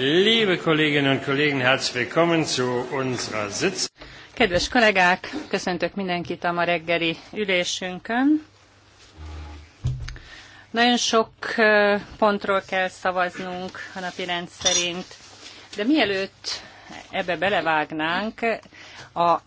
Liebe Kolleginnen und Kollegen, herzlich willkommen zu unserer Kedves kollégák, köszöntök mindenkit a ma reggeli ülésünkön. Nagyon sok pontról kell szavaznunk a napi rend szerint, de mielőtt ebbe belevágnánk, a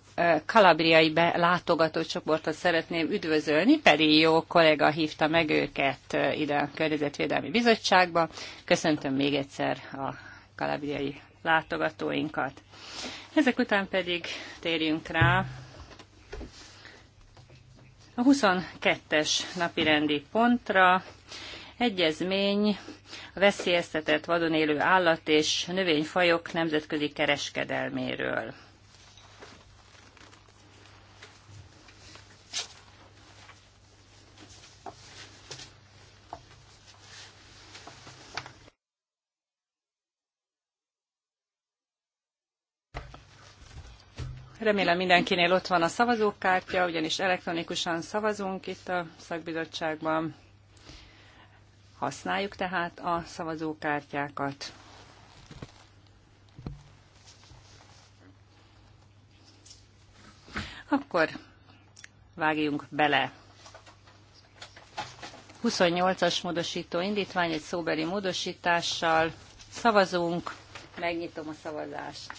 kalabriai látogató csoportot szeretném üdvözölni. Peri jó kollega hívta meg őket ide a Környezetvédelmi Bizottságba. Köszöntöm még egyszer a kalabriai látogatóinkat. Ezek után pedig térjünk rá a 22-es napirendi pontra, egyezmény a veszélyeztetett vadon élő állat és növényfajok nemzetközi kereskedelméről. Remélem mindenkinél ott van a szavazókártya, ugyanis elektronikusan szavazunk itt a szakbizottságban. Használjuk tehát a szavazókártyákat. Akkor vágjunk bele. 28-as módosító indítvány egy szóbeli módosítással. Szavazunk, megnyitom a szavazást.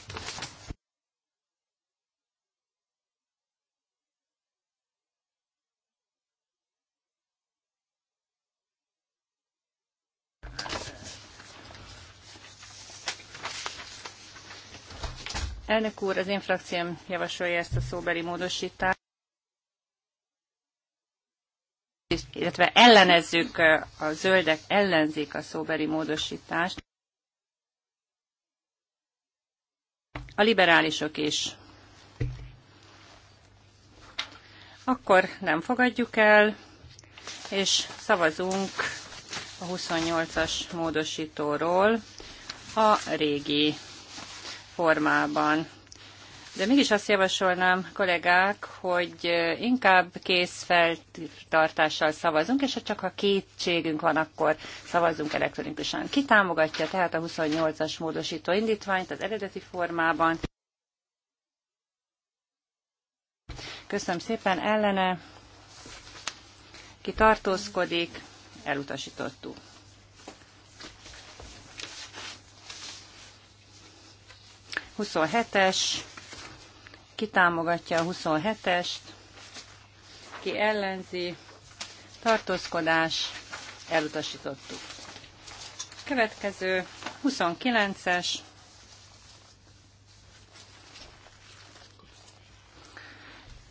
Elnök úr, az én frakcióm javasolja ezt a szóbeli módosítást illetve ellenezzük, a zöldek ellenzik a szóbeli módosítást. A liberálisok is. Akkor nem fogadjuk el, és szavazunk a 28-as módosítóról a régi formában. De mégis azt javasolnám, kollégák, hogy inkább készfeltartással szavazunk, és ha csak ha kétségünk van, akkor szavazunk elektronikusan. Ki támogatja tehát a 28-as módosító indítványt az eredeti formában? Köszönöm szépen ellene. Ki tartózkodik, elutasítottuk. 27-es, ki támogatja a 27-est, ki ellenzi, tartózkodás, elutasítottuk. Következő 29-es,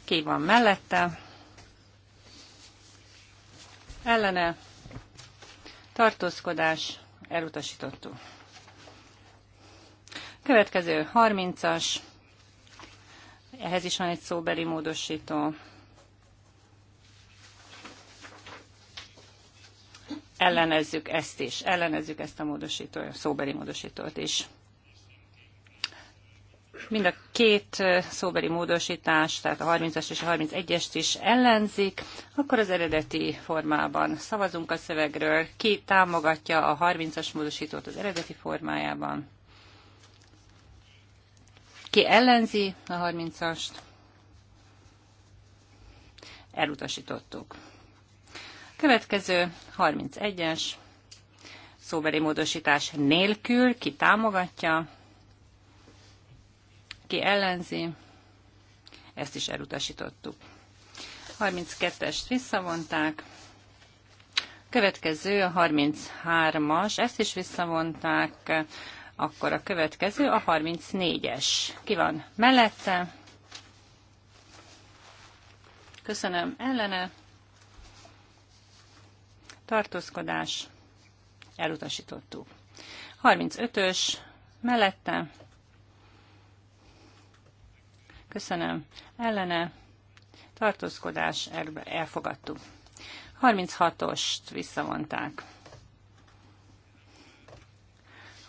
ki van mellette, ellene, tartózkodás, elutasítottuk. Következő 30-as, ehhez is van egy szóbeli módosító. Ellenezzük ezt is, ellenezzük ezt a módosító, a szóbeli módosítót is. Mind a két szóbeli módosítás, tehát a 30-as és a 31-est is ellenzik, akkor az eredeti formában szavazunk a szövegről. Ki támogatja a 30-as módosítót az eredeti formájában? Ki ellenzi a 30-ast? Elutasítottuk. Következő 31-es szóbeli módosítás nélkül, ki támogatja, ki ellenzi, ezt is elutasítottuk. 32-est visszavonták, következő a 33-as, ezt is visszavonták, akkor a következő a 34-es. Ki van mellette? Köszönöm ellene. Tartózkodás. Elutasítottuk. 35-ös mellette. Köszönöm. Ellene. Tartózkodás. Elfogadtuk. 36-ost visszavonták.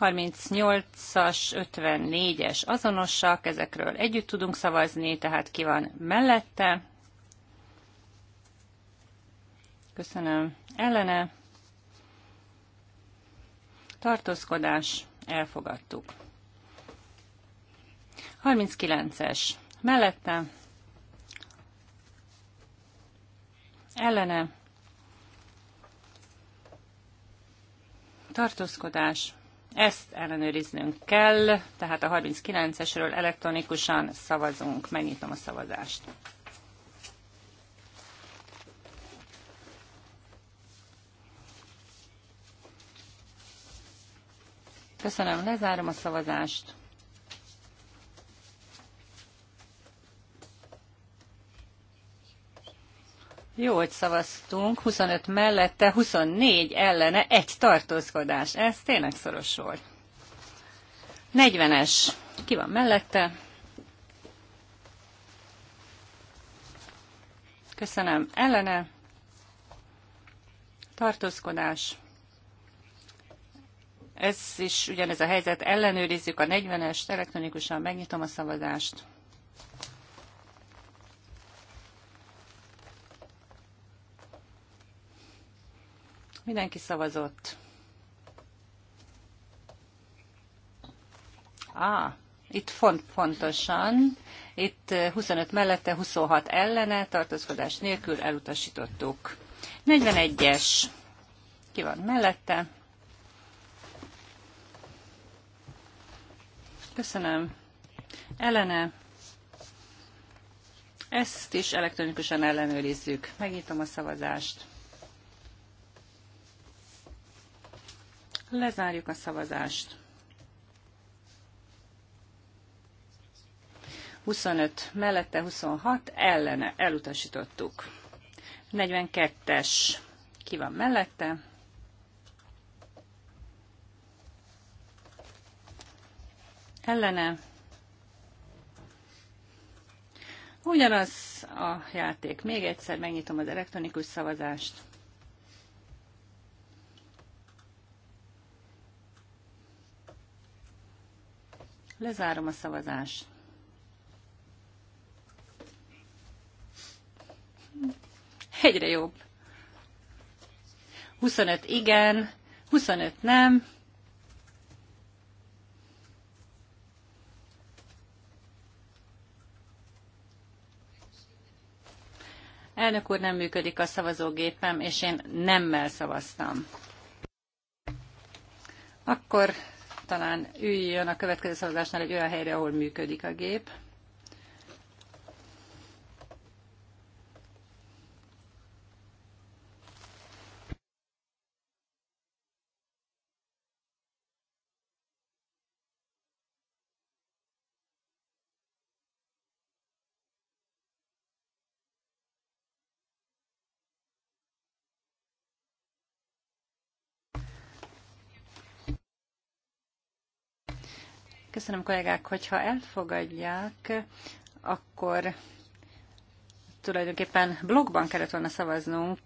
38-as, 54-es azonosak, ezekről együtt tudunk szavazni, tehát ki van mellette. Köszönöm. Ellene. Tartózkodás. Elfogadtuk. 39-es. Mellette. Ellene. Tartózkodás. Ezt ellenőriznünk kell, tehát a 39-esről elektronikusan szavazunk. Megnyitom a szavazást. Köszönöm, lezárom a szavazást. Jó, hogy szavaztunk, 25 mellette, 24 ellene, egy tartózkodás. Ez tényleg szoros volt. 40-es, ki van mellette? Köszönöm, ellene. Tartózkodás. Ez is ugyanez a helyzet, ellenőrizzük a 40-est, elektronikusan megnyitom a szavazást. Mindenki szavazott. Á, ah, itt font, fontosan, itt 25 eh, mellette, 26 ellene, tartózkodás nélkül elutasítottuk. 41-es, ki van mellette? Köszönöm. Ellene. Ezt is elektronikusan ellenőrizzük. Megnyitom a szavazást. Lezárjuk a szavazást. 25 mellette, 26 ellene elutasítottuk. 42-es ki van mellette? Ellene. Ugyanaz a játék. Még egyszer megnyitom az elektronikus szavazást. Lezárom a szavazást. Egyre jobb. 25 igen, 25 nem. Elnök úr, nem működik a szavazógépem, és én nemmel szavaztam. Akkor talán üljön a következő szavazásnál egy olyan helyre, ahol működik a gép. Köszönöm kollégák, hogyha elfogadják, akkor tulajdonképpen blogban kellett volna szavaznunk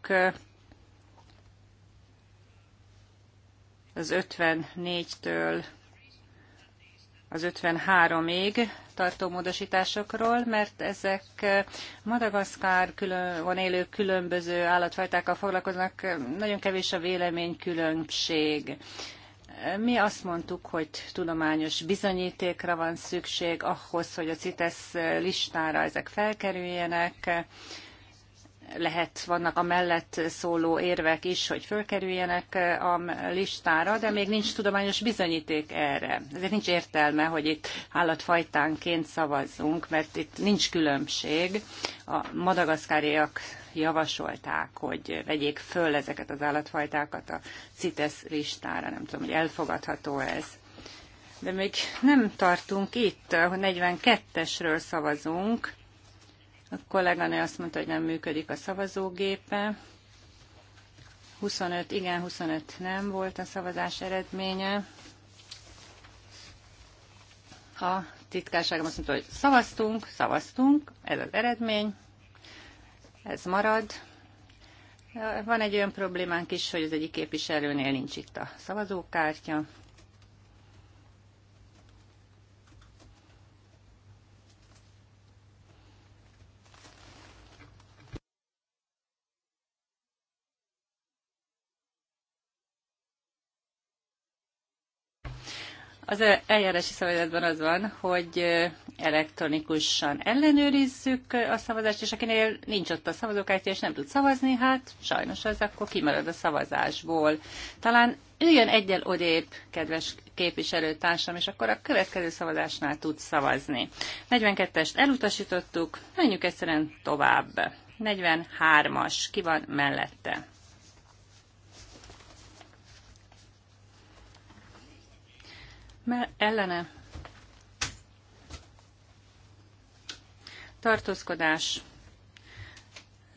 az 54-től az 53-ig tartó módosításokról, mert ezek Madagaszkár külön, élő különböző állatfajtákkal foglalkoznak, nagyon kevés a vélemény különbség. Mi azt mondtuk, hogy tudományos bizonyítékra van szükség ahhoz, hogy a CITES listára ezek felkerüljenek. Lehet, vannak a mellett szóló érvek is, hogy felkerüljenek a listára, de még nincs tudományos bizonyíték erre. Ezért nincs értelme, hogy itt állatfajtánként szavazzunk, mert itt nincs különbség. A madagaszkáriak javasolták, hogy vegyék föl ezeket az állatfajtákat a CITES listára. Nem tudom, hogy elfogadható ez. De még nem tartunk itt, hogy 42-esről szavazunk. A kolléganő azt mondta, hogy nem működik a szavazógépe. 25 igen, 25 nem volt a szavazás eredménye. A titkárságom azt mondta, hogy szavaztunk, szavaztunk, ez az eredmény ez marad. Van egy olyan problémánk is, hogy az egyik képviselőnél nincs itt a szavazókártya. Az e- eljárási szavazatban az van, hogy elektronikusan ellenőrizzük a szavazást, és akinél nincs ott a szavazókártya, és nem tud szavazni, hát sajnos az akkor kimarad a szavazásból. Talán üljön egyel odébb, kedves képviselőtársam, és akkor a következő szavazásnál tud szavazni. 42-est elutasítottuk, menjünk egyszerűen tovább. 43-as, ki van mellette? mert ellene tartózkodás,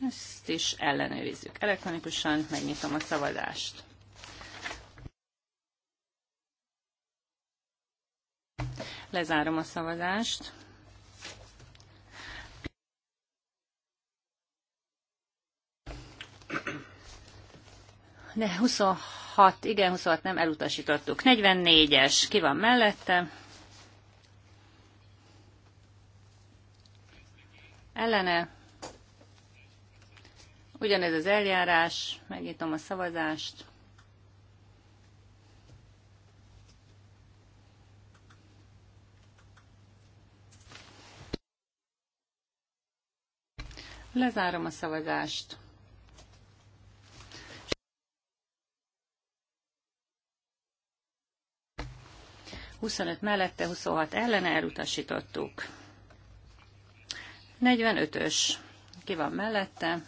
ezt is ellenőrizzük. Elektronikusan megnyitom a szavazást. Lezárom a szavazást. De 26 26 igen, 26 nem, elutasítottuk. 44-es, ki van mellette? Ellene. Ugyanez az eljárás, megnyitom a szavazást. Lezárom a szavazást. 25 mellette, 26 ellene elutasítottuk. 45-ös. Ki van mellette?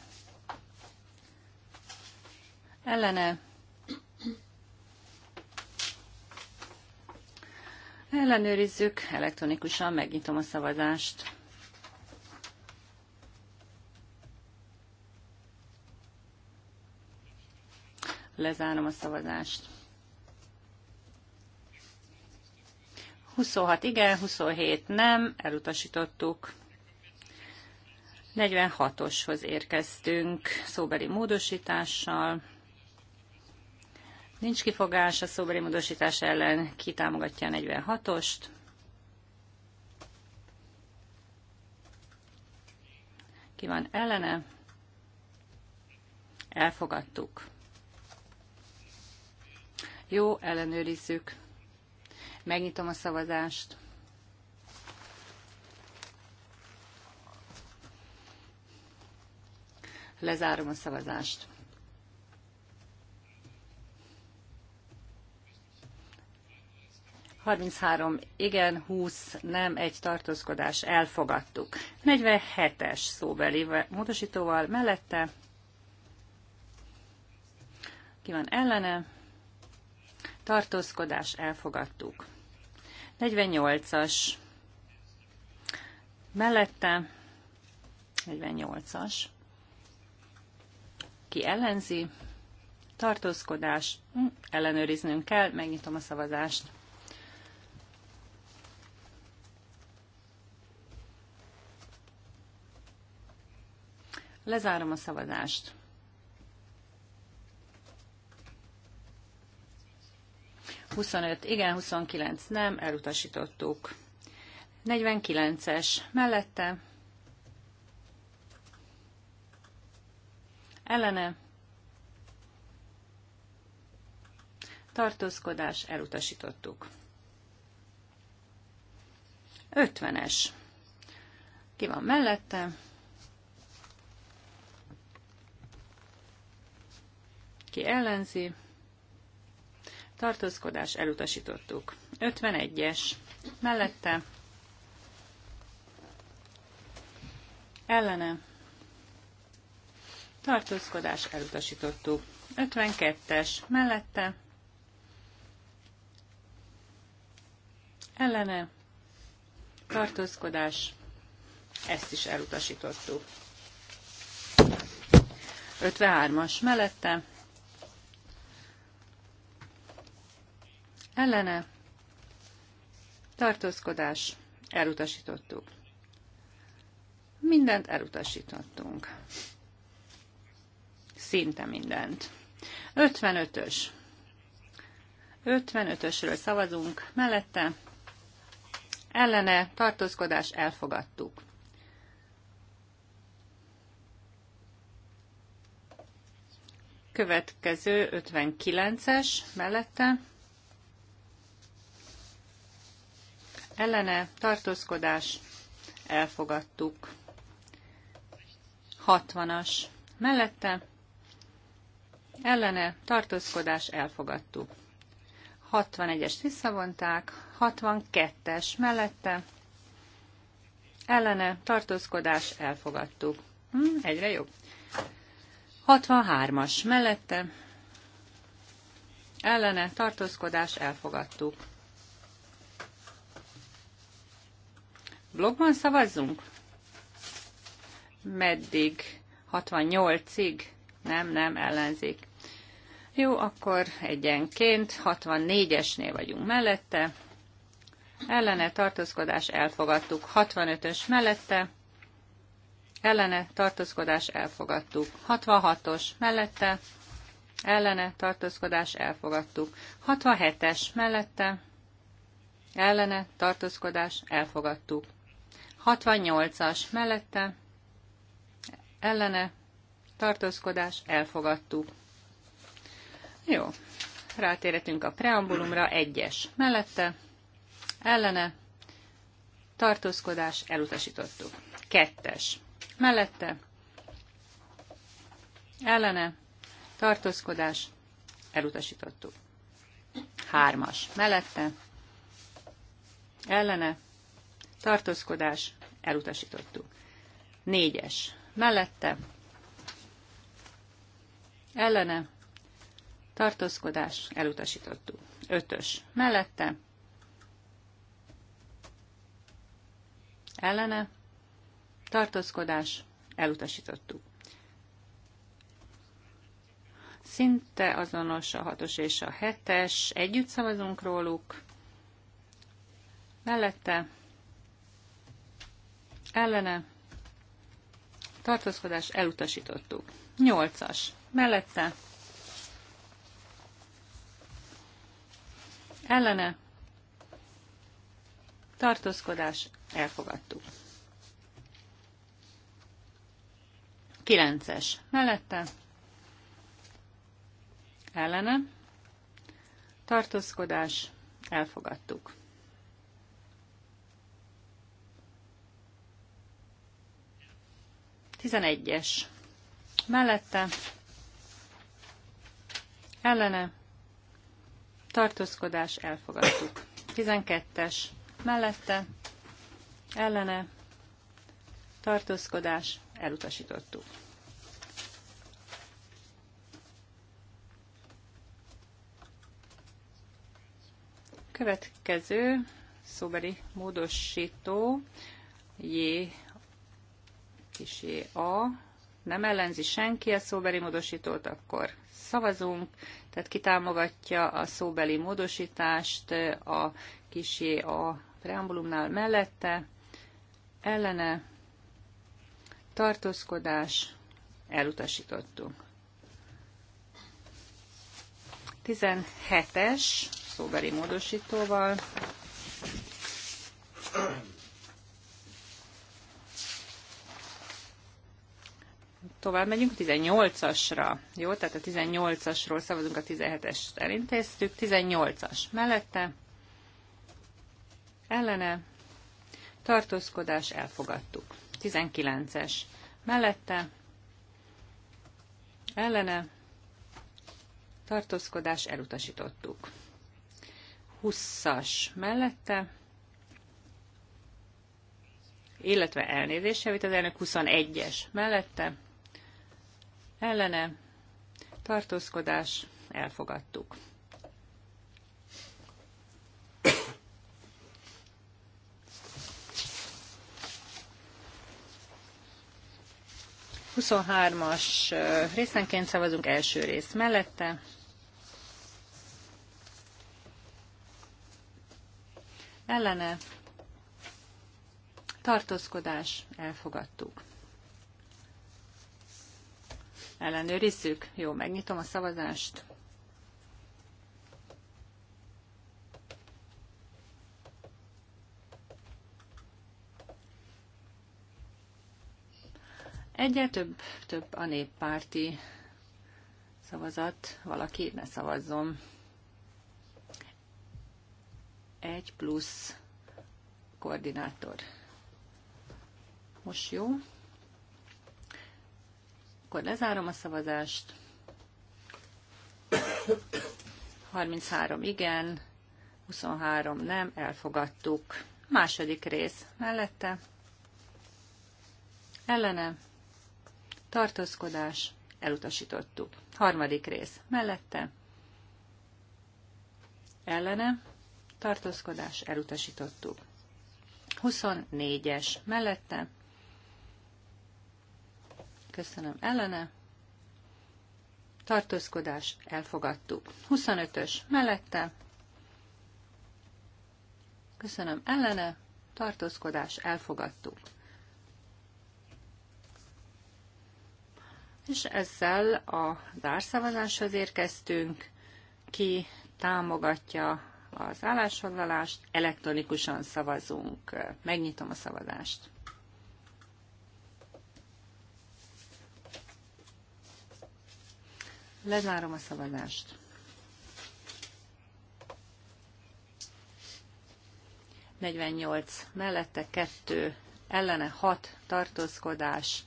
Ellene. Ellenőrizzük elektronikusan, megnyitom a szavazást. Lezárom a szavazást. 26 igen, 27 nem, elutasítottuk. 46-oshoz érkeztünk szóbeli módosítással. Nincs kifogás a szóbeli módosítás ellen, ki támogatja a 46-ost. Ki van ellene? Elfogadtuk. Jó, ellenőrizzük. Megnyitom a szavazást. Lezárom a szavazást. Harminchárom igen, 20 nem, egy tartózkodás, elfogadtuk. 47-es szóbeli módosítóval mellette. Ki van ellene? tartózkodás elfogadtuk. 48-as mellette, 48-as, ki ellenzi, tartózkodás, hm, ellenőriznünk kell, megnyitom a szavazást. Lezárom a szavazást. 25 igen, 29 nem, elutasítottuk. 49-es mellette. Ellene. Tartózkodás elutasítottuk. 50-es. Ki van mellette? Ki ellenzi? tartózkodás elutasítottuk. 51-es mellette ellene tartózkodás elutasítottuk. 52-es mellette ellene tartózkodás ezt is elutasítottuk. 53-as mellette ellene tartózkodás elutasítottuk. Mindent elutasítottunk. Szinte mindent. 55-ös. 55-ösről szavazunk, mellette ellene tartózkodás elfogadtuk. Következő 59-es mellette ellene tartózkodás elfogadtuk. 60-as mellette ellene tartózkodás elfogadtuk. 61-est visszavonták, 62-es mellette ellene tartózkodás elfogadtuk. Hm, egyre jobb. 63-as mellette ellene tartózkodás elfogadtuk. Blogban szavazzunk? Meddig? 68-ig? Nem, nem, ellenzék. Jó, akkor egyenként 64-esnél vagyunk mellette. Ellene tartózkodás elfogadtuk. 65-ös mellette. Ellene tartózkodás elfogadtuk. 66-os mellette. Ellene tartózkodás elfogadtuk. 67-es mellette. Ellene tartózkodás elfogadtuk. 68-as mellette ellene tartózkodás elfogadtuk. Jó, rátéretünk a preambulumra, egyes mellette, ellene tartózkodás elutasítottuk. Kettes mellette, ellene tartózkodás elutasítottuk. Hármas mellette, ellene tartózkodás, elutasítottuk. Négyes, mellette, ellene, tartózkodás, elutasítottuk. Ötös, mellette, ellene, tartózkodás, elutasítottuk. Szinte azonos a hatos és a hetes, együtt szavazunk róluk, mellette, ellene, tartózkodás elutasítottuk. Nyolcas. mellette, ellene, tartózkodás elfogadtuk. Kilences. mellette, ellene, tartózkodás elfogadtuk. 11-es mellette, ellene, tartózkodás, elfogadtuk. 12-es mellette, ellene, tartózkodás, elutasítottuk. Következő szóbeli módosító J kisé A, nem ellenzi senki a szóbeli módosítót, akkor szavazunk, tehát kitámogatja a szóbeli módosítást a kisé a preambulumnál mellette, ellene tartózkodás elutasítottunk. 17-es szóbeli módosítóval Tovább megyünk 18-asra. Jó, tehát a 18-asról szavazunk, a 17-est elintéztük. 18-as mellette, ellene, tartózkodás, elfogadtuk. 19-es mellette, ellene, tartózkodás, elutasítottuk. 20-as mellette, illetve elnézést javít az elnök 21-es mellette, ellene, tartózkodás, elfogadtuk. Huszonhármas részenként szavazunk első rész mellette. Ellene tartózkodás elfogadtuk. Ellenőrizzük? Jó, megnyitom a szavazást. Egyre több, több a néppárti szavazat. Valaki ne szavazzon. Egy plusz koordinátor. Most jó. Akkor lezárom a szavazást. 33 igen, 23 nem, elfogadtuk. Második rész mellette. Ellene. Tartózkodás. Elutasítottuk. Harmadik rész mellette. Ellene. Tartózkodás. Elutasítottuk. 24-es mellette. Köszönöm. Ellene. Tartózkodás. Elfogadtuk. 25-ös. Mellette. Köszönöm. Ellene. Tartózkodás. Elfogadtuk. És ezzel a zárszavazáshoz érkeztünk. Ki támogatja az állásfoglalást, elektronikusan szavazunk. Megnyitom a szavazást. Lezárom a szavazást. Negyvennyolc mellette kettő, ellene hat tartózkodás.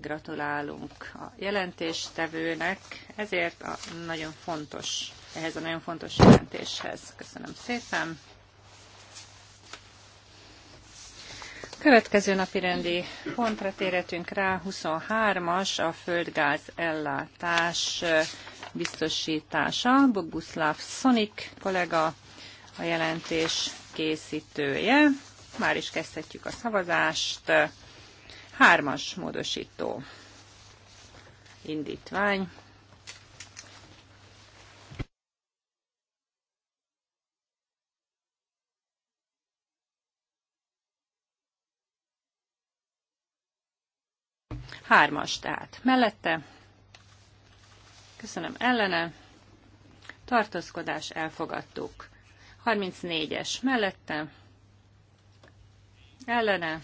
Gratulálunk a jelentéstevőnek, ezért a nagyon fontos, ehhez a nagyon fontos jelentéshez. Köszönöm szépen. Következő napi rendi pontra térhetünk rá, 23-as a földgáz ellátás biztosítása. Boguslav Szonik kollega a jelentés készítője. Már is kezdhetjük a szavazást. Hármas módosító indítvány Hármas tehát. Mellette. Köszönöm. Ellene. Tartózkodás elfogadtuk. 34-es. Mellette. Ellene.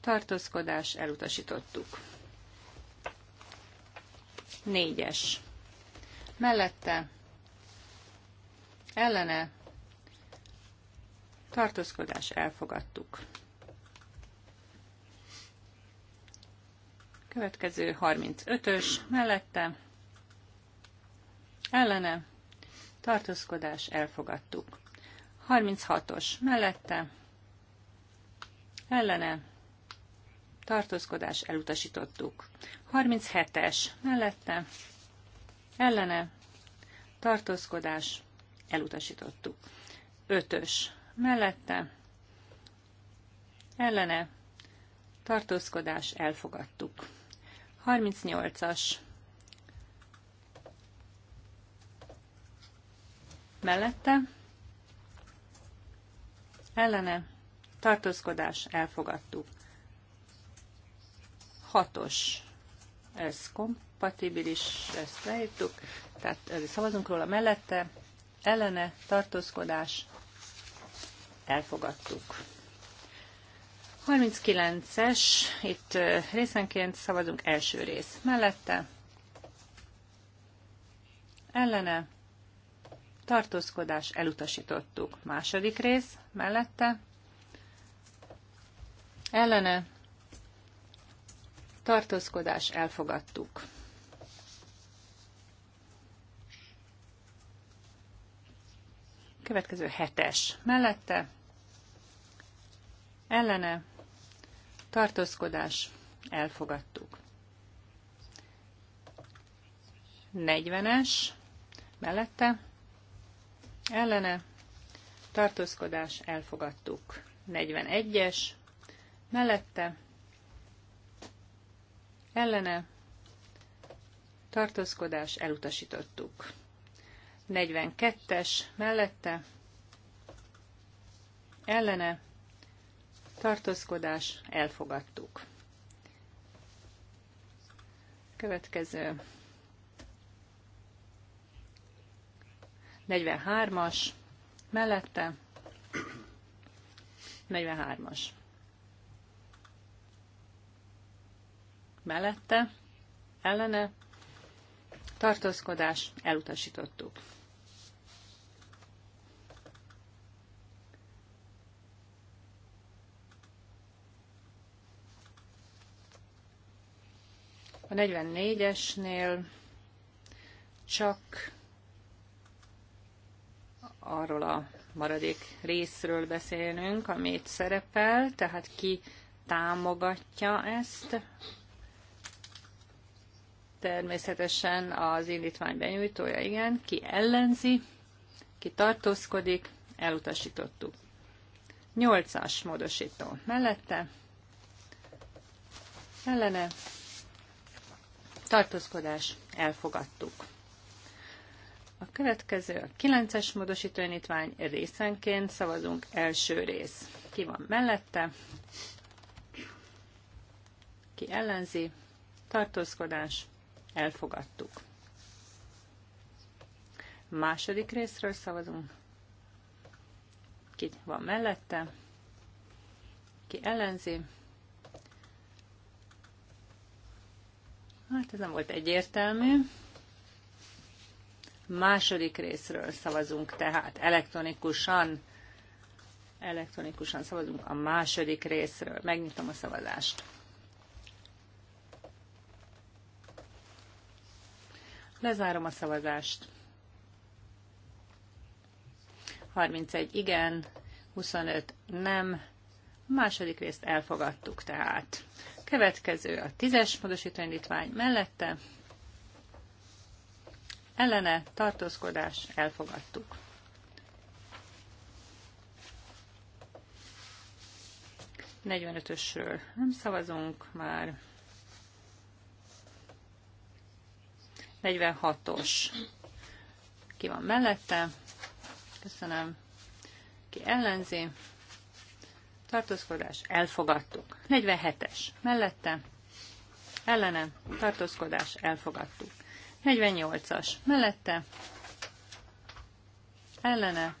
Tartózkodás elutasítottuk. 4-es. Mellette. Ellene. Tartózkodás elfogadtuk. Következő 35-ös mellette ellene tartózkodás elfogadtuk. 36-os mellette ellene tartózkodás elutasítottuk. 37-es mellette ellene tartózkodás elutasítottuk. 5-ös mellette ellene tartózkodás elfogadtuk. 38-as. Mellette. Ellene. Tartózkodás. Elfogadtuk. 6-os. Ez kompatibilis, ezt leírtuk. Tehát szavazunk róla mellette. Ellene. Tartózkodás. Elfogadtuk. 39-es, itt részenként szavazunk első rész. Mellette ellene tartózkodás elutasítottuk. Második rész mellette ellene tartózkodás elfogadtuk. Következő hetes mellette ellene tartózkodás, elfogadtuk. 40-es, mellette, ellene, tartózkodás, elfogadtuk. 41-es, mellette, ellene, tartózkodás, elutasítottuk. 42-es, mellette, ellene, tartózkodás, elfogadtuk. Következő 43-as, mellette 43-as. Mellette, ellene, tartózkodás, elutasítottuk. A 44-esnél csak arról a maradék részről beszélnünk, amit szerepel, tehát ki támogatja ezt. Természetesen az indítvány benyújtója, igen, ki ellenzi, ki tartózkodik, elutasítottuk. Nyolcas módosító mellette, ellene tartózkodás, elfogadtuk. A következő a 9-es módosítóindítvány részenként szavazunk első rész. Ki van mellette? Ki ellenzi? Tartózkodás, elfogadtuk. Második részről szavazunk. Ki van mellette? Ki ellenzi? Hát ez nem volt egyértelmű. Második részről szavazunk tehát elektronikusan. Elektronikusan szavazunk a második részről. Megnyitom a szavazást. Lezárom a szavazást. 31 igen, 25 nem. A második részt elfogadtuk tehát. Következő a tízes módosító indítvány mellette. Ellene tartózkodás elfogadtuk. Negyvenötösről nem szavazunk már. 46-os. Ki van mellette? Köszönöm. Ki ellenzi? tartózkodás, elfogadtuk. 47-es, mellette, ellenem, tartózkodás, elfogadtuk. 48-as, mellette, ellene,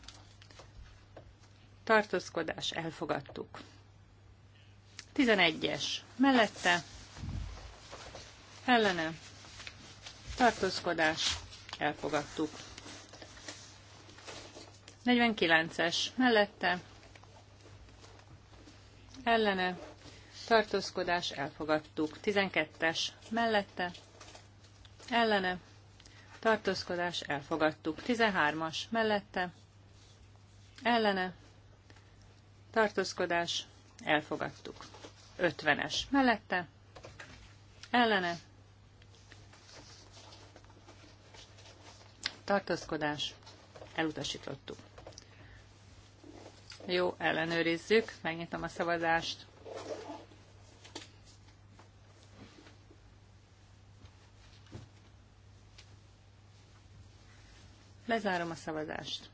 tartózkodás, elfogadtuk. 11-es, mellette, ellene, tartózkodás, elfogadtuk. 49-es, mellette, ellene, tartózkodás elfogadtuk. 12-es mellette, ellene, tartózkodás elfogadtuk. 13-as mellette, ellene, tartózkodás elfogadtuk. 50-es mellette, ellene, tartózkodás elutasítottuk. Jó, ellenőrizzük. Megnyitom a szavazást. Lezárom a szavazást.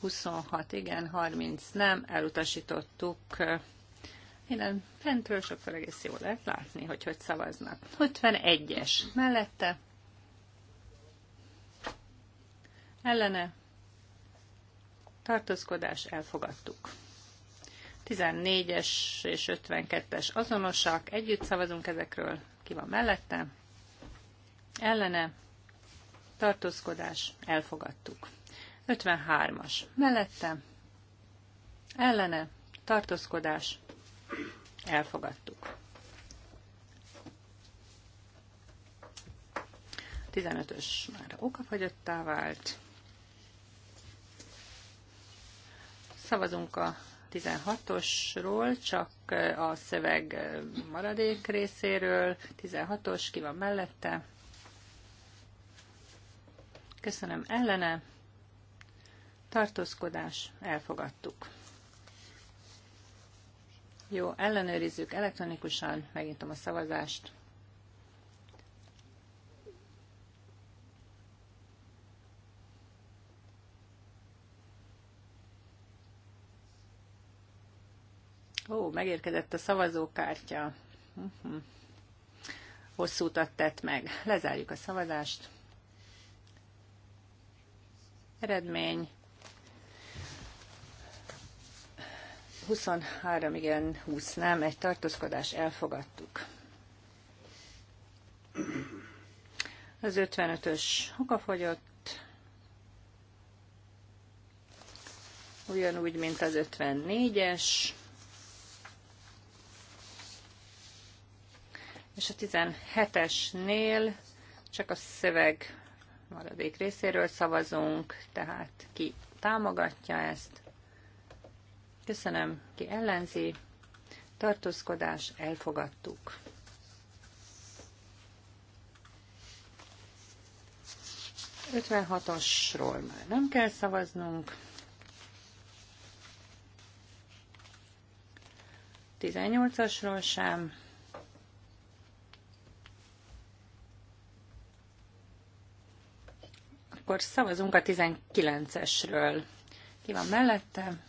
Huszonhat, igen, 30 nem, elutasítottuk. Minden fentről sokszor egész jól lehet látni, hogy hogy szavaznak. 51-es mellette, ellene tartózkodás elfogadtuk. 14-es és 52-es azonosak, együtt szavazunk ezekről, ki van mellette, ellene tartózkodás elfogadtuk. 53-as mellette, ellene tartózkodás elfogadtuk. 15-ös már okafagyottá vált. Szavazunk a 16-osról, csak a szöveg maradék részéről. 16-os, ki van mellette? Köszönöm ellene. Tartózkodás, elfogadtuk. Jó, ellenőrizzük elektronikusan, megnyitom a szavazást. Ó, megérkezett a szavazókártya. Uh-huh. Hosszú utat tett meg. Lezárjuk a szavazást. Eredmény. 23 igen, 20 nem, egy tartózkodás elfogadtuk. Az 55-ös okafogyott, ugyanúgy, mint az 54-es. és a 17-esnél csak a szöveg maradék részéről szavazunk, tehát ki támogatja ezt. Köszönöm, ki ellenzi. Tartózkodás, elfogadtuk. Ötvenhatosról már nem kell szavaznunk. 18-asról sem. Akkor szavazunk a 19-esről. Ki van mellette?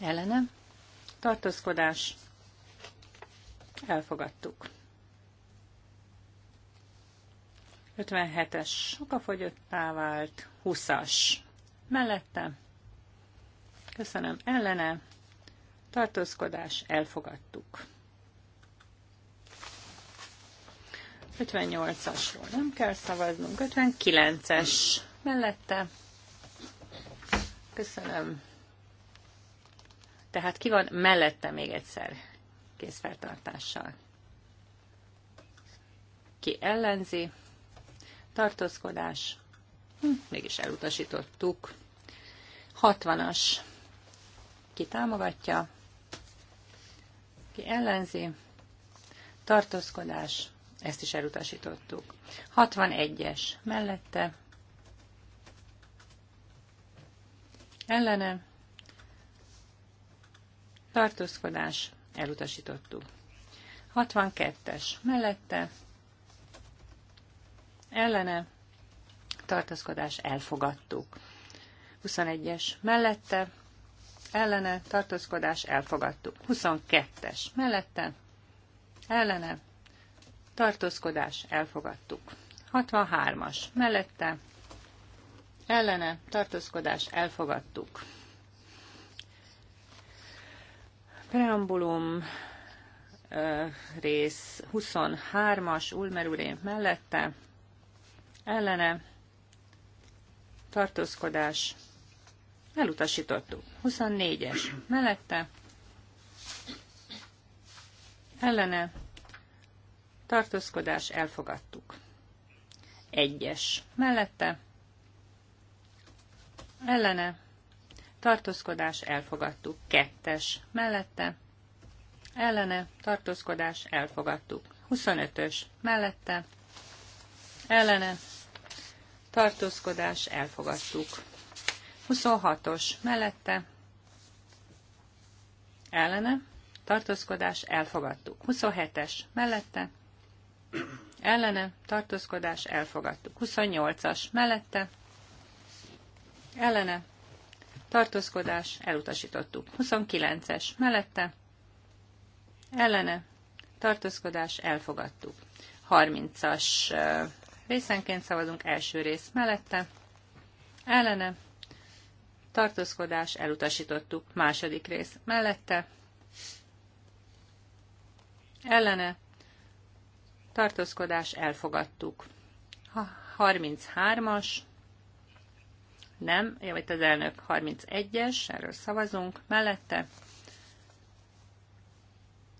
Ellene. Tartózkodás. Elfogadtuk. 57-es sokafogyottá vált, 20-as. Mellette. Köszönöm. Ellene. Tartózkodás. Elfogadtuk. 58-asról nem kell szavaznunk, 59-es mellette. Köszönöm. Tehát ki van mellette még egyszer kézfeltartással? Ki ellenzi? Tartózkodás. Hm, mégis elutasítottuk. 60-as. Ki támogatja? Ki ellenzi? Tartózkodás ezt is elutasítottuk. 61-es mellette, ellene, tartózkodás, elutasítottuk. 62-es mellette, ellene, tartózkodás, elfogadtuk. 21-es mellette, ellene, tartózkodás, elfogadtuk. 22-es mellette, ellene, tartózkodás, elfogadtuk. 63-as, mellette, ellene, tartózkodás, elfogadtuk. Preambulum rész 23-as, Ulmer úré mellette, ellene, tartózkodás, elutasítottuk. 24-es, mellette, ellene, tartózkodás, elfogadtuk. Egyes mellette, ellene, tartózkodás, elfogadtuk. Kettes mellette, ellene, tartózkodás, elfogadtuk. 25-ös mellette, ellene, tartózkodás, elfogadtuk. 26-os mellette, ellene, tartózkodás, elfogadtuk. 27-es mellette, ellene, tartózkodás, elfogadtuk. 28-as mellette, ellene, tartózkodás, elutasítottuk. 29-es mellette, ellene, tartózkodás, elfogadtuk. 30-as részenként szavazunk első rész mellette, ellene, tartózkodás, elutasítottuk. Második rész mellette, ellene, tartózkodás elfogadtuk. 33-as, nem, itt az elnök 31-es, erről szavazunk, mellette,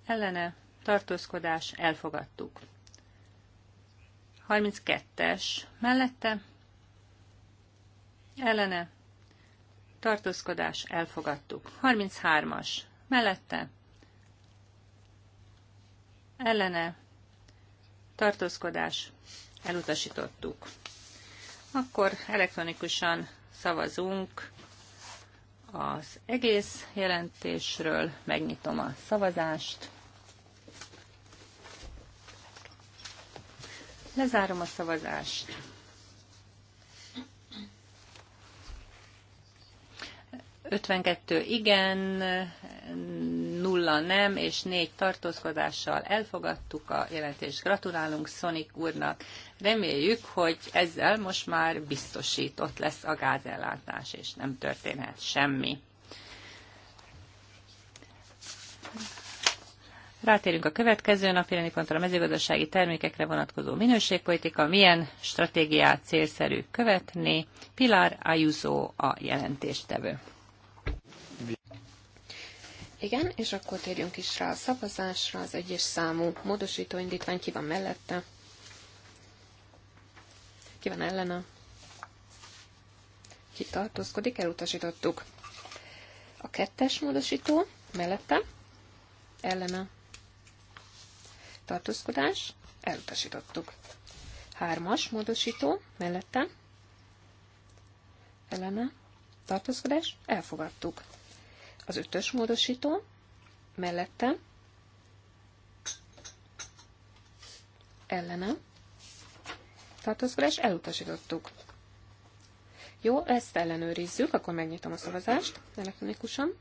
ellene, tartózkodás, elfogadtuk. 32-es, mellette, ellene, tartózkodás, elfogadtuk. 33-as, mellette, ellene, tartózkodás, elutasítottuk. Akkor elektronikusan szavazunk az egész jelentésről, megnyitom a szavazást. Lezárom a szavazást. 52 igen, nulla nem, és négy tartózkodással elfogadtuk a jelentést. Gratulálunk Szonik úrnak. Reméljük, hogy ezzel most már biztosított lesz a gázellátás, és nem történhet semmi. Rátérünk a következő napi pontra a mezőgazdasági termékekre vonatkozó minőségpolitika, milyen stratégiát célszerű követni. Pilar Ayuso a jelentéstevő. Igen, és akkor térjünk is rá a szavazásra, az egyes számú módosító indítvány, ki van mellette, ki van ellene, ki tartózkodik, elutasítottuk. A kettes módosító mellette, ellene, tartózkodás, elutasítottuk. Hármas módosító mellette, ellene, tartózkodás, elfogadtuk az ötös módosító mellette, ellene, tartózkodás elutasítottuk. Jó, ezt ellenőrizzük, akkor megnyitom a szavazást elektronikusan.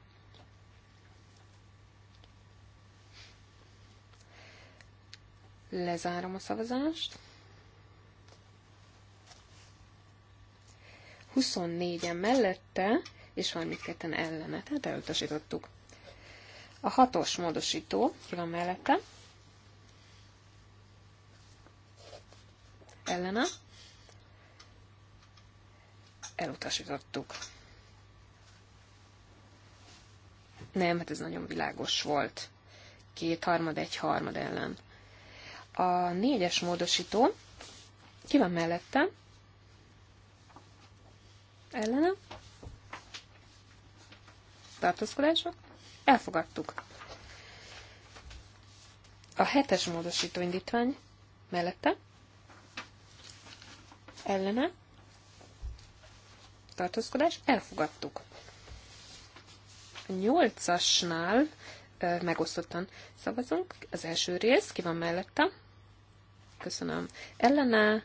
Lezárom a szavazást. 24-en mellette, és 32-en ellene, tehát elutasítottuk. A hatos módosító, ki van mellette? Ellene. Elutasítottuk. Nem, hát ez nagyon világos volt. Két harmad, egy harmad ellen. A négyes módosító, ki van mellette? Ellene tartózkodások, elfogadtuk. A hetes módosító indítvány mellette, ellene, tartózkodás, elfogadtuk. A nyolcasnál megosztottan szavazunk. Az első rész, ki van mellette? Köszönöm. Ellene,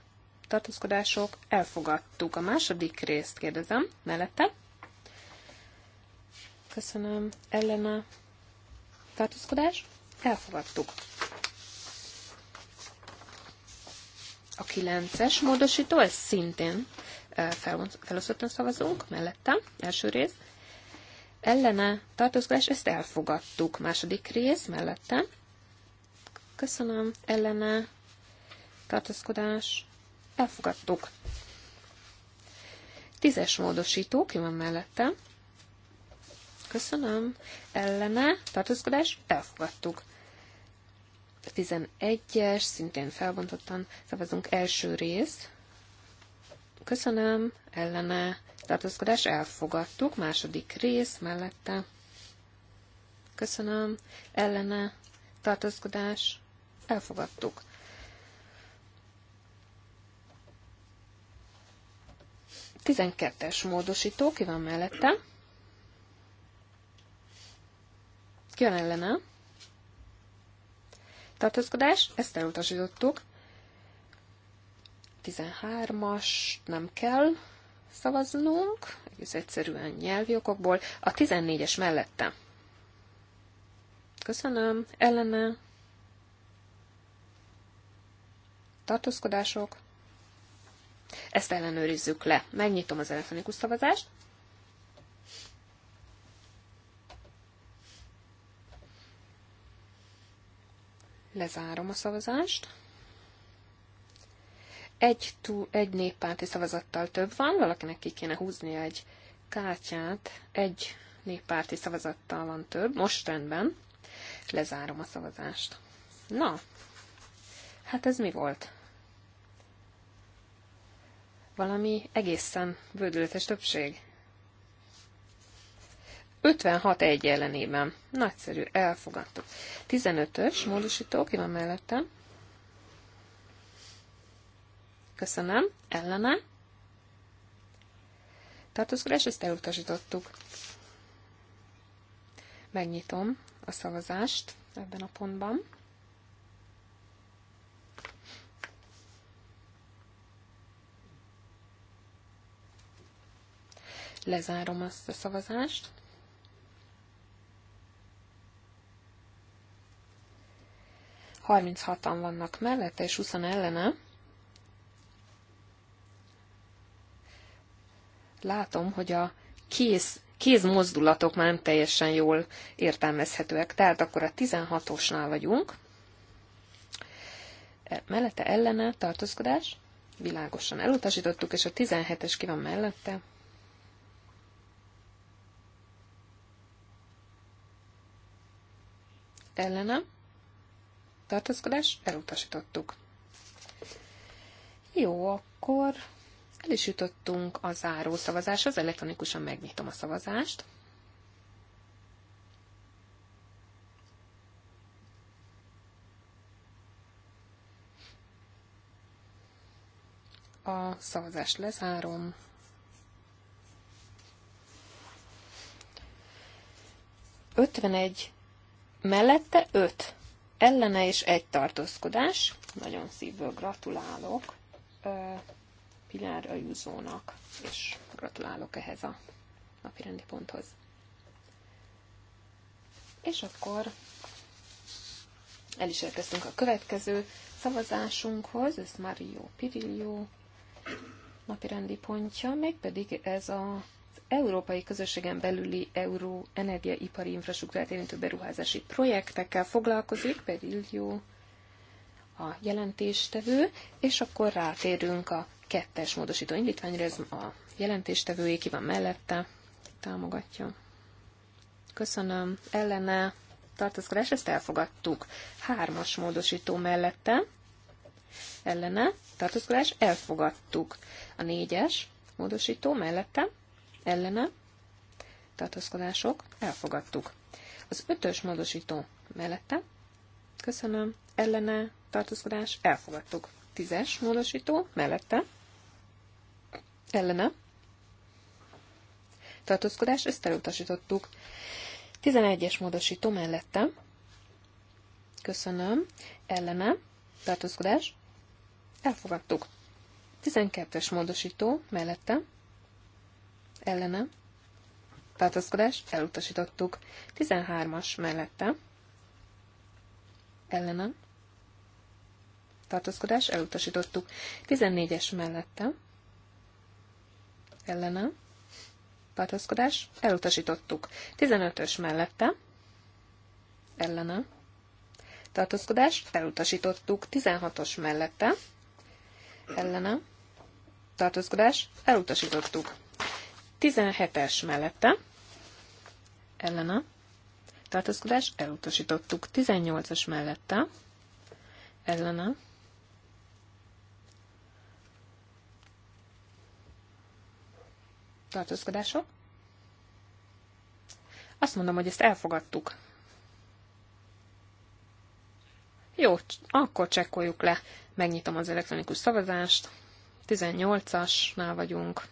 tartózkodások, elfogadtuk. A második részt kérdezem, mellette? Köszönöm. a tartózkodás? Elfogadtuk. A kilences módosító, ez szintén felosztottan szavazunk, mellettem, első rész. Ellene tartózkodás, ezt elfogadtuk. Második rész, mellettem. Köszönöm. Ellene tartózkodás, elfogadtuk. Tízes módosító, ki van mellettem. Köszönöm. Ellene, tartózkodás, elfogadtuk. 11-es, szintén felbontottan szavazunk első rész. Köszönöm, ellene, tartózkodás, elfogadtuk. Második rész mellette. Köszönöm, ellene, tartózkodás, elfogadtuk. Tizenkettes módosító, ki van mellette? Ki van ellene? Tartózkodás, ezt elutasítottuk. 13-as nem kell szavaznunk, egész egyszerűen nyelvi okokból. A 14-es mellette. Köszönöm, ellene. Tartózkodások. Ezt ellenőrizzük le. Megnyitom az elektronikus szavazást. Lezárom a szavazást. Egy, tú, egy néppárti szavazattal több van, valakinek ki kéne húzni egy kártyát, egy néppárti szavazattal van több, most rendben. Lezárom a szavazást. Na, hát ez mi volt? Valami egészen bődületes többség. 56 egy ellenében. Nagyszerű, elfogadtuk. 15-ös módosító, ki van mellettem? Köszönöm. Ellene? Tartózkodás, ezt elutasítottuk. Megnyitom a szavazást ebben a pontban. Lezárom azt a szavazást. 36-an vannak mellette, és 20 ellene. Látom, hogy a kéz, kézmozdulatok már nem teljesen jól értelmezhetőek. Tehát akkor a 16-osnál vagyunk. E, mellette ellene tartózkodás. Világosan elutasítottuk, és a 17-es ki van mellette. Ellenem tartózkodás, elutasítottuk. Jó, akkor el is jutottunk a záró szavazáshoz, elektronikusan megnyitom a szavazást. A szavazást lezárom. Ötvenegy mellette öt ellene és egy tartózkodás. Nagyon szívből gratulálok Pilár Ajúzónak, és gratulálok ehhez a napirendi ponthoz. És akkor el is érkeztünk a következő szavazásunkhoz, ez Mario Pirillo napirendi pontja, mégpedig ez a európai közösségen belüli euró energiaipari infrastruktúrát érintő beruházási projektekkel foglalkozik, Perillo a jelentéstevő, és akkor rátérünk a kettes módosító indítványra, ez a jelentéstevőjé ki van mellette, támogatja. Köszönöm, ellene tartozkodás, ezt elfogadtuk. Hármas módosító mellette, ellene tartozkodás, elfogadtuk. A négyes módosító mellette, ellene, tartózkodások, elfogadtuk. Az ötös módosító mellette, köszönöm, ellene, tartózkodás, elfogadtuk. Tízes módosító mellette, ellene, tartózkodás, ezt elutasítottuk. Tizenegyes módosító mellette, köszönöm, ellene, tartózkodás, elfogadtuk. 12-es módosító mellette, ellene, tartózkodás, elutasítottuk. 13-as mellette, ellene, tartózkodás, elutasítottuk. 14-es mellette, ellene, tartózkodás, elutasítottuk. 15-ös mellette, ellene, tartózkodás, elutasítottuk. 16-os mellette, ellene, tartózkodás, elutasítottuk. 17-es mellette ellene tartózkodás elutasítottuk. 18-as mellette ellene tartózkodások. Azt mondom, hogy ezt elfogadtuk. Jó, akkor csekkoljuk le. Megnyitom az elektronikus szavazást. 18-asnál vagyunk.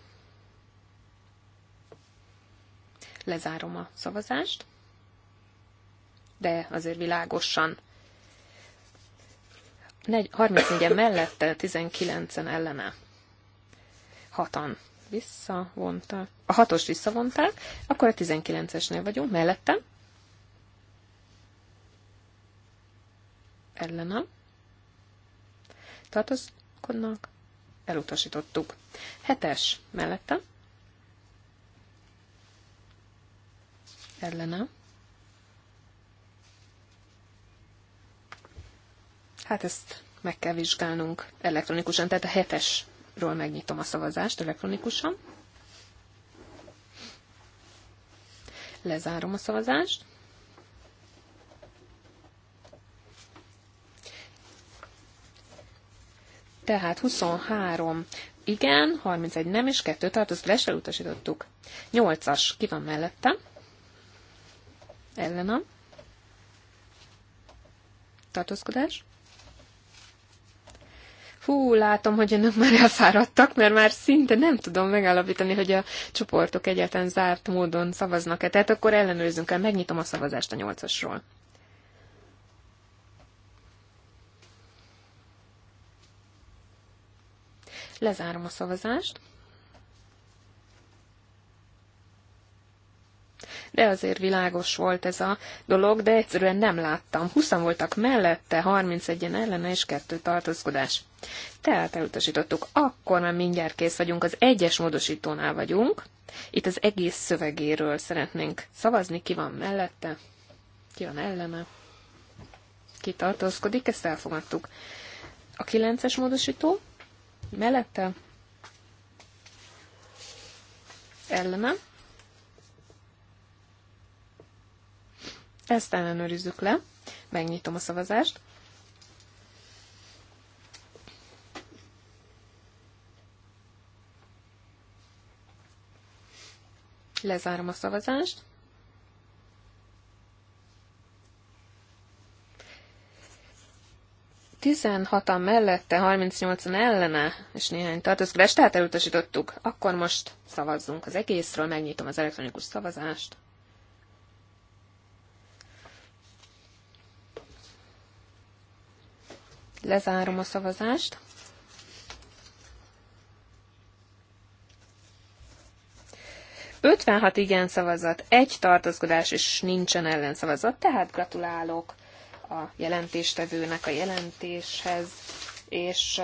Lezárom a szavazást, de azért világosan. 34-en mellette, 19-en ellene. Hatan visszavonta. A hatos visszavonták, akkor a 19-esnél vagyunk, mellette. Ellene. Tartozkodnak. Elutasítottuk. Hetes mellette. ellene. Hát ezt meg kell vizsgálnunk elektronikusan, tehát a hetesről megnyitom a szavazást elektronikusan. Lezárom a szavazást. Tehát 23 igen, 31 nem, és 2 tartozik, le utasítottuk. 8-as, ki van mellette? ellenem, tartózkodás. Hú, látom, hogy önök már elfáradtak, mert már szinte nem tudom megállapítani, hogy a csoportok egyáltalán zárt módon szavaznak-e. Tehát akkor ellenőrzünk el, megnyitom a szavazást a nyolcasról. Lezárom a szavazást. de azért világos volt ez a dolog, de egyszerűen nem láttam. 20 voltak mellette, 31-en ellene és kettő tartózkodás. Tehát elutasítottuk. Akkor már mindjárt kész vagyunk, az egyes módosítónál vagyunk. Itt az egész szövegéről szeretnénk szavazni, ki van mellette, ki van ellene, ki tartózkodik, ezt elfogadtuk. A kilences módosító mellette ellene Ezt ellenőrizzük le. Megnyitom a szavazást. Lezárom a szavazást. Tizenhatan mellette, 38-an ellene, és néhány tartózkodás, tehát elutasítottuk. Akkor most szavazzunk az egészről, megnyitom az elektronikus szavazást. Lezárom a szavazást. Ötvenhat igen szavazat, egy tartozkodás és nincsen ellenszavazat, tehát gratulálok a jelentéstevőnek a jelentéshez, és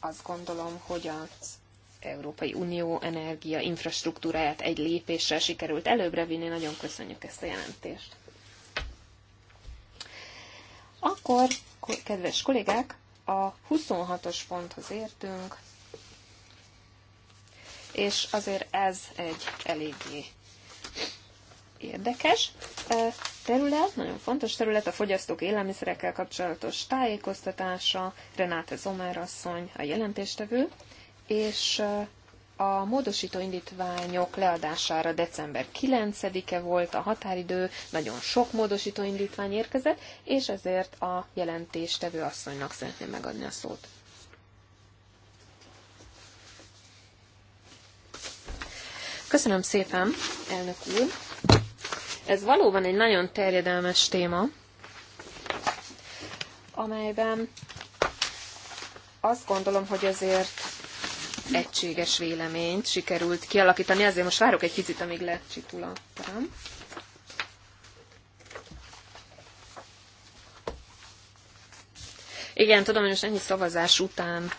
azt gondolom, hogy az Európai Unió energia infrastruktúráját egy lépéssel sikerült előbbre vinni. Nagyon köszönjük ezt a jelentést. Akkor, kedves kollégák, a 26-os ponthoz értünk, és azért ez egy eléggé érdekes terület, nagyon fontos terület, a fogyasztók élelmiszerekkel kapcsolatos tájékoztatása, Renáte Zomer asszony a jelentéstevő, és a módosító indítványok leadására december 9-e volt a határidő, nagyon sok módosító indítvány érkezett, és ezért a jelentéstevő asszonynak szeretném megadni a szót. Köszönöm szépen, elnök úr! Ez valóban egy nagyon terjedelmes téma, amelyben azt gondolom, hogy azért egységes véleményt sikerült kialakítani, azért most várok egy kicsit, amíg lecsitul a terem. Igen, tudom, hogy most ennyi szavazás után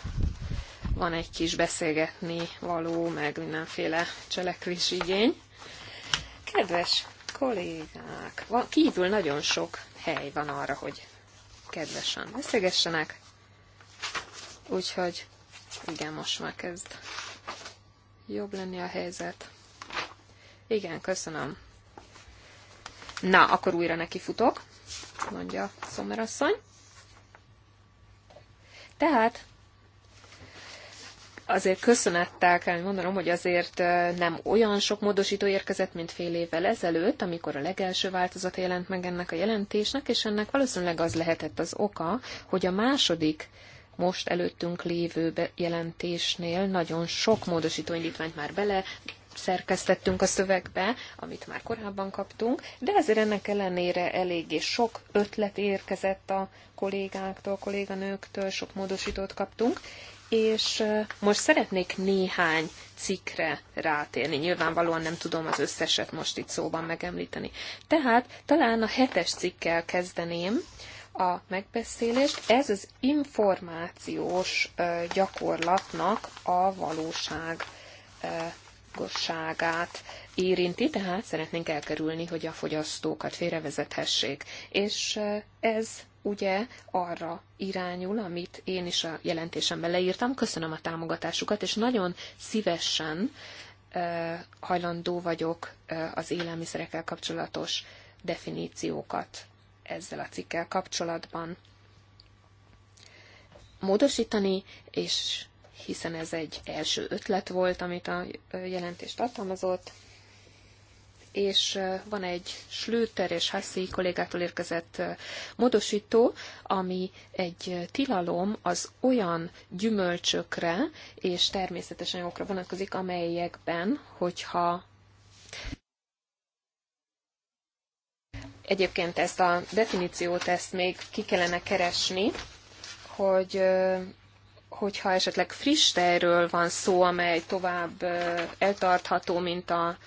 van egy kis beszélgetni való, meg mindenféle cselekvés igény. Kedves kollégák, van, kívül nagyon sok hely van arra, hogy kedvesen beszélgessenek, úgyhogy igen, most már kezd jobb lenni a helyzet. Igen, köszönöm. Na, akkor újra neki futok, mondja Szomerasszony. Tehát azért köszönettel kell mondanom, hogy azért nem olyan sok módosító érkezett, mint fél évvel ezelőtt, amikor a legelső változat jelent meg ennek a jelentésnek, és ennek valószínűleg az lehetett az oka, hogy a második most előttünk lévő jelentésnél nagyon sok módosító indítványt már bele szerkesztettünk a szövegbe, amit már korábban kaptunk, de azért ennek ellenére eléggé sok ötlet érkezett a kollégáktól, kolléganőktől, sok módosítót kaptunk, és most szeretnék néhány cikkre rátérni. Nyilvánvalóan nem tudom az összeset most itt szóban megemlíteni. Tehát talán a hetes cikkel kezdeném, a megbeszélést. Ez az információs gyakorlatnak a valóság gosságát érinti, tehát szeretnénk elkerülni, hogy a fogyasztókat félrevezethessék. És ez ugye arra irányul, amit én is a jelentésemben leírtam. Köszönöm a támogatásukat, és nagyon szívesen hajlandó vagyok az élelmiszerekkel kapcsolatos definíciókat ezzel a cikkel kapcsolatban módosítani, és hiszen ez egy első ötlet volt, amit a jelentést tartalmazott, és van egy Schlüter és Hassi kollégától érkezett módosító, ami egy tilalom az olyan gyümölcsökre és természetesen anyagokra vonatkozik, amelyekben, hogyha Egyébként ezt a definíciót ezt még ki kellene keresni, hogy hogyha esetleg friss tejről van szó, amely tovább eltartható, mint a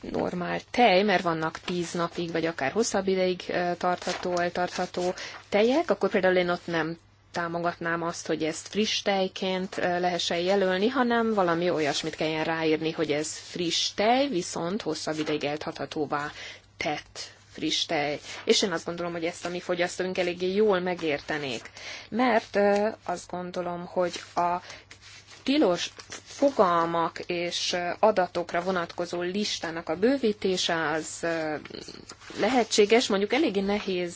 normál tej, mert vannak tíz napig, vagy akár hosszabb ideig tartható, eltartható tejek, akkor például én ott nem támogatnám azt, hogy ezt friss tejként lehessen jelölni, hanem valami olyasmit kelljen ráírni, hogy ez friss tej, viszont hosszabb ideig eltarthatóvá tett friss tej. És én azt gondolom, hogy ezt a mi fogyasztóink eléggé jól megértenék. Mert azt gondolom, hogy a tilos fogalmak és adatokra vonatkozó listának a bővítése az lehetséges, mondjuk eléggé nehéz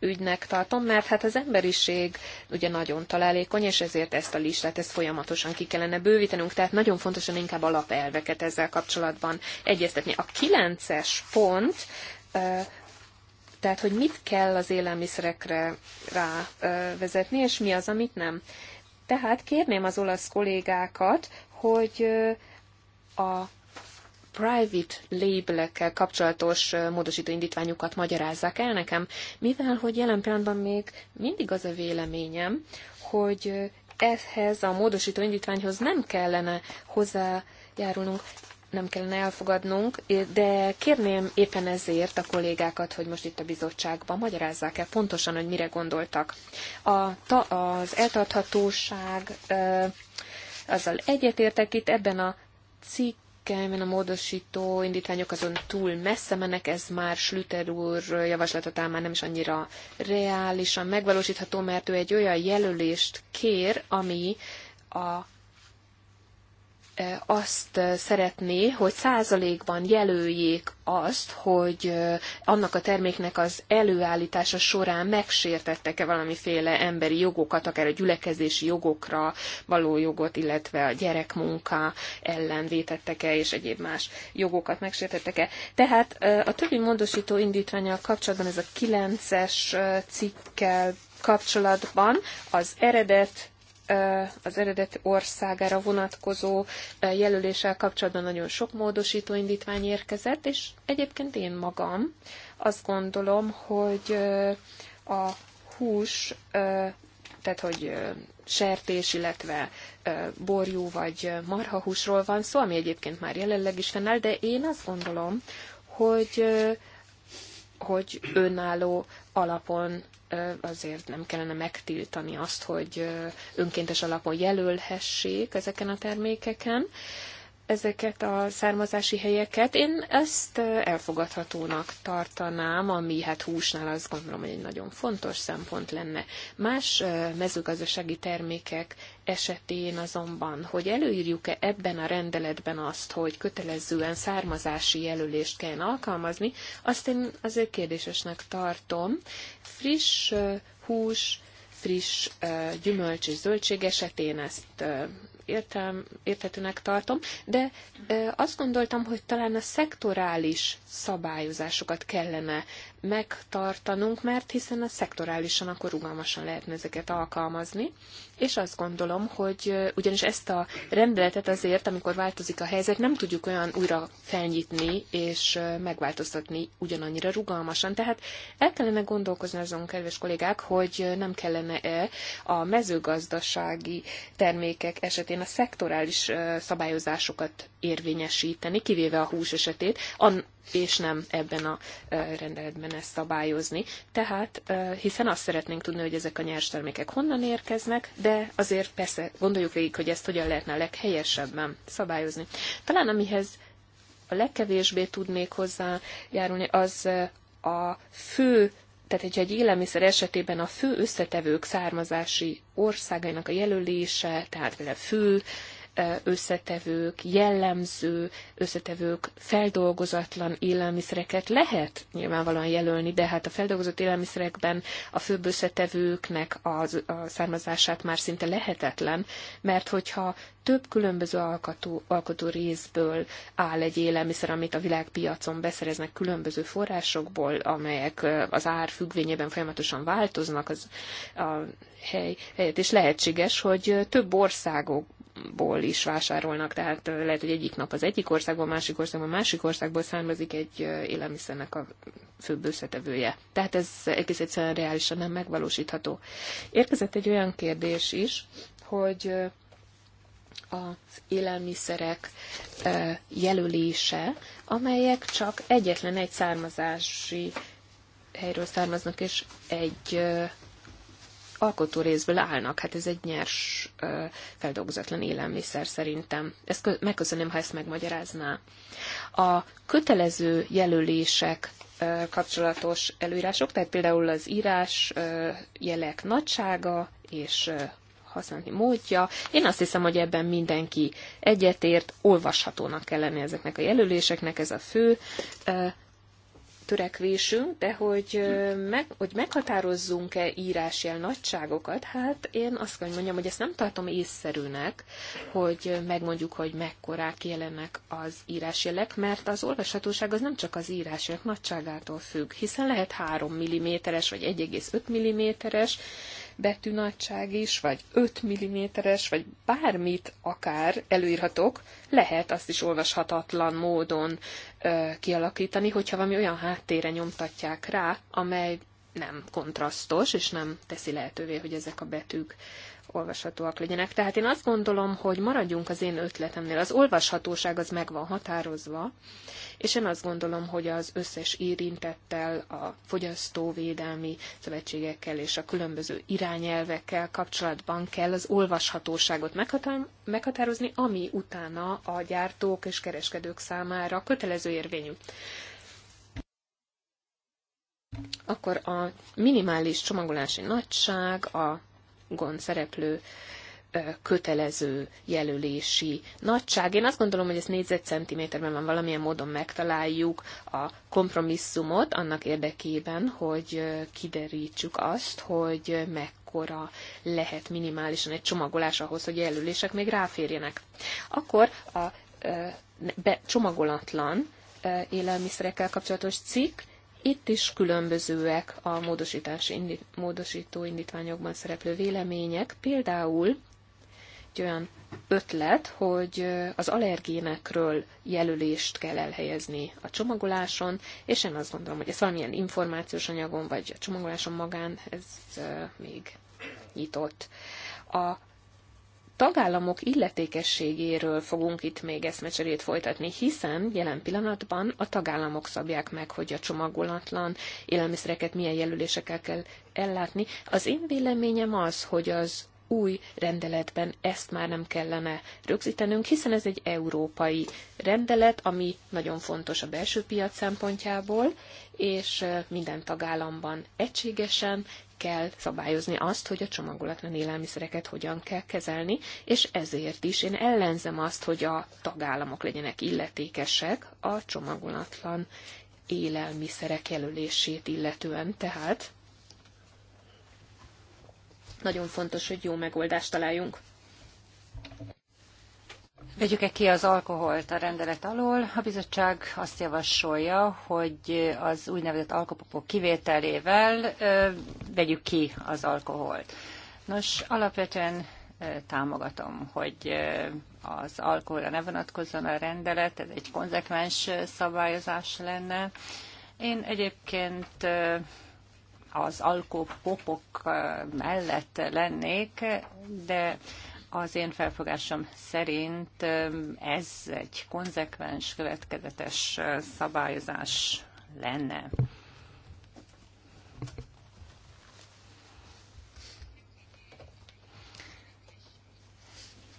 ügynek tartom, mert hát az emberiség ugye nagyon találékony, és ezért ezt a listát, ezt folyamatosan ki kellene bővítenünk, tehát nagyon fontosan inkább alapelveket ezzel kapcsolatban egyeztetni. A kilences pont tehát, hogy mit kell az élelmiszerekre rávezetni, és mi az, amit nem. Tehát kérném az olasz kollégákat, hogy a private labelekkel kapcsolatos módosító indítványukat magyarázzák el nekem, mivel hogy jelen pillanatban még mindig az a véleményem, hogy ehhez a módosító indítványhoz nem kellene hozzájárulnunk nem kellene elfogadnunk, de kérném éppen ezért a kollégákat, hogy most itt a bizottságban magyarázzák el pontosan, hogy mire gondoltak. A, ta, az eltarthatóság azzal egyetértek itt ebben a cikk cikkelyben a módosító indítványok azon túl messze mennek, ez már Schlüter úr javaslatotán már nem is annyira reálisan megvalósítható, mert ő egy olyan jelölést kér, ami a azt szeretné, hogy százalékban jelöljék azt, hogy annak a terméknek az előállítása során megsértettek-e valamiféle emberi jogokat, akár a gyülekezési jogokra való jogot, illetve a gyerekmunka ellen vétettek-e, és egyéb más jogokat megsértettek-e. Tehát a többi módosító indítványal kapcsolatban ez a 9-es cikkel kapcsolatban az eredet az eredet országára vonatkozó jelöléssel kapcsolatban nagyon sok módosító indítvány érkezett, és egyébként én magam azt gondolom, hogy a hús, tehát hogy sertés, illetve borjú vagy marhahúsról van szó, ami egyébként már jelenleg is fennáll, de én azt gondolom, hogy hogy önálló alapon azért nem kellene megtiltani azt, hogy önkéntes alapon jelölhessék ezeken a termékeken, ezeket a származási helyeket. Én ezt elfogadhatónak tartanám, ami hát húsnál azt gondolom, hogy egy nagyon fontos szempont lenne. Más mezőgazdasági termékek esetén azonban, hogy előírjuk-e ebben a rendeletben azt, hogy kötelezően származási jelölést kell alkalmazni, azt én azért kérdésesnek tartom. Friss hús, friss gyümölcs és zöldség esetén ezt értem értetőnek tartom, de azt gondoltam, hogy talán a szektorális szabályozásokat kellene megtartanunk, mert hiszen a szektorálisan akkor rugalmasan lehetne ezeket alkalmazni, és azt gondolom, hogy ugyanis ezt a rendeletet azért, amikor változik a helyzet, nem tudjuk olyan újra felnyitni és megváltoztatni ugyanannyira rugalmasan. Tehát el kellene gondolkozni azon, kedves kollégák, hogy nem kellene-e a mezőgazdasági termékek esetén a szektorális szabályozásokat érvényesíteni, kivéve a hús esetét, és nem ebben a rendeletben ezt szabályozni. Tehát, hiszen azt szeretnénk tudni, hogy ezek a nyers termékek honnan érkeznek, de azért persze gondoljuk végig, hogy ezt hogyan lehetne a leghelyesebben szabályozni. Talán amihez a legkevésbé tudnék hozzájárulni, az a fő tehát hogyha egy élelmiszer esetében a fő összetevők származási országainak a jelölése, tehát például fő összetevők, jellemző összetevők, feldolgozatlan élelmiszereket lehet nyilvánvalóan jelölni, de hát a feldolgozott élelmiszerekben a főbb összetevőknek a származását már szinte lehetetlen, mert hogyha több különböző alkotó, alkotó részből áll egy élelmiszer, amit a világpiacon beszereznek különböző forrásokból, amelyek az ár függvényében folyamatosan változnak az a hely, helyet, és lehetséges, hogy több országok országból is vásárolnak, tehát lehet, hogy egyik nap az egyik országból, másik országból, másik országból származik egy élelmiszernek a főbb összetevője. Tehát ez egész egyszerűen reálisan nem megvalósítható. Érkezett egy olyan kérdés is, hogy az élelmiszerek jelölése, amelyek csak egyetlen egy származási helyről származnak, és egy alkotó részből állnak. Hát ez egy nyers, feldolgozatlan élelmiszer szerintem. Ezt megköszönöm, ha ezt megmagyarázná. A kötelező jelölések kapcsolatos előírások, tehát például az írás jelek nagysága és használni módja. Én azt hiszem, hogy ebben mindenki egyetért, olvashatónak kell lenni ezeknek a jelöléseknek, ez a fő törekvésünk, de hogy, meg, hogy meghatározzunk-e írásjel nagyságokat, hát én azt kell, hogy mondjam, hogy ezt nem tartom észszerűnek, hogy megmondjuk, hogy mekkorák jelennek az írásjelek, mert az olvashatóság az nem csak az írásjelek nagyságától függ, hiszen lehet 3 mm-es vagy 1,5 mm-es betűnagyság is, vagy 5 mm-es, vagy bármit akár előírhatok, lehet azt is olvashatatlan módon ö, kialakítani, hogyha valami olyan háttérre nyomtatják rá, amely nem kontrasztos, és nem teszi lehetővé, hogy ezek a betűk olvashatóak legyenek. Tehát én azt gondolom, hogy maradjunk az én ötletemnél. Az olvashatóság az meg van határozva, és én azt gondolom, hogy az összes érintettel, a fogyasztóvédelmi szövetségekkel és a különböző irányelvekkel kapcsolatban kell az olvashatóságot meghatározni, ami utána a gyártók és kereskedők számára kötelező érvényű akkor a minimális csomagolási nagyság, a gond szereplő kötelező jelölési nagyság. Én azt gondolom, hogy ezt négyzetcentiméterben van valamilyen módon megtaláljuk a kompromisszumot annak érdekében, hogy kiderítsük azt, hogy mekkora lehet minimálisan egy csomagolás ahhoz, hogy jelölések még ráférjenek. Akkor a becsomagolatlan csomagolatlan élelmiszerekkel kapcsolatos cikk itt is különbözőek a módosítási indi, módosító indítványokban szereplő vélemények. Például egy olyan ötlet, hogy az allergénekről jelölést kell elhelyezni a csomagoláson, és én azt gondolom, hogy ez valamilyen információs anyagon, vagy a csomagoláson magán, ez még nyitott. A tagállamok illetékességéről fogunk itt még eszmecserét folytatni, hiszen jelen pillanatban a tagállamok szabják meg, hogy a csomagolatlan élelmiszereket milyen jelölésekkel kell ellátni. Az én véleményem az, hogy az új rendeletben ezt már nem kellene rögzítenünk, hiszen ez egy európai rendelet, ami nagyon fontos a belső piac szempontjából, és minden tagállamban egységesen kell szabályozni azt, hogy a csomagolatlan élelmiszereket hogyan kell kezelni, és ezért is én ellenzem azt, hogy a tagállamok legyenek illetékesek a csomagolatlan élelmiszerek jelölését illetően, tehát nagyon fontos, hogy jó megoldást találjunk. Vegyük-e ki az alkoholt a rendelet alól? A bizottság azt javasolja, hogy az úgynevezett alkopopok kivételével vegyük ki az alkoholt. Nos, alapvetően támogatom, hogy az alkoholra ne vonatkozzon a rendelet, ez egy konzekvens szabályozás lenne. Én egyébként az alkopopok mellett lennék, de az én felfogásom szerint ez egy konzekvens, következetes szabályozás lenne.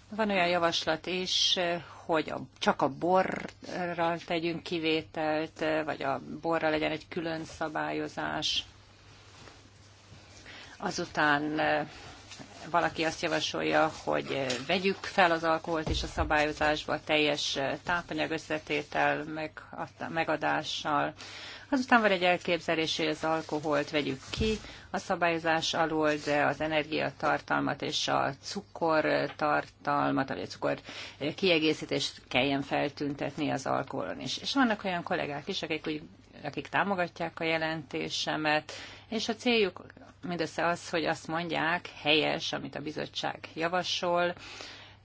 Van olyan javaslat is, hogy a, csak a borral tegyünk kivételt, vagy a borra legyen egy külön szabályozás. Azután valaki azt javasolja, hogy vegyük fel az alkoholt és a szabályozásba a teljes tápanyag összetétel meg, megadással. Azután van egy elképzelés, hogy az alkoholt vegyük ki a szabályozás alól, de az energiatartalmat és a cukortartalmat, vagy a cukor kiegészítést kelljen feltüntetni az alkoholon is. És vannak olyan kollégák is, akik, úgy, akik támogatják a jelentésemet, és a céljuk mindössze az, hogy azt mondják, helyes, amit a bizottság javasol,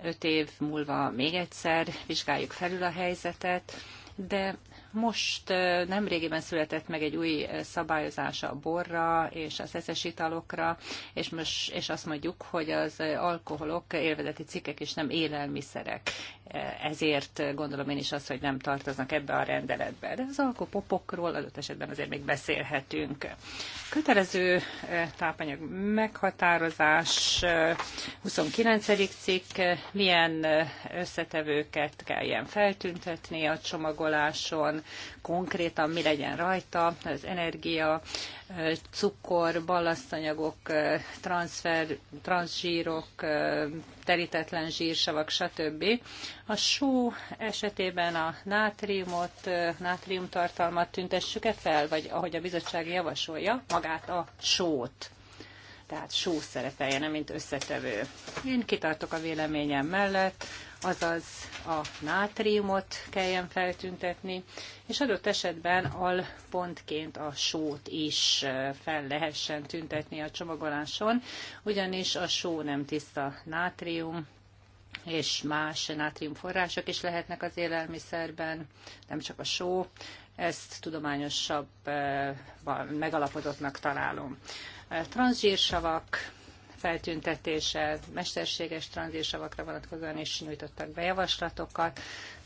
öt év múlva még egyszer vizsgáljuk felül a helyzetet, de most nemrégiben született meg egy új szabályozása a borra és az eszes italokra, és, most, és azt mondjuk, hogy az alkoholok élvezeti cikkek és nem élelmiszerek. Ezért gondolom én is azt, hogy nem tartoznak ebbe a rendeletbe. De az alkopopokról adott esetben azért még beszélhetünk. Kötelező tápanyag meghatározás, 29. cikk, milyen összetevőket kell ilyen feltüntetni a csomagoláson, konkrétan mi legyen rajta, az energia, cukor, ballasztanyagok, transfer, transzsírok, terítetlen zsírsavak, stb. A só esetében a nátriumot, nátriumtartalmat tüntessük-e fel, vagy ahogy a bizottság javasolja, magát a sót? tehát só szerepeljen, mint összetevő. Én kitartok a véleményem mellett, azaz a nátriumot kelljen feltüntetni, és adott esetben alpontként a sót is fel lehessen tüntetni a csomagoláson, ugyanis a só nem tiszta nátrium, és más nátrium források is lehetnek az élelmiszerben, nem csak a só, ezt tudományosabb megalapodottnak találom. Transzsírsavak, feltüntetése, mesterséges tranzésavakra vonatkozóan is nyújtottak be javaslatokat.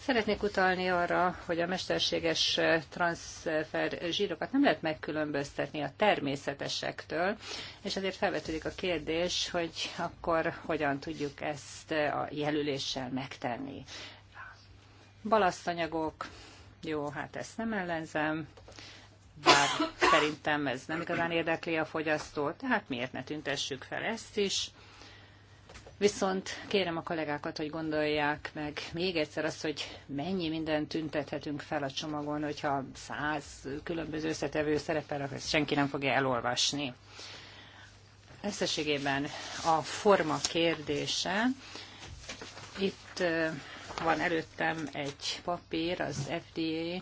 Szeretnék utalni arra, hogy a mesterséges transfer zsírokat nem lehet megkülönböztetni a természetesektől, és azért felvetődik a kérdés, hogy akkor hogyan tudjuk ezt a jelöléssel megtenni. Balasztanyagok, jó, hát ezt nem ellenzem bár szerintem ez nem igazán érdekli a fogyasztót, tehát miért ne tüntessük fel ezt is. Viszont kérem a kollégákat, hogy gondolják meg még egyszer azt, hogy mennyi mindent tüntethetünk fel a csomagon, hogyha száz különböző összetevő szerepel, ezt senki nem fogja elolvasni. Összességében a forma kérdése. Itt van előttem egy papír, az FDA,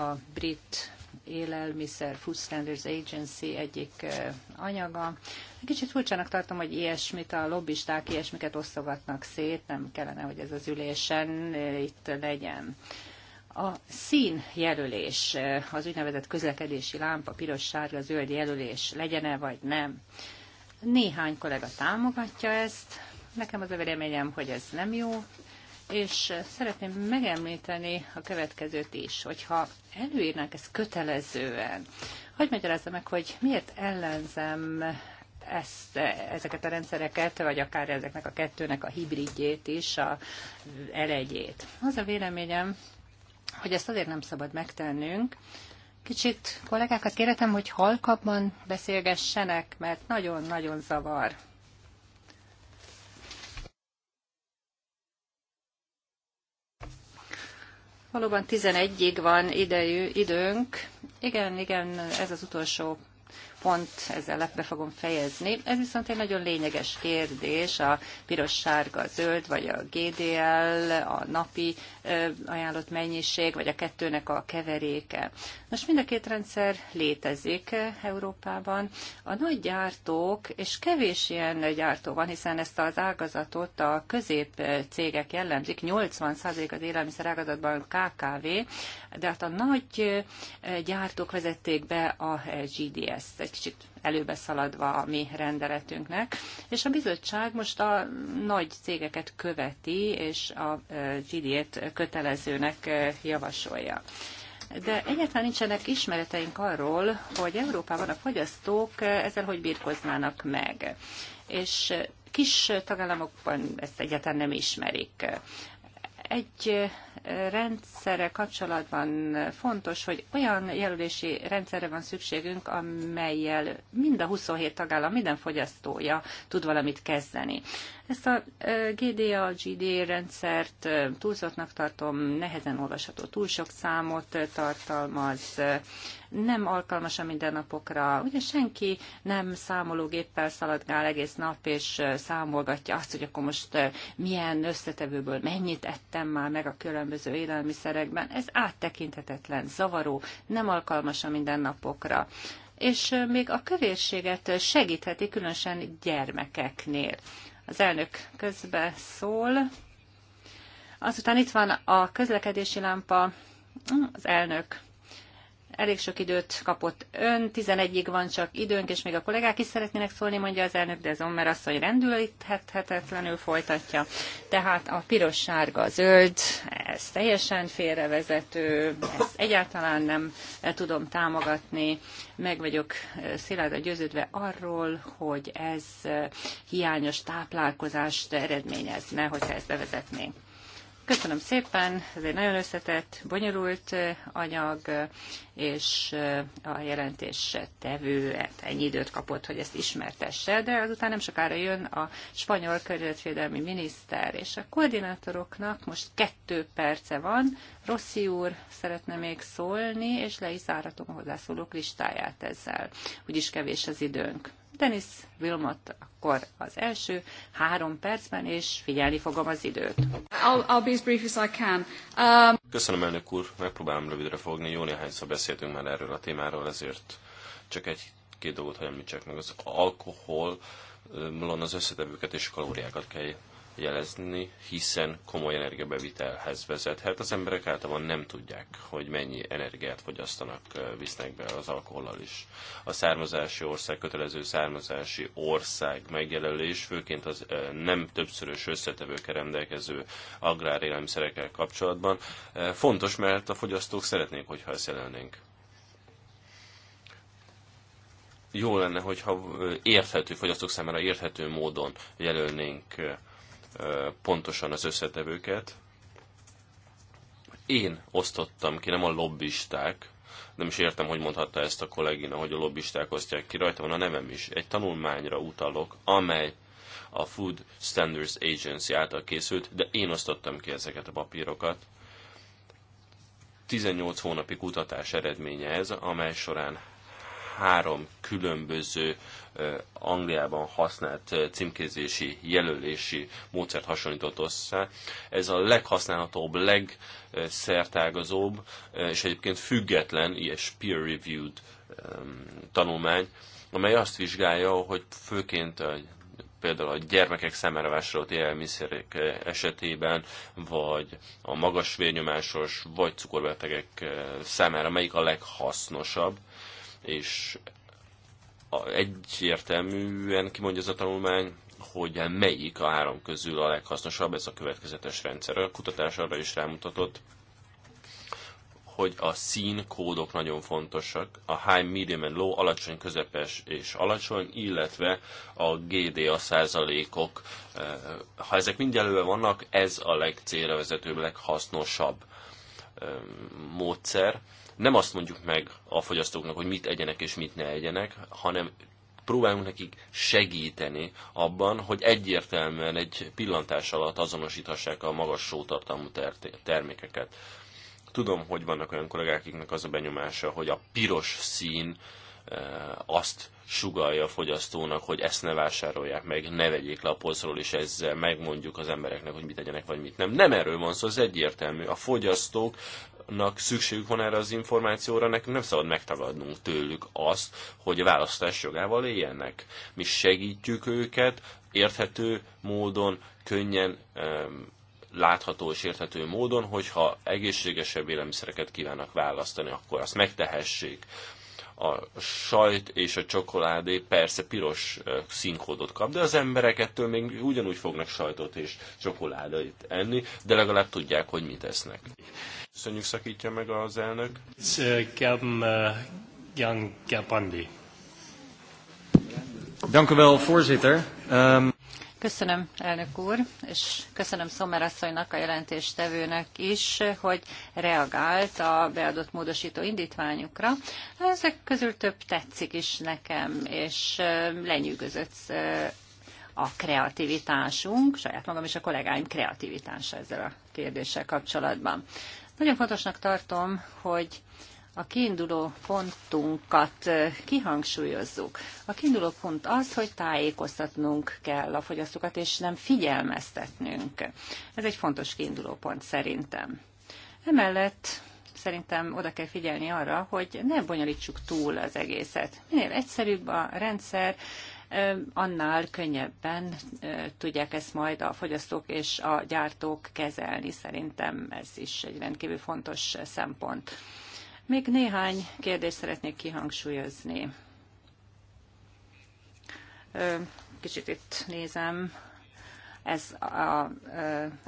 a brit élelmiszer, Food Standards Agency egyik anyaga. Kicsit furcsának tartom, hogy ilyesmit a lobbisták ilyesmiket osztogatnak szét, nem kellene, hogy ez az ülésen itt legyen. A szín jelölés, az úgynevezett közlekedési lámpa, piros, sárga, zöld jelölés legyen-e vagy nem? Néhány kollega támogatja ezt, Nekem az a véleményem, hogy ez nem jó és szeretném megemlíteni a következőt is, hogyha előírnák ezt kötelezően, hogy magyarázza meg, hogy miért ellenzem ezt, ezeket a rendszereket, vagy akár ezeknek a kettőnek a hibridjét is, a elegyét. Az a véleményem, hogy ezt azért nem szabad megtennünk. Kicsit kollégákat kérhetem, hogy halkabban beszélgessenek, mert nagyon-nagyon zavar Valóban 11-ig van idejű, időnk. Igen, igen, ez az utolsó pont, ezzel lepbe fogom fejezni. Ez viszont egy nagyon lényeges kérdés, a piros, sárga, zöld, vagy a GDL, a napi ajánlott mennyiség, vagy a kettőnek a keveréke. Most mind a két rendszer létezik Európában. A nagy gyártók, és kevés ilyen gyártó van, hiszen ezt az ágazatot a közép cégek jellemzik, 80% az élelmiszer ágazatban KKV, de hát a nagy gyártók vezették be a GDS-t, egy kicsit előbe szaladva a mi rendeletünknek, és a bizottság most a nagy cégeket követi, és a GD-t kötelezőnek javasolja. De egyáltalán nincsenek ismereteink arról, hogy Európában a fogyasztók ezzel hogy birkoznának meg. És kis tagállamokban ezt egyáltalán nem ismerik egy rendszerre kapcsolatban fontos, hogy olyan jelölési rendszerre van szükségünk, amelyel mind a 27 tagállam, minden fogyasztója tud valamit kezdeni. Ezt a GDA, GDA rendszert túlzottnak tartom, nehezen olvasható, túl sok számot tartalmaz, nem alkalmas a mindennapokra. Ugye senki nem számológéppel szaladgál egész nap, és számolgatja azt, hogy akkor most milyen összetevőből mennyit ettem már meg a különböző élelmiszerekben. Ez áttekinthetetlen, zavaró, nem alkalmas a mindennapokra és még a kövérséget segítheti, különösen gyermekeknél. Az elnök közbe szól. Azután itt van a közlekedési lámpa, az elnök Elég sok időt kapott ön, 11-ig van csak időnk, és még a kollégák is szeretnének szólni, mondja az elnök, de ez Ommer asszony rendülhetetlenül folytatja. Tehát a piros, sárga, zöld, ez teljesen félrevezető, ezt egyáltalán nem tudom támogatni. Meg vagyok eh, a győződve arról, hogy ez eh, hiányos táplálkozást eredményezne, hogyha ezt bevezetnénk. Köszönöm szépen, ez egy nagyon összetett, bonyolult anyag, és a jelentés tevő ennyi időt kapott, hogy ezt ismertesse, de azután nem sokára jön a spanyol környezetvédelmi miniszter, és a koordinátoroknak most kettő perce van, Rossi úr szeretne még szólni, és le is záratom a hozzászólók listáját ezzel. Úgyis kevés az időnk. Dennis Wilmot akkor az első három percben, és figyelni fogom az időt. I'll, I'll be as brief as I can. Um... Köszönöm, elnök úr, megpróbálom rövidre fogni. Jó néhányszor beszéltünk már erről a témáról, ezért csak egy-két dolgot, hogy említsek meg. Az alkohol, az összetevőket és kalóriákat kell jelezni, hiszen komoly energiabevitelhez vezethet. Az emberek általában nem tudják, hogy mennyi energiát fogyasztanak, visznek be az alkohollal is. A származási ország, kötelező származási ország megjelölés, főként az nem többszörös összetevőkkel rendelkező agrárélelmiszerekkel kapcsolatban fontos, mert a fogyasztók szeretnék, hogyha ezt jelölnénk jó lenne, hogyha érthető, fogyasztók számára érthető módon jelölnénk pontosan az összetevőket. Én osztottam ki, nem a lobbisták, nem is értem, hogy mondhatta ezt a kollégina, hogy a lobbisták osztják ki, rajta van a nevem is. Egy tanulmányra utalok, amely a Food Standards Agency által készült, de én osztottam ki ezeket a papírokat. 18 hónapi kutatás eredménye ez, amely során három különböző Angliában használt címkézési, jelölési módszert hasonlított össze. Ez a leghasználhatóbb, legszertágazóbb, és egyébként független, és peer-reviewed tanulmány, amely azt vizsgálja, hogy főként a például a gyermekek számára vásárolt élelmiszerek esetében, vagy a magas vérnyomásos, vagy cukorbetegek számára melyik a leghasznosabb és egyértelműen kimondja ez a tanulmány, hogy melyik a három közül a leghasznosabb, ez a következetes rendszer. A kutatás arra is rámutatott, hogy a színkódok nagyon fontosak, a high, medium and low, alacsony, közepes és alacsony, illetve a GDA százalékok. Eh, ha ezek mind előve vannak, ez a legcélra vezetőbb, leghasznosabb eh, módszer nem azt mondjuk meg a fogyasztóknak, hogy mit egyenek és mit ne egyenek, hanem próbálunk nekik segíteni abban, hogy egyértelműen egy pillantás alatt azonosíthassák a magas sótartalmú termékeket. Tudom, hogy vannak olyan akiknek az a benyomása, hogy a piros szín eh, azt sugalja a fogyasztónak, hogy ezt ne vásárolják meg, ne vegyék le a polcról, és ezzel megmondjuk az embereknek, hogy mit tegyenek, vagy mit nem. Nem erről van szó, az egyértelmű. A fogyasztók nak szükségük van erre az információra, nekünk nem szabad megtagadnunk tőlük azt, hogy a választás jogával éljenek. Mi segítjük őket érthető módon, könnyen látható és érthető módon, hogyha egészségesebb élelmiszereket kívánnak választani, akkor azt megtehessék a sajt és a csokoládé persze piros színkódot kap, de az emberek ettől még ugyanúgy fognak sajtot és csokoládét enni, de legalább tudják, hogy mit esznek. Köszönjük, szakítja meg az elnök. Gerben, Jan Dank u wel, voorzitter. Um... Köszönöm, elnök úr, és köszönöm Szomer asszonynak, a jelentéstevőnek is, hogy reagált a beadott módosító indítványukra. Ezek közül több tetszik is nekem, és lenyűgözött a kreativitásunk, saját magam és a kollégáim kreativitása ezzel a kérdéssel kapcsolatban. Nagyon fontosnak tartom, hogy a kiinduló pontunkat kihangsúlyozzuk. A kiinduló pont az, hogy tájékoztatnunk kell a fogyasztókat, és nem figyelmeztetnünk. Ez egy fontos kiinduló pont szerintem. Emellett szerintem oda kell figyelni arra, hogy ne bonyolítsuk túl az egészet. Minél egyszerűbb a rendszer, annál könnyebben tudják ezt majd a fogyasztók és a gyártók kezelni. Szerintem ez is egy rendkívül fontos szempont. Még néhány kérdést szeretnék kihangsúlyozni. Kicsit itt nézem ez a,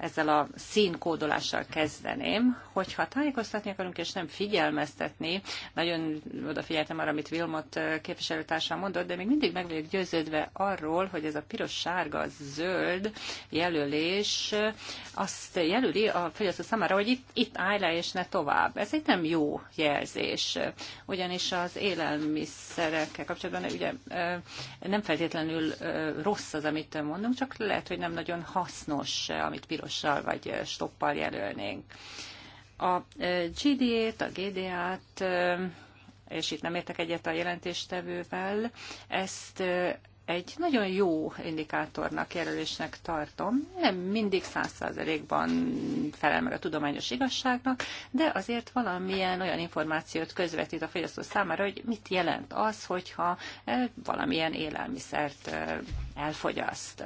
ezzel a színkódolással kezdeném, hogyha tájékoztatni akarunk és nem figyelmeztetni, nagyon odafigyeltem arra, amit Vilmot képviselőtársam mondott, de még mindig meg vagyok győződve arról, hogy ez a piros-sárga-zöld jelölés azt jelöli a fogyasztó számára, hogy itt, itt állj le és ne tovább. Ez egy nem jó jelzés, ugyanis az élelmiszerekkel kapcsolatban ugye nem feltétlenül rossz az, amit mondunk, csak lehet, hogy nem nagyon hasznos, amit pirossal vagy stoppal jelölnénk. A e, GDA-t, a GDA-t, e, és itt nem értek egyet a jelentéstevővel, ezt e, egy nagyon jó indikátornak, jelölésnek tartom. Nem mindig százszázalékban felel meg a tudományos igazságnak, de azért valamilyen olyan információt közvetít a fogyasztó számára, hogy mit jelent az, hogyha valamilyen élelmiszert elfogyaszt.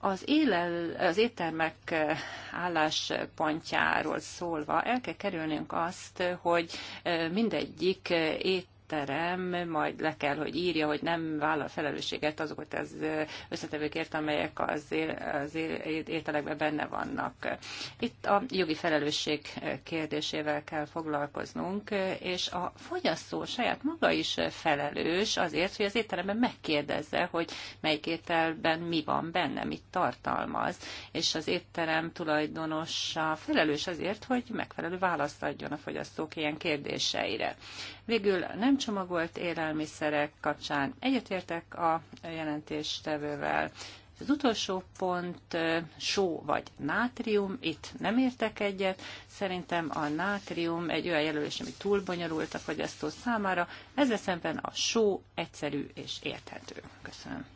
Az, élel, az éttermek eh, álláspontjáról szólva el kell kerülnünk azt, hogy eh, mindegyik ét eh, terem majd le kell, hogy írja, hogy nem vállal felelősséget azokat az összetevőkért, amelyek az, él, az él, ételekben benne vannak. Itt a jogi felelősség kérdésével kell foglalkoznunk, és a fogyasztó saját maga is felelős azért, hogy az étteremben megkérdezze, hogy melyik ételben mi van benne, mit tartalmaz, és az étterem tulajdonosa felelős azért, hogy megfelelő választ adjon a fogyasztók ilyen kérdéseire. Végül nem csomagolt élelmiszerek kapcsán egyetértek a jelentéstevővel. Az utolsó pont só vagy nátrium, itt nem értek egyet. Szerintem a nátrium egy olyan jelölés, ami túl bonyolult a fogyasztó számára. Ezzel szemben a só egyszerű és érthető. Köszönöm.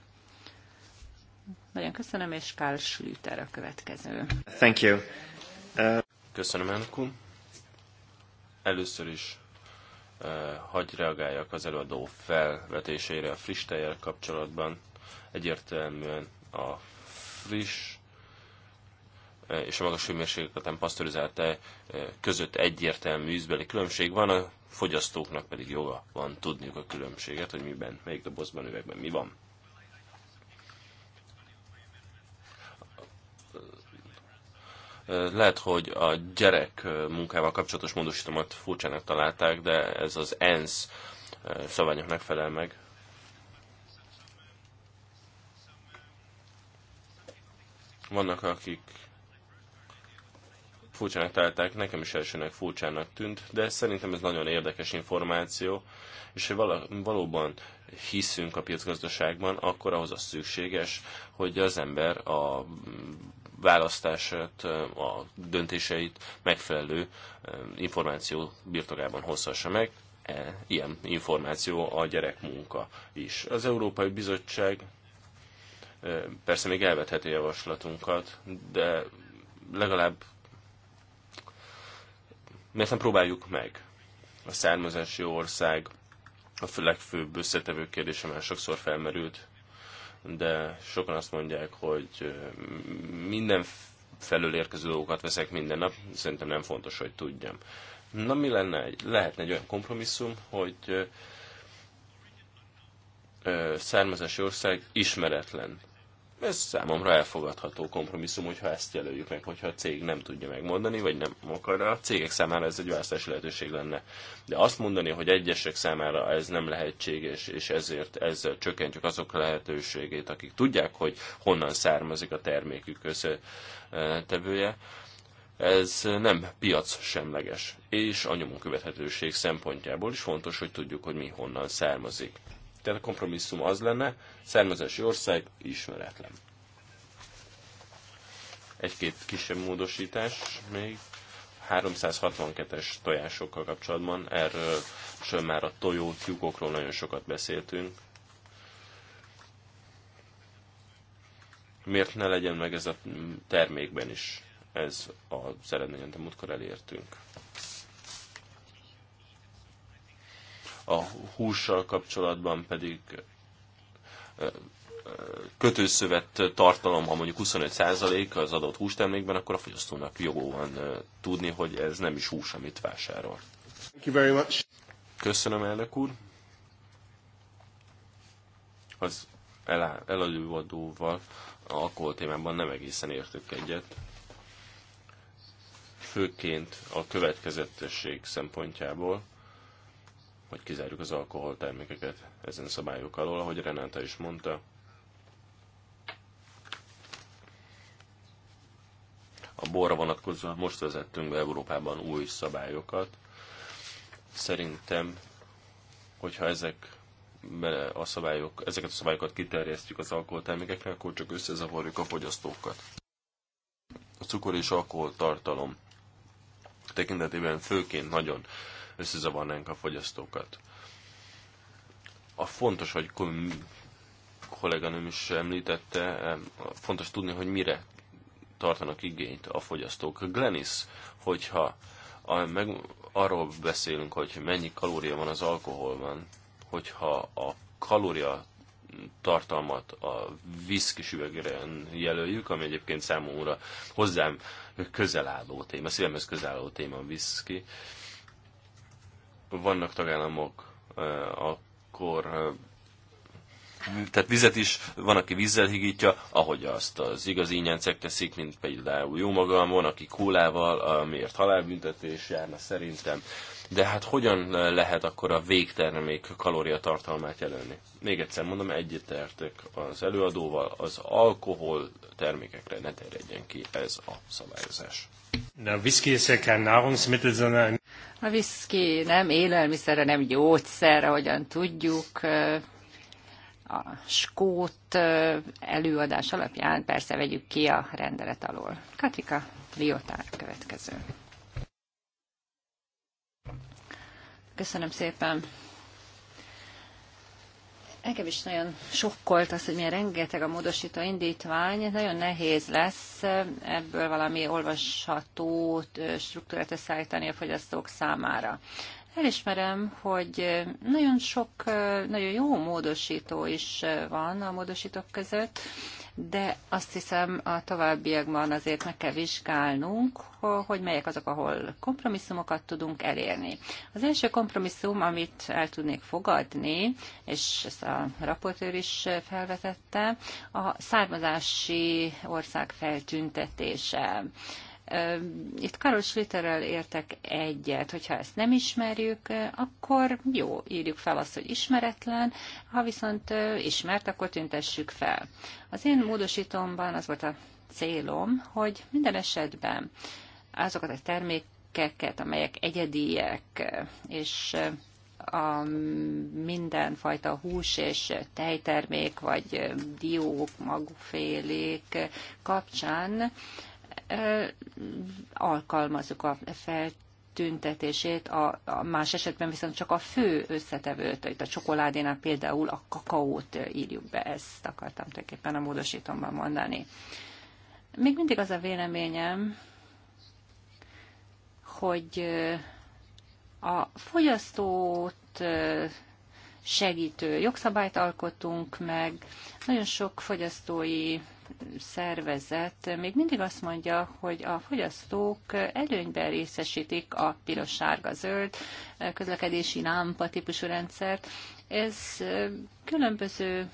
Nagyon köszönöm, és Karl Schlüter a következő. Thank you. Uh... Köszönöm, Enku. Először is Eh, hagy reagáljak az előadó felvetésére a friss tejjel kapcsolatban. Egyértelműen a friss eh, és a magas hőmérséklet pasztorizált tej eh, között egyértelmű üzbeli különbség van, a fogyasztóknak pedig joga van tudniuk a különbséget, hogy miben, melyik dobozban, üvegben mi van. Lehet, hogy a gyerek munkával kapcsolatos módosítomat furcsának találták, de ez az ENSZ szabványoknak felel meg. Vannak, akik furcsának találták, nekem is elsőnek furcsának tűnt, de szerintem ez nagyon érdekes információ, és ha vala, valóban hiszünk a piacgazdaságban, akkor ahhoz az szükséges, hogy az ember a választását, a döntéseit megfelelő információ birtokában hozhassa meg. E, ilyen információ a gyerekmunka is. Az Európai Bizottság persze még elvetheti javaslatunkat, de legalább miért nem próbáljuk meg? A származási ország a legfőbb összetevő kérdése már sokszor felmerült, de sokan azt mondják, hogy minden felől érkező dolgokat veszek minden nap, szerintem nem fontos, hogy tudjam. Na mi lenne egy, lehetne egy olyan kompromisszum, hogy származási ország ismeretlen ez számomra elfogadható kompromisszum, hogyha ezt jelöljük meg, hogyha a cég nem tudja megmondani, vagy nem akar. A cégek számára ez egy választási lehetőség lenne. De azt mondani, hogy egyesek számára ez nem lehetséges, és ezért ezzel csökkentjük azok a lehetőségét, akik tudják, hogy honnan származik a termékük összetevője, ez nem piac semleges, és a nyomon követhetőség szempontjából is fontos, hogy tudjuk, hogy mi honnan származik. Tehát a kompromisszum az lenne, származási ország ismeretlen. Egy-két kisebb módosítás még. 362-es tojásokkal kapcsolatban, erről már a tojó tyúkokról nagyon sokat beszéltünk. Miért ne legyen meg ez a termékben is? Ez az eredményen, amit múltkor elértünk. a hússal kapcsolatban pedig kötőszövet tartalom, ha mondjuk 25% az adott hústermékben, akkor a fogyasztónak jó van tudni, hogy ez nem is hús, amit vásárol. Thank you very much. Köszönöm, elnök úr. Az el, a a témában nem egészen értük egyet. Főként a következetesség szempontjából hogy kizárjuk az alkoholtermékeket ezen szabályok alól, ahogy Renáta is mondta. A borra vonatkozóan most vezettünk be Európában új szabályokat. Szerintem, hogyha ezek a szabályok, ezeket a szabályokat kiterjesztjük az alkoholtermékekre, akkor csak összezavarjuk a fogyasztókat. A cukor és alkohol tartalom, tekintetében főként nagyon összezavarnánk a fogyasztókat. A fontos, hogy kolléganőm is említette, eh, fontos tudni, hogy mire tartanak igényt a fogyasztók. Glenis, hogyha a, meg, arról beszélünk, hogy mennyi kalória van az alkoholban, hogyha a kalória tartalmat a viszkis üvegren jelöljük, ami egyébként számomra hozzám közel álló téma, szívemhez közel álló téma a viszki vannak tagállamok, akkor tehát vizet is, van, aki vízzel higítja, ahogy azt az igazi ingyencek teszik, mint például jó magam, van, aki kólával, amiért halálbüntetés járna szerintem. De hát hogyan lehet akkor a végtermék kalóriatartalmát jelölni? Még egyszer mondom, egyetértek az előadóval, az alkohol termékekre ne terjedjen ki ez a szabályozás. Na, whisky ist ja Nahrungsmittel, sondern a viszki nem élelmiszerre, nem gyógyszerre, ahogyan tudjuk. A skót előadás alapján persze vegyük ki a rendelet alól. Katika Liotár következő. Köszönöm szépen. Engem is nagyon sokkolt az, hogy milyen rengeteg a módosító indítvány. Nagyon nehéz lesz ebből valami olvasható struktúrát összeállítani a fogyasztók számára. Elismerem, hogy nagyon sok, nagyon jó módosító is van a módosítók között, de azt hiszem a továbbiakban azért meg kell vizsgálnunk, hogy melyek azok, ahol kompromisszumokat tudunk elérni. Az első kompromisszum, amit el tudnék fogadni, és ezt a raportőr is felvetette, a származási ország feltüntetése. Itt Karol Schlitterrel értek egyet, hogyha ezt nem ismerjük, akkor jó, írjuk fel azt, hogy ismeretlen, ha viszont ismert, akkor tüntessük fel. Az én módosítomban az volt a célom, hogy minden esetben azokat a termékeket, amelyek egyediek, és a mindenfajta hús és tejtermék, vagy diók, magufélék kapcsán alkalmazzuk a feltüntetését. a, a más esetben viszont csak a fő összetevőt, itt a csokoládénál például a kakaót írjuk be, ezt akartam tulajdonképpen a módosítomban mondani. Még mindig az a véleményem, hogy a fogyasztót segítő jogszabályt alkotunk meg, nagyon sok fogyasztói szervezet még mindig azt mondja, hogy a fogyasztók előnyben részesítik a piros-sárga-zöld közlekedési lámpa típusú rendszert. Ez különböző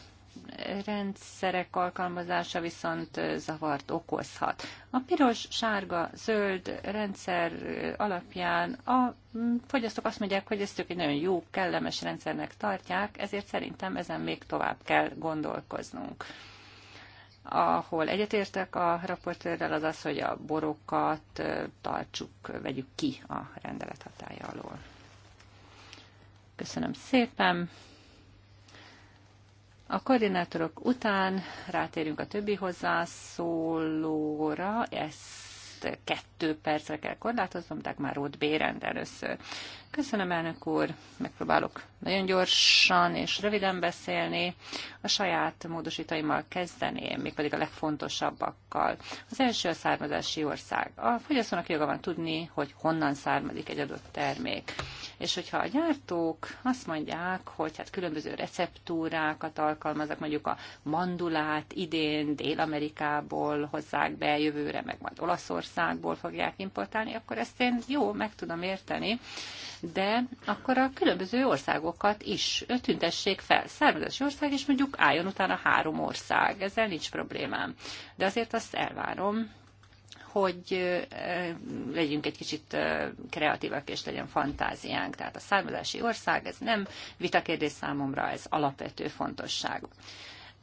rendszerek alkalmazása viszont zavart okozhat. A piros, sárga, zöld rendszer alapján a fogyasztók azt mondják, hogy ezt ők egy nagyon jó, kellemes rendszernek tartják, ezért szerintem ezen még tovább kell gondolkoznunk ahol egyetértek a raportőrrel, az az, hogy a borokat tartsuk, vegyük ki a rendelet hatája alól. Köszönöm szépen! A koordinátorok után rátérünk a többi hozzászólóra, ez ezt kettő percre kell korlátoznom, de már ott bérend először. Köszönöm, elnök úr, megpróbálok nagyon gyorsan és röviden beszélni. A saját módosítaimmal kezdeném, mégpedig a legfontosabbakkal. Az első a származási ország. A fogyasztónak joga van tudni, hogy honnan származik egy adott termék. És hogyha a gyártók azt mondják, hogy hát különböző receptúrákat alkalmaznak, mondjuk a mandulát idén Dél-Amerikából hozzák be, jövőre meg majd Olaszország, országból fogják importálni, akkor ezt én jó, meg tudom érteni, de akkor a különböző országokat is tüntessék fel. Származási ország, és mondjuk álljon utána három ország. Ezzel nincs problémám. De azért azt elvárom, hogy legyünk egy kicsit kreatívak és legyen fantáziánk. Tehát a származási ország, ez nem vitakérdés számomra, ez alapvető fontosságú.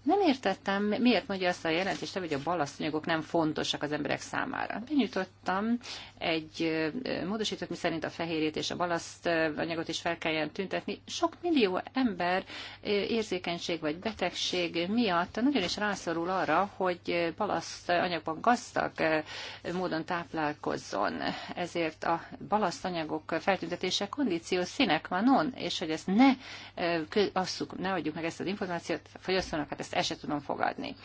Nem értettem, miért mondja azt a jelentést, hogy a balasztanyagok nem fontosak az emberek számára. Benyújtottam egy módosított, mi szerint a fehérjét és a balasztanyagot is fel kelljen tüntetni. Sok millió ember érzékenység vagy betegség miatt nagyon is rászorul arra, hogy balasztanyagban gazdag módon táplálkozzon. Ezért a balasztanyagok feltüntetése kondíció színek van és hogy ezt ne asszuk, ne adjuk meg ezt az információt, fogyasztónak, hát ezt ezt el sem tudom fogadni.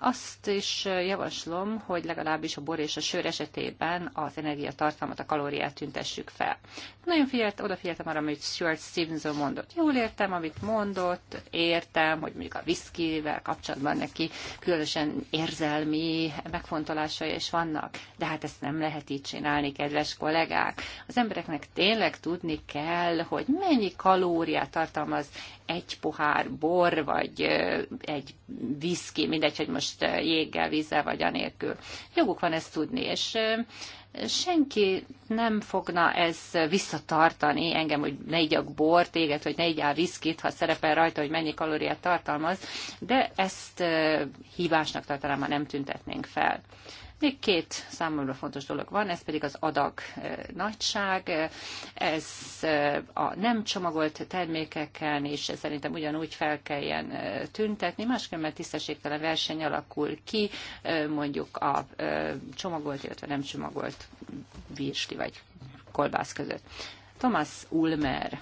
Azt is javaslom, hogy legalábbis a bor és a sör esetében az energiatartalmat, a kalóriát tüntessük fel. Nagyon figyelt, odafigyeltem arra, amit Stuart Stevenson mondott. Jól értem, amit mondott, értem, hogy mondjuk a viszkivel kapcsolatban neki különösen érzelmi megfontolásai is vannak, de hát ezt nem lehet így csinálni, kedves kollégák. Az embereknek tényleg tudni kell, hogy mennyi kalóriát tartalmaz egy pohár bor, vagy egy viszki, mindegy, hogy most most eh, jéggel, vízzel vagy anélkül. Joguk van ezt tudni, és eh, senki nem fogna ez visszatartani engem, hogy ne igyak bort, éget, hogy ne igyál viszkit, ha szerepel rajta, hogy mennyi kalóriát tartalmaz, de ezt hívásnak eh, tartanám, ha nem tüntetnénk fel. Még két számomra fontos dolog van, ez pedig az adag eh, nagyság. Ez eh, a nem csomagolt termékeken ez szerintem ugyanúgy fel kelljen eh, tüntetni, máskülönben tisztességtelen verseny alakul ki, mondjuk a csomagolt, illetve nem csomagolt virsli vagy kolbász között. Thomas Ulmer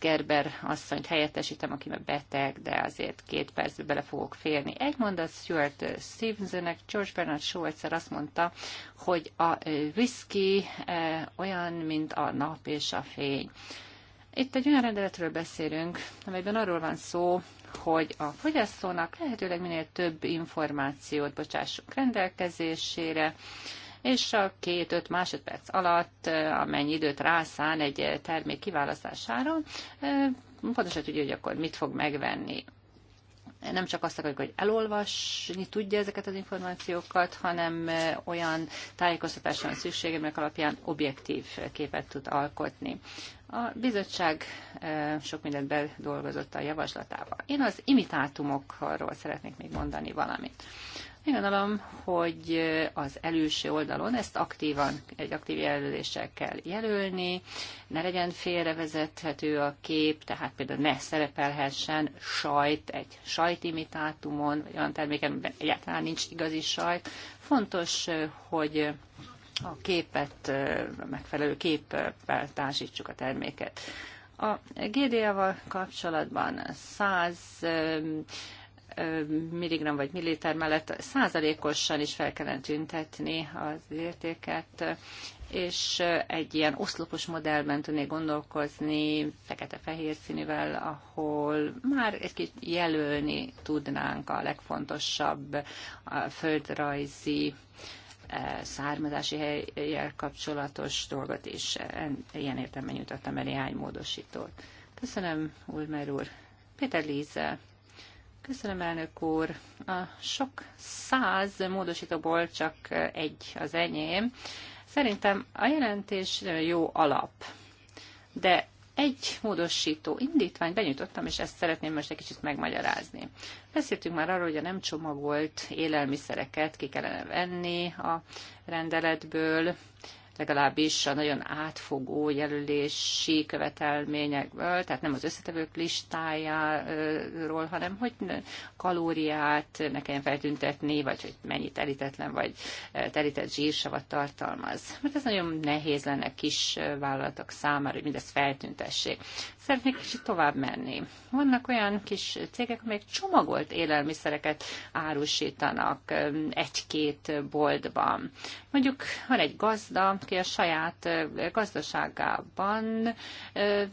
Gerber asszonyt helyettesítem, aki meg beteg, de azért két percbe bele fogok férni. Egy mondat Stuart Stevensonnek, George Bernard Shaw egyszer azt mondta, hogy a whisky olyan, mint a nap és a fény. Itt egy olyan rendeletről beszélünk, amelyben arról van szó, hogy a fogyasztónak lehetőleg minél több információt bocsássunk rendelkezésére, és a két-öt másodperc alatt, amennyi időt rászán egy termék kiválasztására, pontosan tudja, hogy akkor mit fog megvenni nem csak azt akarjuk, hogy elolvasni tudja ezeket az információkat, hanem olyan tájékoztatásra van szüksége, amelyek alapján objektív képet tud alkotni. A bizottság sok mindent bedolgozott a javaslatával. Én az imitátumokról szeretnék még mondani valamit. Én gondolom, hogy az előső oldalon ezt aktívan, egy aktív jelöléssel kell jelölni, ne legyen félrevezethető a kép, tehát például ne szerepelhessen sajt egy sajtimitátumon, vagy olyan terméken, amiben egyáltalán nincs igazi sajt. Fontos, hogy a képet, a megfelelő képpel társítsuk a terméket. A GDA-val kapcsolatban 100 milligram vagy milliliter mellett százalékosan is fel kellene tüntetni az értéket, és egy ilyen oszlopos modellben tudnék gondolkozni, fekete-fehér színűvel, ahol már egy kicsit jelölni tudnánk a legfontosabb a földrajzi származási helyjel kapcsolatos dolgot, és ilyen értelemben nyújtottam el néhány módosítót. Köszönöm, Ulmer úr. Péter Líze Köszönöm, elnök úr. A sok száz módosítóból csak egy az enyém. Szerintem a jelentés jó alap, de egy módosító indítványt benyújtottam, és ezt szeretném most egy kicsit megmagyarázni. Beszéltünk már arról, hogy a nem csomagolt élelmiszereket ki kellene venni a rendeletből, legalábbis a nagyon átfogó jelölési követelményekből, tehát nem az összetevők listájáról, hanem hogy kalóriát ne kelljen feltüntetni, vagy hogy mennyi terítetlen vagy eh, telített zsírsavat tartalmaz. Mert hát ez nagyon nehéz lenne kis eh, vállalatok számára, hogy mindezt feltüntessék. Szeretnék kicsit tovább menni. Vannak olyan kis cégek, amelyek csomagolt élelmiszereket árusítanak eh, egy-két boltban. Mondjuk van egy gazda, aki a saját gazdaságában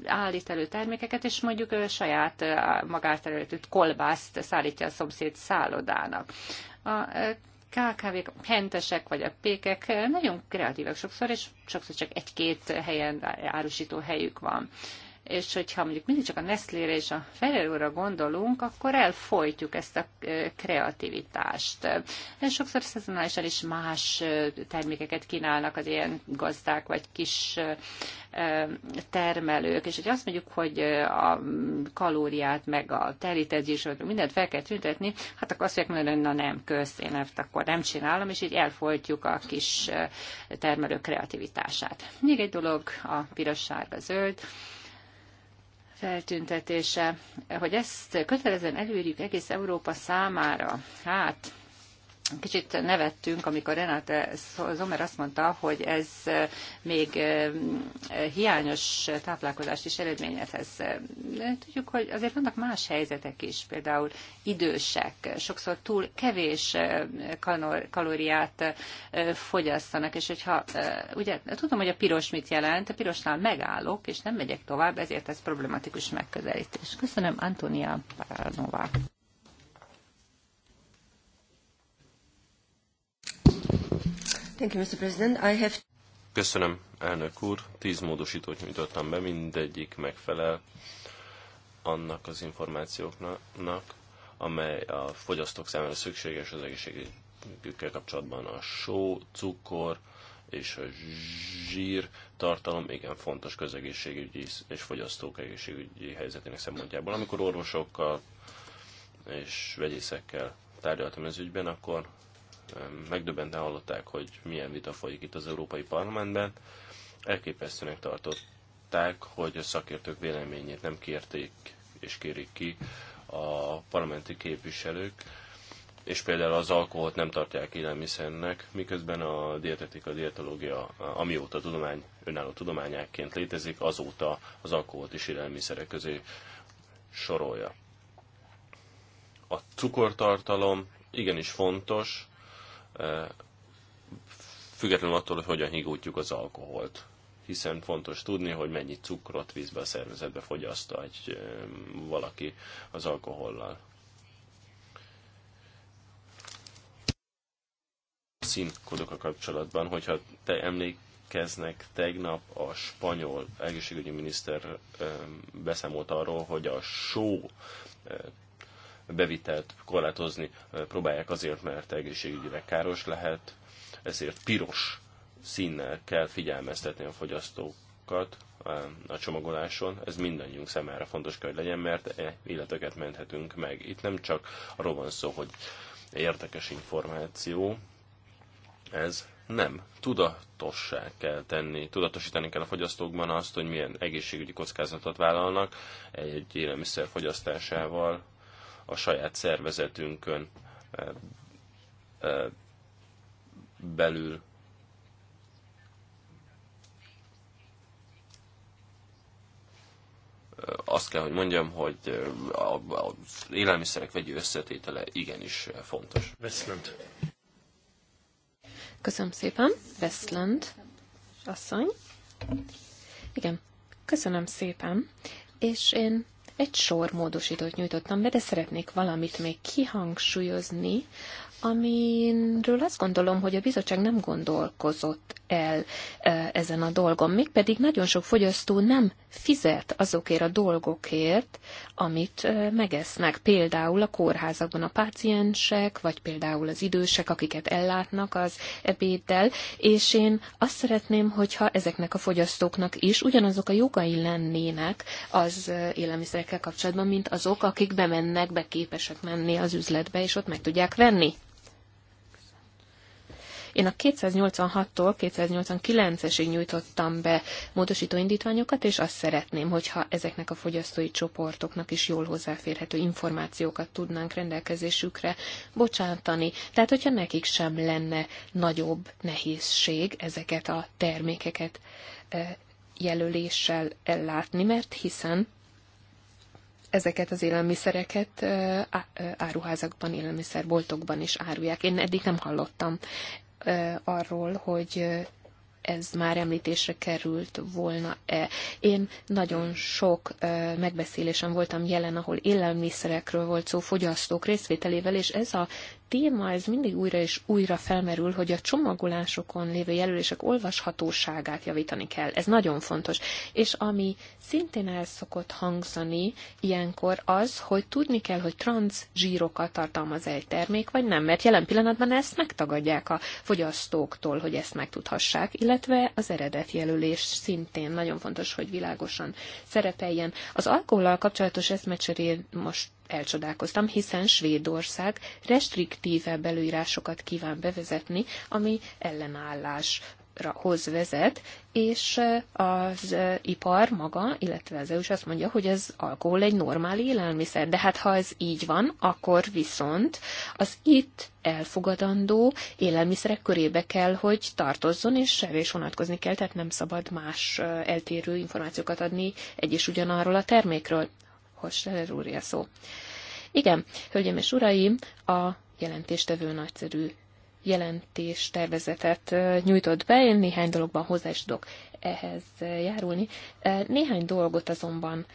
állít elő termékeket, és mondjuk saját magát előtt kolbászt szállítja a szomszéd szállodának. A KKV-k, hentesek vagy a pékek nagyon kreatívak sokszor, és sokszor csak egy-két helyen árusító helyük van és hogyha mondjuk mindig csak a Nestlére és a ferrero gondolunk, akkor elfolytjuk ezt a kreativitást. És sokszor szezonálisan is más termékeket kínálnak az ilyen gazdák, vagy kis termelők, és hogy azt mondjuk, hogy a kalóriát, meg a telítezésről, mindent fel kell tüntetni, hát akkor azt mondják, hogy na nem, kösz, én ezt akkor nem csinálom, és így elfolytjuk a kis termelők kreativitását. Még egy dolog, a piros, sárga, zöld feltüntetése, hogy ezt kötelezően előírjuk egész Európa számára. Hát, Kicsit nevettünk, amikor Renate Zomer azt mondta, hogy ez még hiányos táplálkozást is eredményezhez. Tudjuk, hogy azért vannak más helyzetek is, például idősek sokszor túl kevés kalóriát fogyasztanak, és hogyha, ugye tudom, hogy a piros mit jelent, a pirosnál megállok, és nem megyek tovább, ezért ez problematikus megközelítés. Köszönöm, Antonia Paranova. Thank you, Mr. President. I have... Köszönöm, elnök úr. Tíz módosítót nyújtottam be, mindegyik megfelel annak az információknak, amely a fogyasztók számára szükséges az egészségükkel kapcsolatban a só, cukor és a zsír tartalom igen fontos közegészségügyi és fogyasztók egészségügyi helyzetének szempontjából. Amikor orvosokkal és vegyészekkel tárgyaltam ez ügyben, akkor megdöbbenten hallották, hogy milyen vita folyik itt az Európai Parlamentben. Elképesztőnek tartották, hogy a szakértők véleményét nem kérték és kérik ki a parlamenti képviselők, és például az alkoholt nem tartják élelmiszernek, miközben a dietetika, a dietológia, amióta tudomány, önálló tudományákként létezik, azóta az alkoholt is élelmiszerek közé sorolja. A cukortartalom igenis fontos, függetlenül attól, hogy hogyan higultjuk az alkoholt. Hiszen fontos tudni, hogy mennyi cukrot vízbe a szervezetbe fogyaszt egy valaki az alkohollal. a kapcsolatban, hogyha te emlékeznek, tegnap a spanyol egészségügyi miniszter beszámolt arról, hogy a só bevitelt korlátozni próbálják azért, mert egészségügyileg káros lehet, ezért piros színnel kell figyelmeztetni a fogyasztókat a csomagoláson. Ez mindannyiunk szemére fontos kell, hogy legyen, mert e életeket menthetünk meg. Itt nem csak arról van szó, hogy érdekes információ, ez nem. Tudatossá kell tenni, tudatosítani kell a fogyasztókban azt, hogy milyen egészségügyi kockázatot vállalnak egy élelmiszer fogyasztásával, a saját szervezetünkön belül. Azt kell, hogy mondjam, hogy az élelmiszerek vegyi összetétele igenis fontos. Veszlent. Köszönöm szépen. Veszland asszony. Igen, köszönöm szépen. És én egy sor módosítót nyújtottam be, de szeretnék valamit még kihangsúlyozni, amiről azt gondolom, hogy a bizottság nem gondolkozott el ezen a dolgon. Mégpedig nagyon sok fogyasztó nem fizet azokért a dolgokért, amit megesznek. Például a kórházakban a páciensek, vagy például az idősek, akiket ellátnak az ebéddel, és én azt szeretném, hogyha ezeknek a fogyasztóknak is ugyanazok a jogai lennének az élelmiszerekkel kapcsolatban, mint azok, akik bemennek, beképesek menni az üzletbe, és ott meg tudják venni én a 286-tól 289-esig nyújtottam be módosító indítványokat, és azt szeretném, hogyha ezeknek a fogyasztói csoportoknak is jól hozzáférhető információkat tudnánk rendelkezésükre bocsátani. Tehát, hogyha nekik sem lenne nagyobb nehézség ezeket a termékeket e, jelöléssel ellátni, mert hiszen ezeket az élelmiszereket e, e, áruházakban, élelmiszerboltokban is árulják. Én eddig nem hallottam arról, hogy ez már említésre került volna-e. Én nagyon sok megbeszélésen voltam jelen, ahol élelmiszerekről volt szó fogyasztók részvételével, és ez a téma, ez mindig újra és újra felmerül, hogy a csomagolásokon lévő jelölések olvashatóságát javítani kell. Ez nagyon fontos. És ami szintén el szokott hangzani ilyenkor az, hogy tudni kell, hogy trans zsírokat tartalmaz -e egy termék, vagy nem, mert jelen pillanatban ezt megtagadják a fogyasztóktól, hogy ezt megtudhassák, illetve az eredet jelölés szintén nagyon fontos, hogy világosan szerepeljen. Az alkohollal kapcsolatos eszmecserén most elcsodálkoztam, hiszen Svédország restriktívebb előírásokat kíván bevezetni, ami ellenállás hoz vezet, és eh, az eh, ipar maga, illetve az EU is azt mondja, hogy az alkohol egy normál élelmiszer, de hát ha ez így van, akkor viszont az itt elfogadandó élelmiszerek körébe kell, hogy tartozzon, és erre is vonatkozni kell, tehát nem szabad más eh, eltérő információkat adni egy és ugyanarról a termékről. Hossler úr szó. Igen, hölgyeim és uraim, a jelentéstevő nagyszerű jelentés tervezetet nyújtott be, én néhány dologban hozzá is tudok ehhez járulni. Néhány dolgot azonban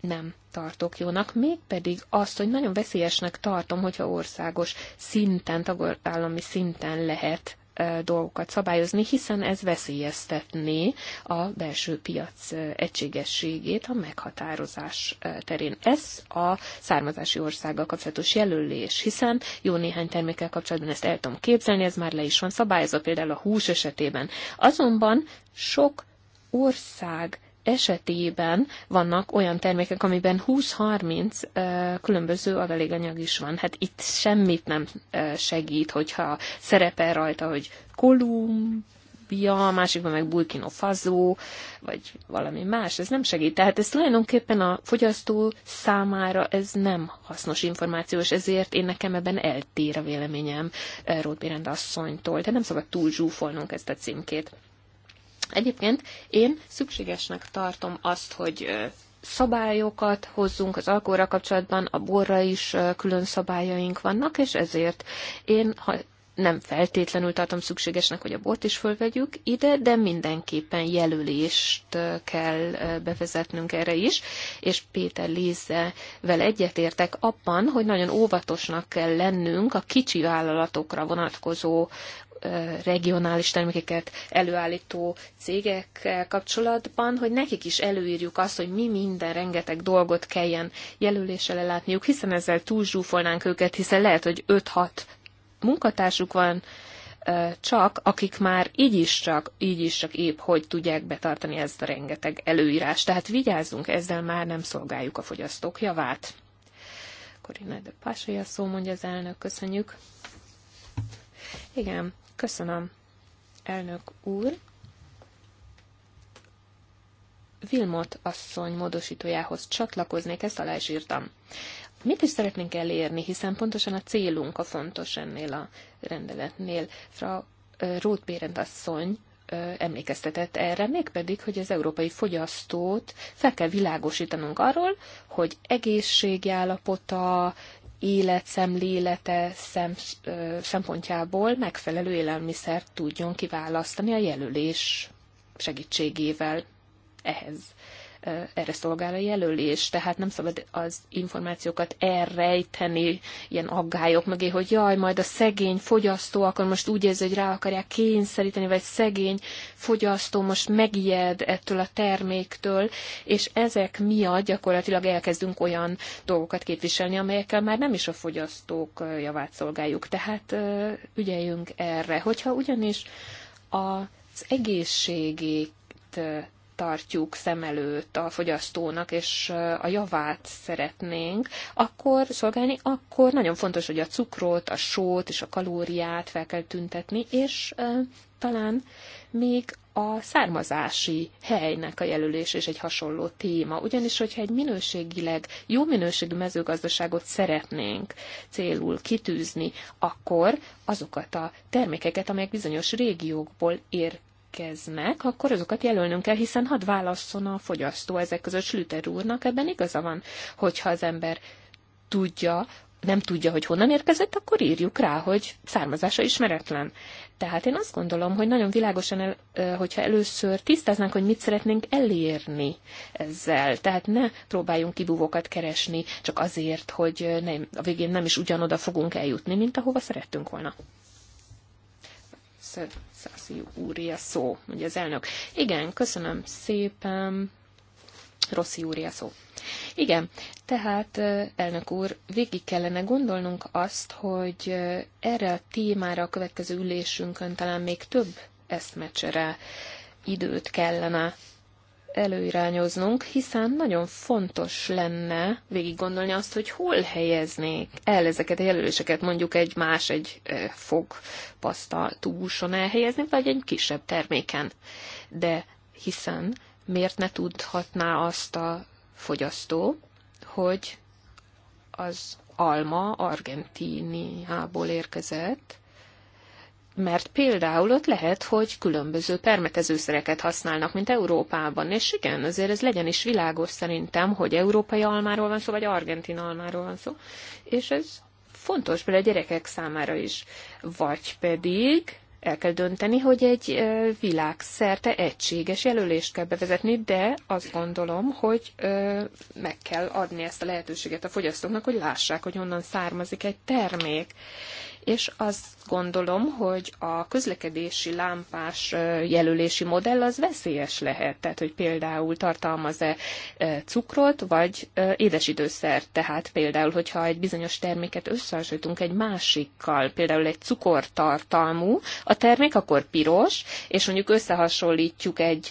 nem tartok jónak, mégpedig azt, hogy nagyon veszélyesnek tartom, hogyha országos szinten, tagállami szinten lehet dolgokat szabályozni, hiszen ez veszélyeztetné a belső piac egységességét a meghatározás terén. Ez a származási országgal kapcsolatos jelölés, hiszen jó néhány termékkel kapcsolatban ezt el tudom képzelni, ez már le is van szabályozva, például a hús esetében. Azonban sok ország esetében vannak olyan termékek, amiben 20-30 különböző adaléganyag is van. Hát itt semmit nem segít, hogyha szerepel rajta, hogy kolumb, Kolumbia, a másikban meg Burkina Faso, vagy valami más, ez nem segít. Tehát ez tulajdonképpen a fogyasztó számára ez nem hasznos információ, és ezért én nekem ebben eltér a véleményem Róth Bérend asszonytól. Tehát nem szabad túl zsúfolnunk ezt a címkét. Egyébként én szükségesnek tartom azt, hogy szabályokat hozzunk az alkoholra kapcsolatban, a borra is külön szabályaink vannak, és ezért én ha nem feltétlenül tartom szükségesnek, hogy a bort is fölvegyük ide, de mindenképpen jelölést kell bevezetnünk erre is, és Péter Lízevel egyetértek abban, hogy nagyon óvatosnak kell lennünk a kicsi vállalatokra vonatkozó regionális termékeket előállító cégekkel kapcsolatban, hogy nekik is előírjuk azt, hogy mi minden rengeteg dolgot kelljen jelöléssel ellátniuk, hiszen ezzel túlzsúfolnánk őket, hiszen lehet, hogy 5-6 munkatársuk van, csak, akik már így is csak, így is csak épp hogy tudják betartani ezt a rengeteg előírást. Tehát vigyázzunk, ezzel már nem szolgáljuk a fogyasztók javát. Korinna de a szó, mondja az elnök, köszönjük. Igen, Köszönöm, elnök úr. Vilmot asszony módosítójához csatlakoznék, ezt alá is írtam. Mit is szeretnénk elérni, hiszen pontosan a célunk a fontos ennél a rendeletnél. Fra Ruth Bérend asszony emlékeztetett erre, mégpedig, hogy az európai fogyasztót fel kell világosítanunk arról, hogy egészségi állapota, szemlélete szem, szempontjából megfelelő élelmiszert tudjon kiválasztani a jelölés segítségével ehhez erre szolgál a jelölés, tehát nem szabad az információkat elrejteni ilyen aggályok mögé, hogy jaj, majd a szegény fogyasztó akkor most úgy érzi, hogy rá akarják kényszeríteni, vagy szegény fogyasztó most megijed ettől a terméktől, és ezek miatt gyakorlatilag elkezdünk olyan dolgokat képviselni, amelyekkel már nem is a fogyasztók javát szolgáljuk. Tehát ügyeljünk erre. Hogyha ugyanis az egészségét tartjuk szem előtt a fogyasztónak, és a javát szeretnénk, akkor szolgálni, akkor nagyon fontos, hogy a cukrot, a sót és a kalóriát fel kell tüntetni, és talán még a származási helynek a jelölés is egy hasonló téma. Ugyanis, hogyha egy minőségileg jó minőségű mezőgazdaságot szeretnénk célul kitűzni, akkor azokat a termékeket, amelyek bizonyos régiókból ér érkeznek, akkor azokat jelölnünk kell, hiszen hadd válasszon a fogyasztó ezek között Slüter úrnak, ebben igaza van, hogyha az ember tudja, nem tudja, hogy honnan érkezett, akkor írjuk rá, hogy származása ismeretlen. Tehát én azt gondolom, hogy nagyon világosan, el, hogyha először tisztáznánk, hogy mit szeretnénk elérni ezzel. Tehát ne próbáljunk kibúvókat keresni, csak azért, hogy nem, a végén nem is ugyanoda fogunk eljutni, mint ahova szerettünk volna. Szászi úri szó, mondja az elnök. Igen, köszönöm szépen. Rossi úri szó. Igen, tehát elnök úr, végig kellene gondolnunk azt, hogy erre a témára a következő ülésünkön talán még több eszmecsere időt kellene előirányoznunk, hiszen nagyon fontos lenne végig gondolni azt, hogy hol helyeznék el ezeket a jelöléseket, mondjuk egy más, egy eh, paszta túlson elhelyezni, vagy egy kisebb terméken. De hiszen miért ne tudhatná azt a fogyasztó, hogy az alma Argentiniából érkezett, mert például ott lehet, hogy különböző permetezőszereket használnak, mint Európában, és igen, azért ez legyen is világos szerintem, hogy európai almáról van szó, vagy argentin almáról van szó, és ez fontos például a gyerekek számára is. Vagy pedig el kell dönteni, hogy egy világszerte egységes jelölést kell bevezetni, de azt gondolom, hogy meg kell adni ezt a lehetőséget a fogyasztóknak, hogy lássák, hogy honnan származik egy termék és azt gondolom, hogy a közlekedési lámpás jelölési modell az veszélyes lehet, tehát hogy például tartalmaz-e cukrot, vagy édesítőszert, tehát például, hogyha egy bizonyos terméket összehasonlítunk egy másikkal, például egy cukortartalmú a termék, akkor piros, és mondjuk összehasonlítjuk egy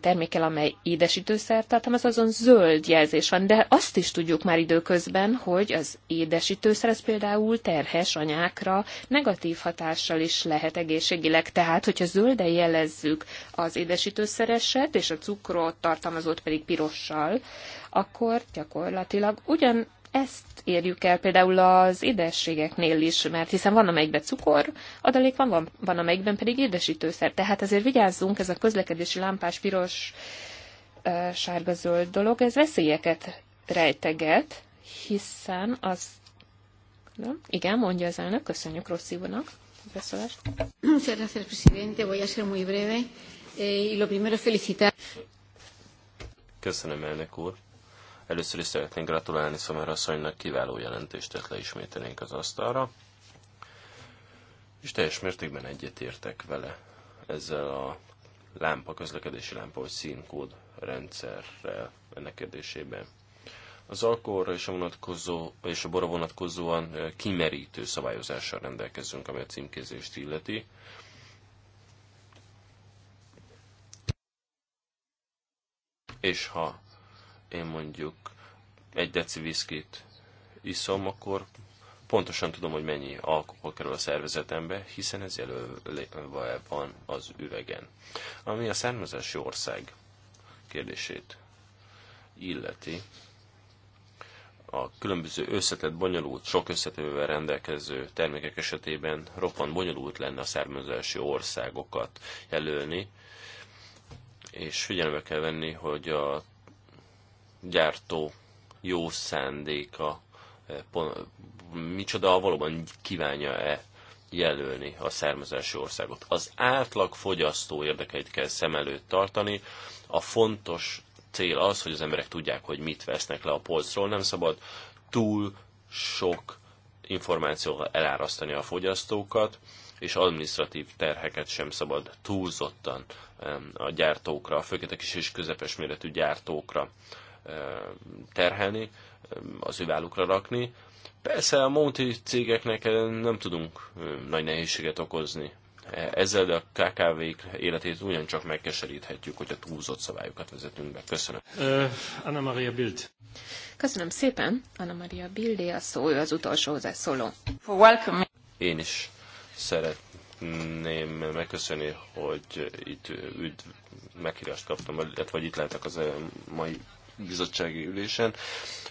termékkel, amely édesítőszer tartalmaz, azon zöld jelzés van, de azt is tudjuk már időközben, hogy az édesítőszer, ez például terhes anyákra negatív hatással is lehet egészségileg. Tehát, hogyha zölde jelezzük az édesítőszereset, és a cukrot tartalmazót pedig pirossal, akkor gyakorlatilag ugyan ezt érjük el például az édességeknél is, mert hiszen van amelyikben cukor, adalék van, van, van amelyikben pedig édesítőszer. Tehát azért vigyázzunk, ez a közlekedési lámpás, piros, sárga-zöld dolog, ez veszélyeket rejteget, hiszen az... Nem? Igen, mondja az elnök, köszönjük rossz szívónak. Beszólást. presidente. Voy a ser muy breve. Eh, y lo primero felicitar. Köszönöm, elnök úr. Először is szeretnénk gratulálni Szomer asszonynak, kiváló jelentést tett le ismételénk az asztalra, és teljes mértékben egyetértek vele ezzel a lámpa, közlekedési lámpa, vagy színkód rendszerrel ennek kérdésében. Az alkoholra és a, vonatkozó, és a borra vonatkozóan kimerítő szabályozással rendelkezünk, ami a címkézést illeti. És ha én mondjuk egy deci viszkit iszom, akkor pontosan tudom, hogy mennyi alkohol kerül a szervezetembe, hiszen ez jelölve van az üvegen. Ami a származási ország kérdését illeti, a különböző összetett, bonyolult, sok összetevővel rendelkező termékek esetében roppant bonyolult lenne a származási országokat jelölni, és figyelembe kell venni, hogy a gyártó jó szándéka, e, micsoda valóban kívánja-e jelölni a származási országot. Az átlag fogyasztó érdekeit kell szem előtt tartani. A fontos cél az, hogy az emberek tudják, hogy mit vesznek le a polcról. Nem szabad túl sok információval elárasztani a fogyasztókat, és administratív terheket sem szabad túlzottan a gyártókra, főként a kis és közepes méretű gyártókra terhelni, az üvállukra rakni. Persze a multi cégeknek nem tudunk nagy nehézséget okozni. E, ezzel a kkv életét ugyancsak megkeseríthetjük, a túlzott szabályokat vezetünk be. Köszönöm. Anna Maria Bild. Köszönöm szépen. Anna Maria Bildé a szó, ő az utolsó hozzászóló. Welcome. Én is szeretném megköszönni, hogy itt üdv meghívást kaptam, illetve hogy itt lehetek az mai bizottsági ülésen.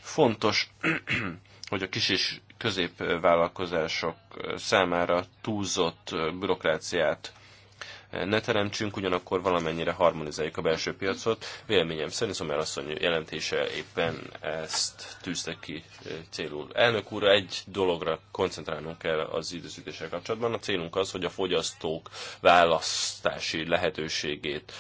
Fontos, hogy a kis és középvállalkozások számára túlzott bürokráciát ne teremtsünk, ugyanakkor valamennyire harmonizáljuk a belső piacot. Véleményem szerint Szomer asszony jelentése éppen ezt tűzte ki célul. Elnök úr, egy dologra koncentrálnunk kell az időzítéssel kapcsolatban. A célunk az, hogy a fogyasztók választási lehetőségét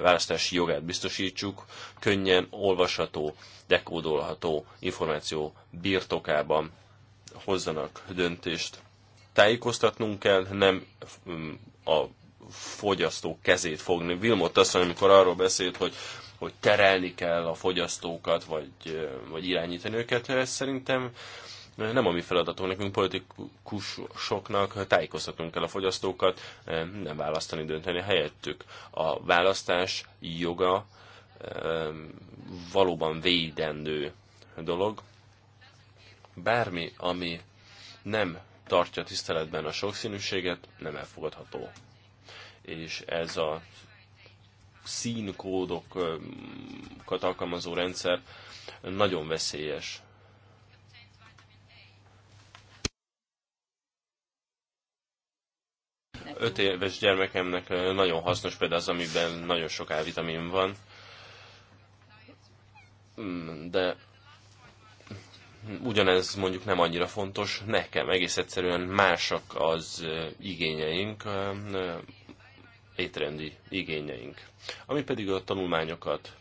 választási jogát biztosítsuk, könnyen olvasható, dekódolható információ birtokában hozzanak döntést. Tájékoztatnunk kell, nem mm, a fogyasztó kezét fogni. Vilmot azt mondja, amikor arról beszélt, hogy hogy terelni kell a fogyasztókat, vagy, vagy irányítani őket, ez szerintem nem a mi feladatunk, nekünk politikusoknak tájékoztatnunk kell a fogyasztókat, eh, nem választani, dönteni helyettük. A választás joga eh, valóban védendő dolog. Bármi, ami nem tartja tiszteletben a sokszínűséget, nem elfogadható. És ez a színkódokat alkalmazó rendszer nagyon veszélyes öt éves gyermekemnek nagyon hasznos például az, amiben nagyon sok A-vitamin van. Mm, de ugyanez mondjuk nem annyira fontos nekem. Egész egyszerűen másak az igényeink, étrendi igényeink. Ami pedig a tanulmányokat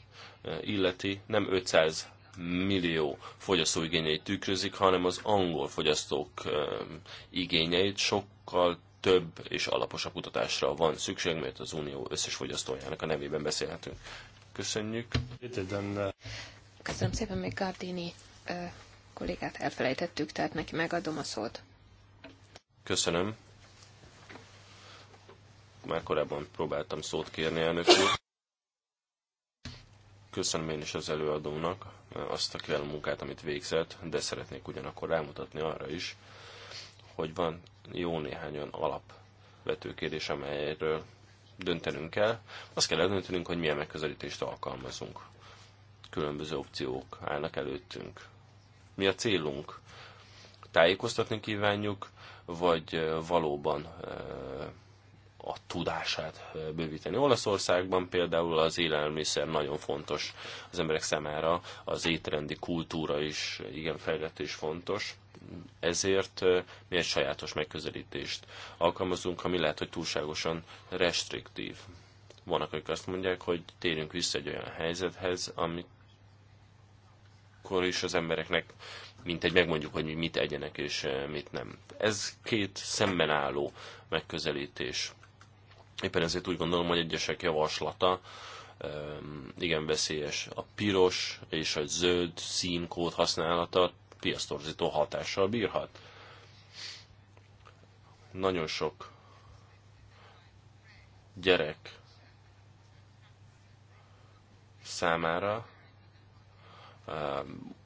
illeti, nem 500 millió fogyasztó igényeit tükrözik, hanem az angol fogyasztók igényeit sokkal több és alaposabb kutatásra van szükség, mert az Unió összes fogyasztójának a nevében beszélhetünk. Köszönjük. Köszönöm szépen, még Gardini kollégát elfelejtettük, tehát neki megadom a szót. Köszönöm. Már korábban próbáltam szót kérni, elnök úr. Köszönöm én is az előadónak azt a kell munkát, amit végzett, de szeretnék ugyanakkor rámutatni arra is, hogy van jó néhány olyan alapvető kérdés, amelyről döntenünk kell. Azt kell eldöntenünk, hogy milyen megközelítést alkalmazunk. Különböző opciók állnak előttünk. Mi a célunk? Tájékoztatni kívánjuk, vagy valóban a tudását bővíteni. Olaszországban például az élelmiszer nagyon fontos az emberek számára, az étrendi kultúra is igen fejlett és fontos ezért mi egy sajátos megközelítést alkalmazunk, ami lehet, hogy túlságosan restriktív. Vannak, akik azt mondják, hogy térjünk vissza egy olyan helyzethez, amikor is az embereknek mint egy megmondjuk, hogy mit egyenek és mit nem. Ez két szemben álló megközelítés. Éppen ezért úgy gondolom, hogy egyesek javaslata igen veszélyes. A piros és a zöld színkód használata piasztorzító hatással bírhat. Nagyon sok gyerek számára um,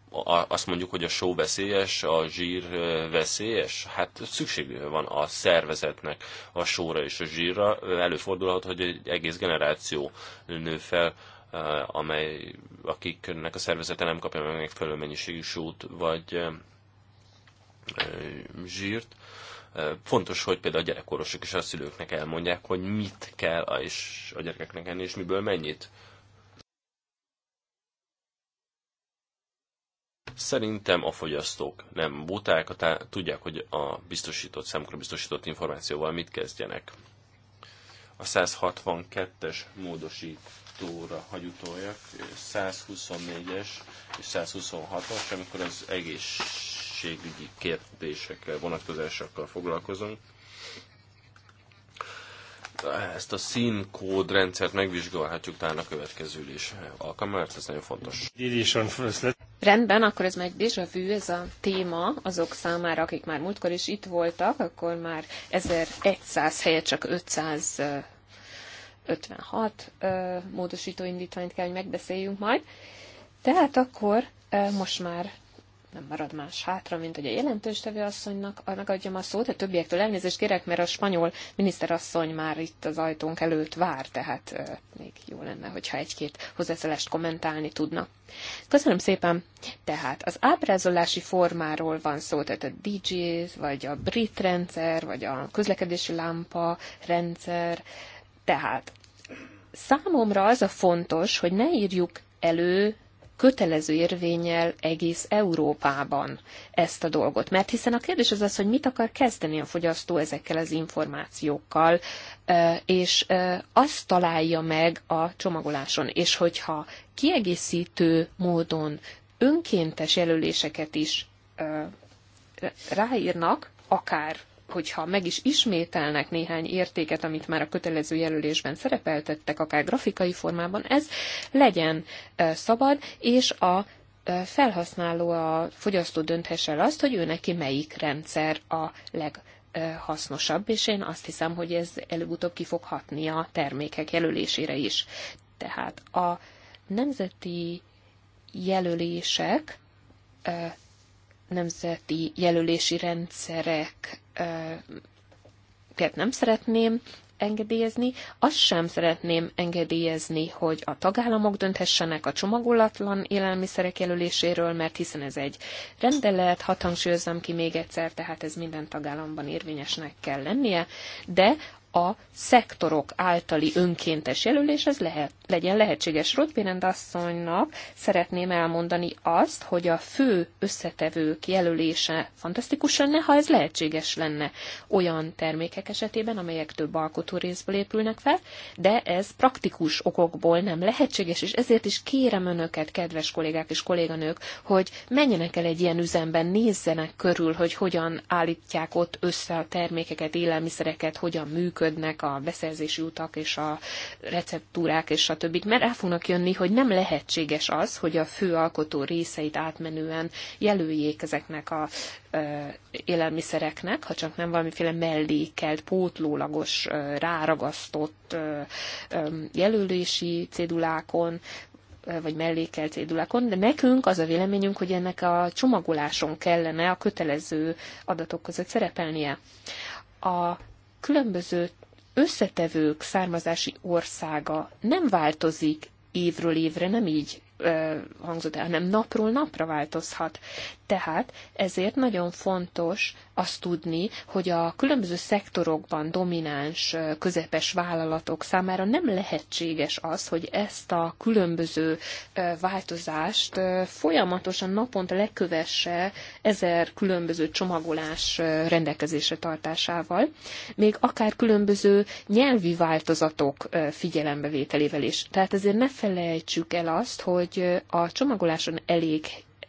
azt mondjuk, hogy a só veszélyes, a zsír uh, veszélyes, hát szükségű van a szervezetnek a sóra és a zsírra. Előfordulhat, hogy egy egész generáció nő fel amely, akiknek a szervezete nem kapja meg megfelelő mennyiségű sót vagy zsírt. Fontos, hogy például a gyerekkorosok és a szülőknek elmondják, hogy mit kell a, és a gyerekeknek enni, és miből mennyit. Szerintem a fogyasztók nem buták, tudják, hogy a biztosított, számukra biztosított információval mit kezdjenek. A 162-es módosít módosítóra hagy utoljak, 124-es és 126-as, amikor az egészségügyi kérdésekkel, vonatkozásokkal foglalkozunk. Ezt a színkód rendszert megvizsgálhatjuk talán a következő ülés alkalmával, mert ez nagyon fontos. Rendben, akkor ez meg déjà vu, ez a téma azok számára, akik már múltkor is itt voltak, akkor már 1100 helyett csak 500 56 módosító indítványt kell, hogy megbeszéljünk majd. Tehát akkor most már nem marad más hátra, mint hogy a jelentős asszonynak megadjam a szót, a többiektől elnézést kérek, mert a spanyol miniszterasszony már itt az ajtónk előtt vár, tehát még jó lenne, hogyha egy-két hozzászólást kommentálni tudna. Köszönöm szépen! Tehát az ábrázolási formáról van szó, tehát a DJs, vagy a brit rendszer, vagy a közlekedési lámpa rendszer, tehát számomra az a fontos, hogy ne írjuk elő kötelező érvényel egész Európában ezt a dolgot. Mert hiszen a kérdés az az, hogy mit akar kezdeni a fogyasztó ezekkel az információkkal, e, és e, azt találja meg a csomagoláson. És hogyha kiegészítő módon önkéntes jelöléseket is e, ráírnak, akár hogyha meg is ismételnek néhány értéket, amit már a kötelező jelölésben szerepeltettek, akár grafikai formában, ez legyen szabad, és a felhasználó, a fogyasztó dönthesse el azt, hogy ő neki melyik rendszer a leg hasznosabb, és én azt hiszem, hogy ez előbb-utóbb ki fog hatni a termékek jelölésére is. Tehát a nemzeti jelölések nemzeti jelölési rendszerek nem szeretném engedélyezni. Azt sem szeretném engedélyezni, hogy a tagállamok dönthessenek a csomagolatlan élelmiszerek jelöléséről, mert hiszen ez egy rendelet, hat hangsúlyozzam ki még egyszer, tehát ez minden tagállamban érvényesnek kell lennie, de a szektorok általi önkéntes jelölés, ez lehet, legyen lehetséges. Rodbérend asszonynak szeretném elmondani azt, hogy a fő összetevők jelölése fantasztikus lenne, ha ez lehetséges lenne olyan termékek esetében, amelyek több alkotó részből épülnek fel, de ez praktikus okokból nem lehetséges, és ezért is kérem önöket, kedves kollégák és kolléganők, hogy menjenek el egy ilyen üzemben, nézzenek körül, hogy hogyan állítják ott össze a termékeket, élelmiszereket, hogyan működik, működnek a beszerzési utak és a receptúrák és a többit, mert el fognak jönni, hogy nem lehetséges az, hogy a főalkotó részeit átmenően jelöljék ezeknek a élelmiszereknek, ha csak nem valamiféle mellékelt, pótlólagos, ráragasztott jelölési cédulákon, vagy mellékelt cédulákon, de nekünk az a véleményünk, hogy ennek a csomagoláson kellene a kötelező adatok között szerepelnie. A különböző összetevők származási országa nem változik évről évre, nem így hangzott el, hanem napról napra változhat. Tehát ezért nagyon fontos azt tudni, hogy a különböző szektorokban domináns közepes vállalatok számára nem lehetséges az, hogy ezt a különböző változást folyamatosan naponta lekövesse ezer különböző csomagolás rendelkezésre tartásával, még akár különböző nyelvi változatok figyelembevételével is. Tehát ezért ne felejtsük el azt, hogy a csomagoláson elég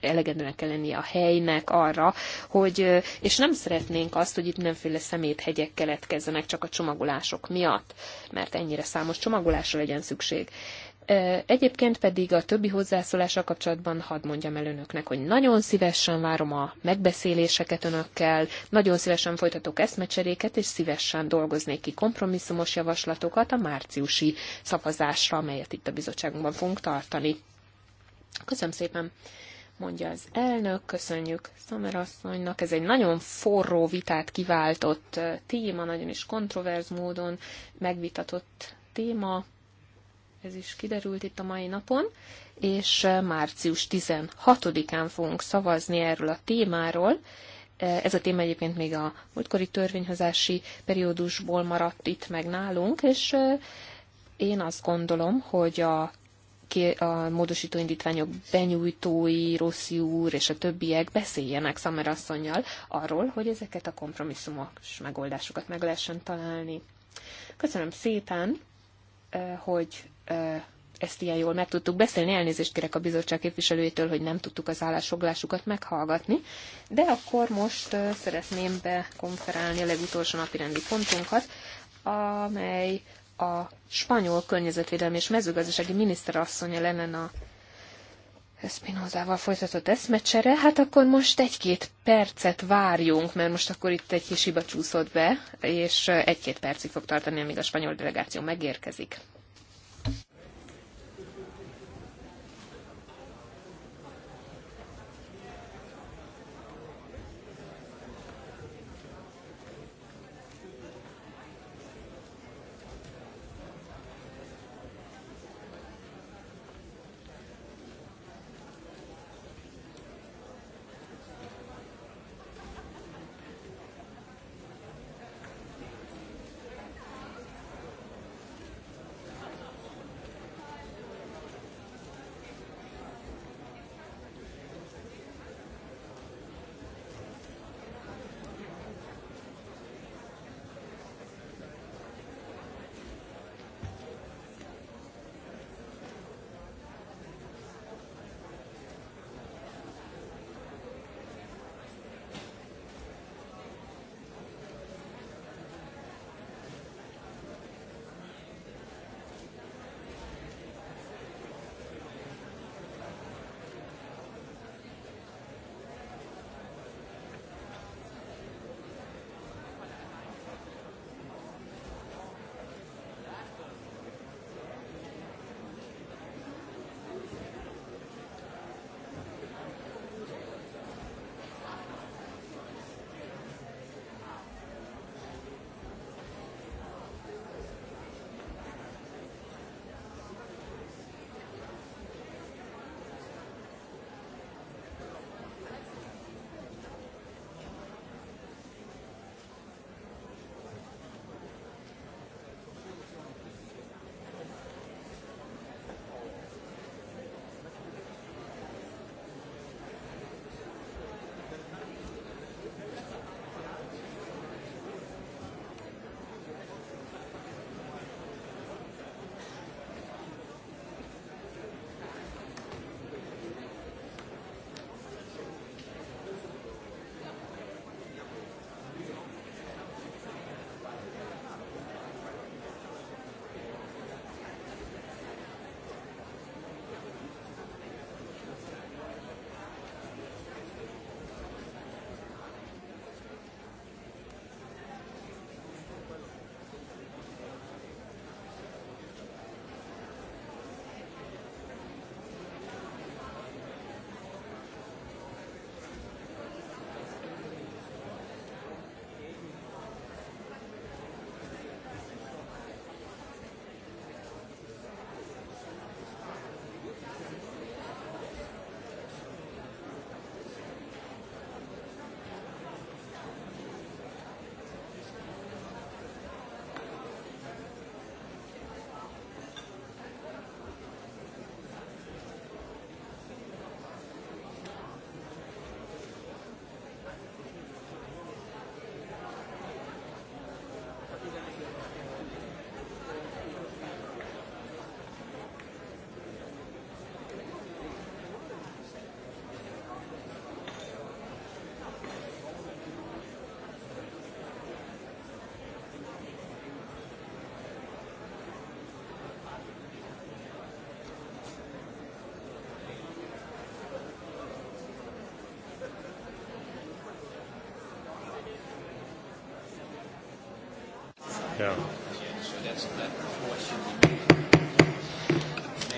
elegendőnek kell lennie a helynek arra, hogy, és nem szeretnénk azt, hogy itt mindenféle szeméthegyek keletkezzenek csak a csomagolások miatt, mert ennyire számos csomagolásra legyen szükség. Egyébként pedig a többi hozzászólással kapcsolatban hadd mondjam el önöknek, hogy nagyon szívesen várom a megbeszéléseket önökkel, nagyon szívesen folytatok eszmecseréket, és szívesen dolgoznék ki kompromisszumos javaslatokat a márciusi szavazásra, amelyet itt a bizottságunkban fogunk tartani. Köszönöm szépen! mondja az elnök. Köszönjük asszonynak. Ez egy nagyon forró vitát kiváltott téma, nagyon is kontroverz módon megvitatott téma. Ez is kiderült itt a mai napon, és március 16-án fogunk szavazni erről a témáról. Ez a téma egyébként még a múltkori törvényhozási periódusból maradt itt meg nálunk, és én azt gondolom, hogy a a módosító indítványok benyújtói, Rossi úr és a többiek beszéljenek Szamer asszonynal arról, hogy ezeket a kompromisszumos megoldásokat meg lehessen találni. Köszönöm szépen, hogy ezt ilyen jól meg tudtuk beszélni. Elnézést kérek a bizottság képviselőjétől, hogy nem tudtuk az állásfoglásukat meghallgatni, de akkor most szeretném bekonferálni a legutolsó napi rendi pontunkat, amely a spanyol környezetvédelmi és mezőgazdasági asszonya lenne a Spinozával folytatott eszmecsere, hát akkor most egy-két percet várjunk, mert most akkor itt egy kis hiba csúszott be, és egy-két percig fog tartani, amíg a spanyol delegáció megérkezik.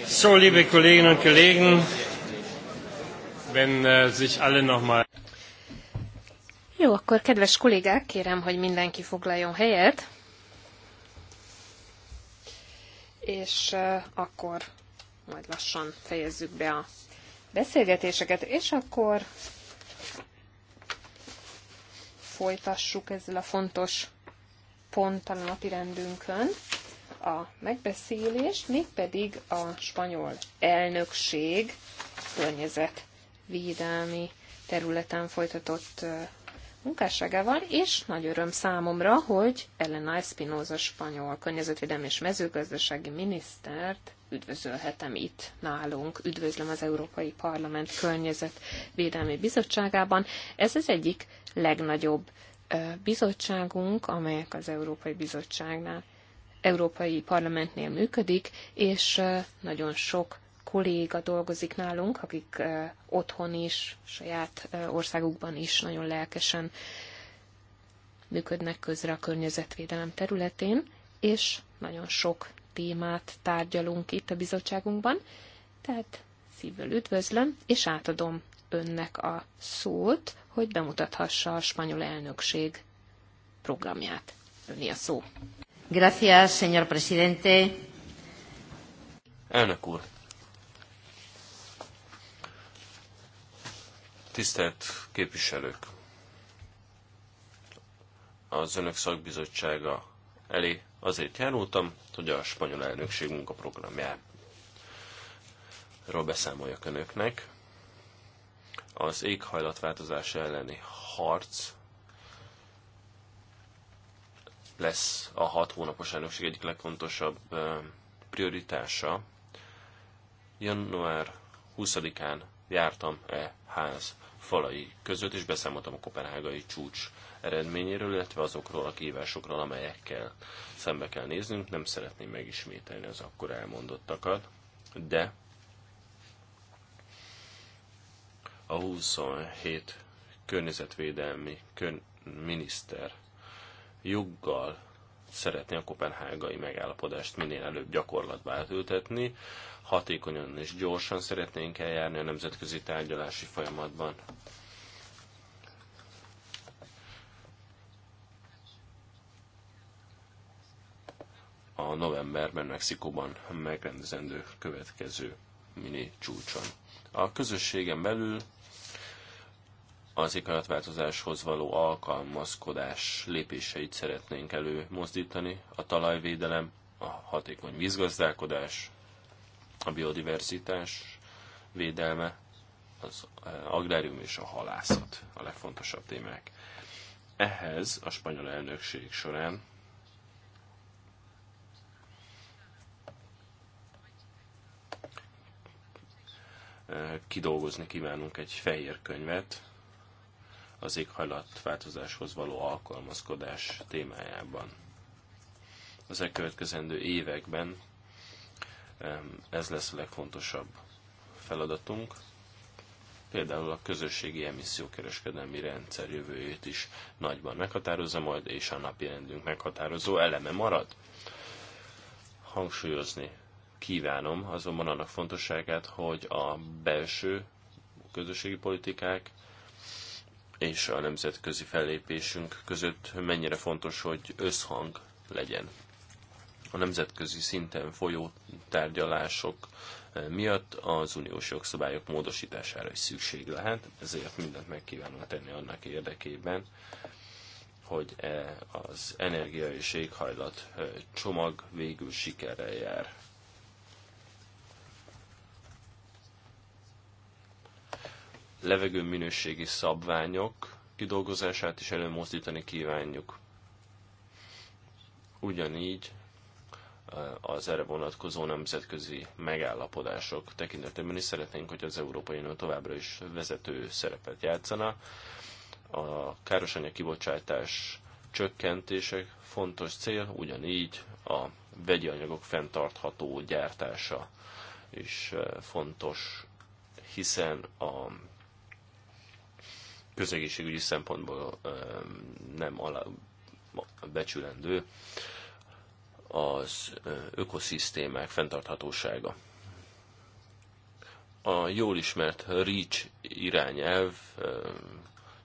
So, liebe Kolleginnen und Kollegen, wenn äh, sich alle nochmal. Jó, akkor kedves kollégák, kérem, hogy mindenki foglaljon helyet. És uh, akkor majd lassan fejezzük be a beszélgetéseket, és akkor folytassuk ezzel a fontos pont a napirendünkön a megbeszélés, mégpedig a spanyol elnökség környezetvédelmi területen folytatott munkásságával, és nagy öröm számomra, hogy Elena Espinoza spanyol környezetvédelmi és mezőgazdasági minisztert üdvözölhetem itt nálunk. Üdvözlöm az Európai Parlament Környezetvédelmi Bizottságában. Ez az egyik legnagyobb bizottságunk, amelyek az Európai Bizottságnál, Európai Parlamentnél működik, és nagyon sok kolléga dolgozik nálunk, akik otthon is, saját országukban is nagyon lelkesen működnek közre a környezetvédelem területén, és nagyon sok témát tárgyalunk itt a bizottságunkban, tehát szívből üdvözlöm, és átadom önnek a szót, hogy bemutathassa a spanyol elnökség programját. Öni a szó. Gracias, señor presidente. Elnök úr. Tisztelt képviselők! Az Önök szakbizottsága elé azért járultam, hogy a spanyol elnökség munkaprogramjáról beszámoljak Önöknek az éghajlatváltozás elleni harc lesz a hat hónapos elnökség egyik legfontosabb prioritása. Január 20-án jártam e ház falai között, és beszámoltam a kopenhágai csúcs eredményéről, illetve azokról a kívásokról, amelyekkel szembe kell néznünk. Nem szeretném megismételni az akkor elmondottakat, de a 27 környezetvédelmi kön- miniszter joggal szeretné a kopenhágai megállapodást minél előbb gyakorlatba átültetni, hatékonyan és gyorsan szeretnénk eljárni a nemzetközi tárgyalási folyamatban. a novemberben Mexikóban megrendezendő következő mini csúcson. A közösségen belül az éghajlatváltozáshoz való alkalmazkodás lépéseit szeretnénk előmozdítani, a talajvédelem, a hatékony vízgazdálkodás, a biodiverzitás védelme, az e, agrárium és a halászat a legfontosabb témák. Ehhez a spanyol elnökség során e, kidolgozni kívánunk egy fehér könyvet, az éghajlatváltozáshoz való alkalmazkodás témájában. Az elkövetkezendő években ez lesz a legfontosabb feladatunk. Például a közösségi emissziókereskedelmi rendszer jövőjét is nagyban meghatározza majd, és a napi rendünk meghatározó eleme marad. Hangsúlyozni kívánom azonban annak fontosságát, hogy a belső közösségi politikák és a nemzetközi fellépésünk között mennyire fontos, hogy összhang legyen. A nemzetközi szinten folyó tárgyalások eh, miatt az uniós jogszabályok módosítására is szükség lehet, ezért mindent meg kívánom tenni annak érdekében, hogy eh, az energia és éghajlat eh, csomag végül sikerrel jár. levegő minőségi szabványok kidolgozását is előmozdítani kívánjuk. Ugyanígy eh, az erre vonatkozó nemzetközi megállapodások tekintetében is szeretnénk, hogy az Európai Unió továbbra is vezető szerepet játszana. A károsanyag kibocsátás csökkentések fontos cél, ugyanígy a vegyi anyagok fenntartható gyártása is eh, fontos, hiszen a közegészségügyi szempontból nem alá becsülendő az ökoszisztémák fenntarthatósága. A jól ismert REACH irányelv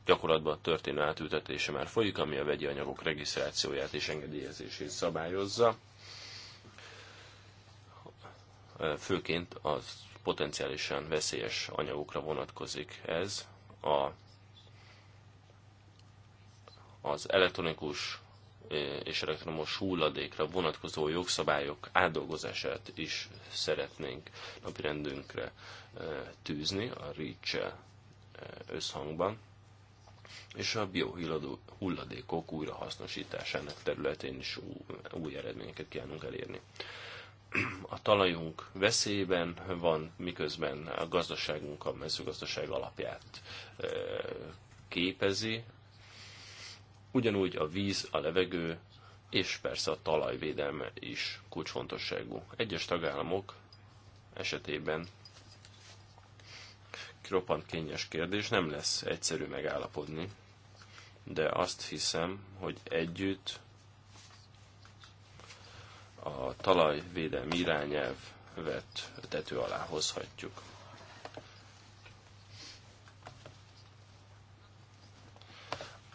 gyakorlatban történő átültetése már folyik, ami a vegyi anyagok regisztrációját és engedélyezését szabályozza. Főként az potenciálisan veszélyes anyagokra vonatkozik ez. A az elektronikus eh, és elektromos hulladékra vonatkozó jogszabályok átdolgozását is szeretnénk napirendünkre eh, tűzni a reach eh, összhangban, és a biohulladékok újrahasznosításának területén is új eredményeket kívánunk elérni. A talajunk veszélyben van, miközben a gazdaságunk a mezőgazdaság alapját képezi, Ugyanúgy a víz, a levegő és persze a talajvédelme is kulcsfontosságú. Egyes tagállamok esetében kropant kényes kérdés, nem lesz egyszerű megállapodni, de azt hiszem, hogy együtt a talajvédelmi vett tető alá hozhatjuk.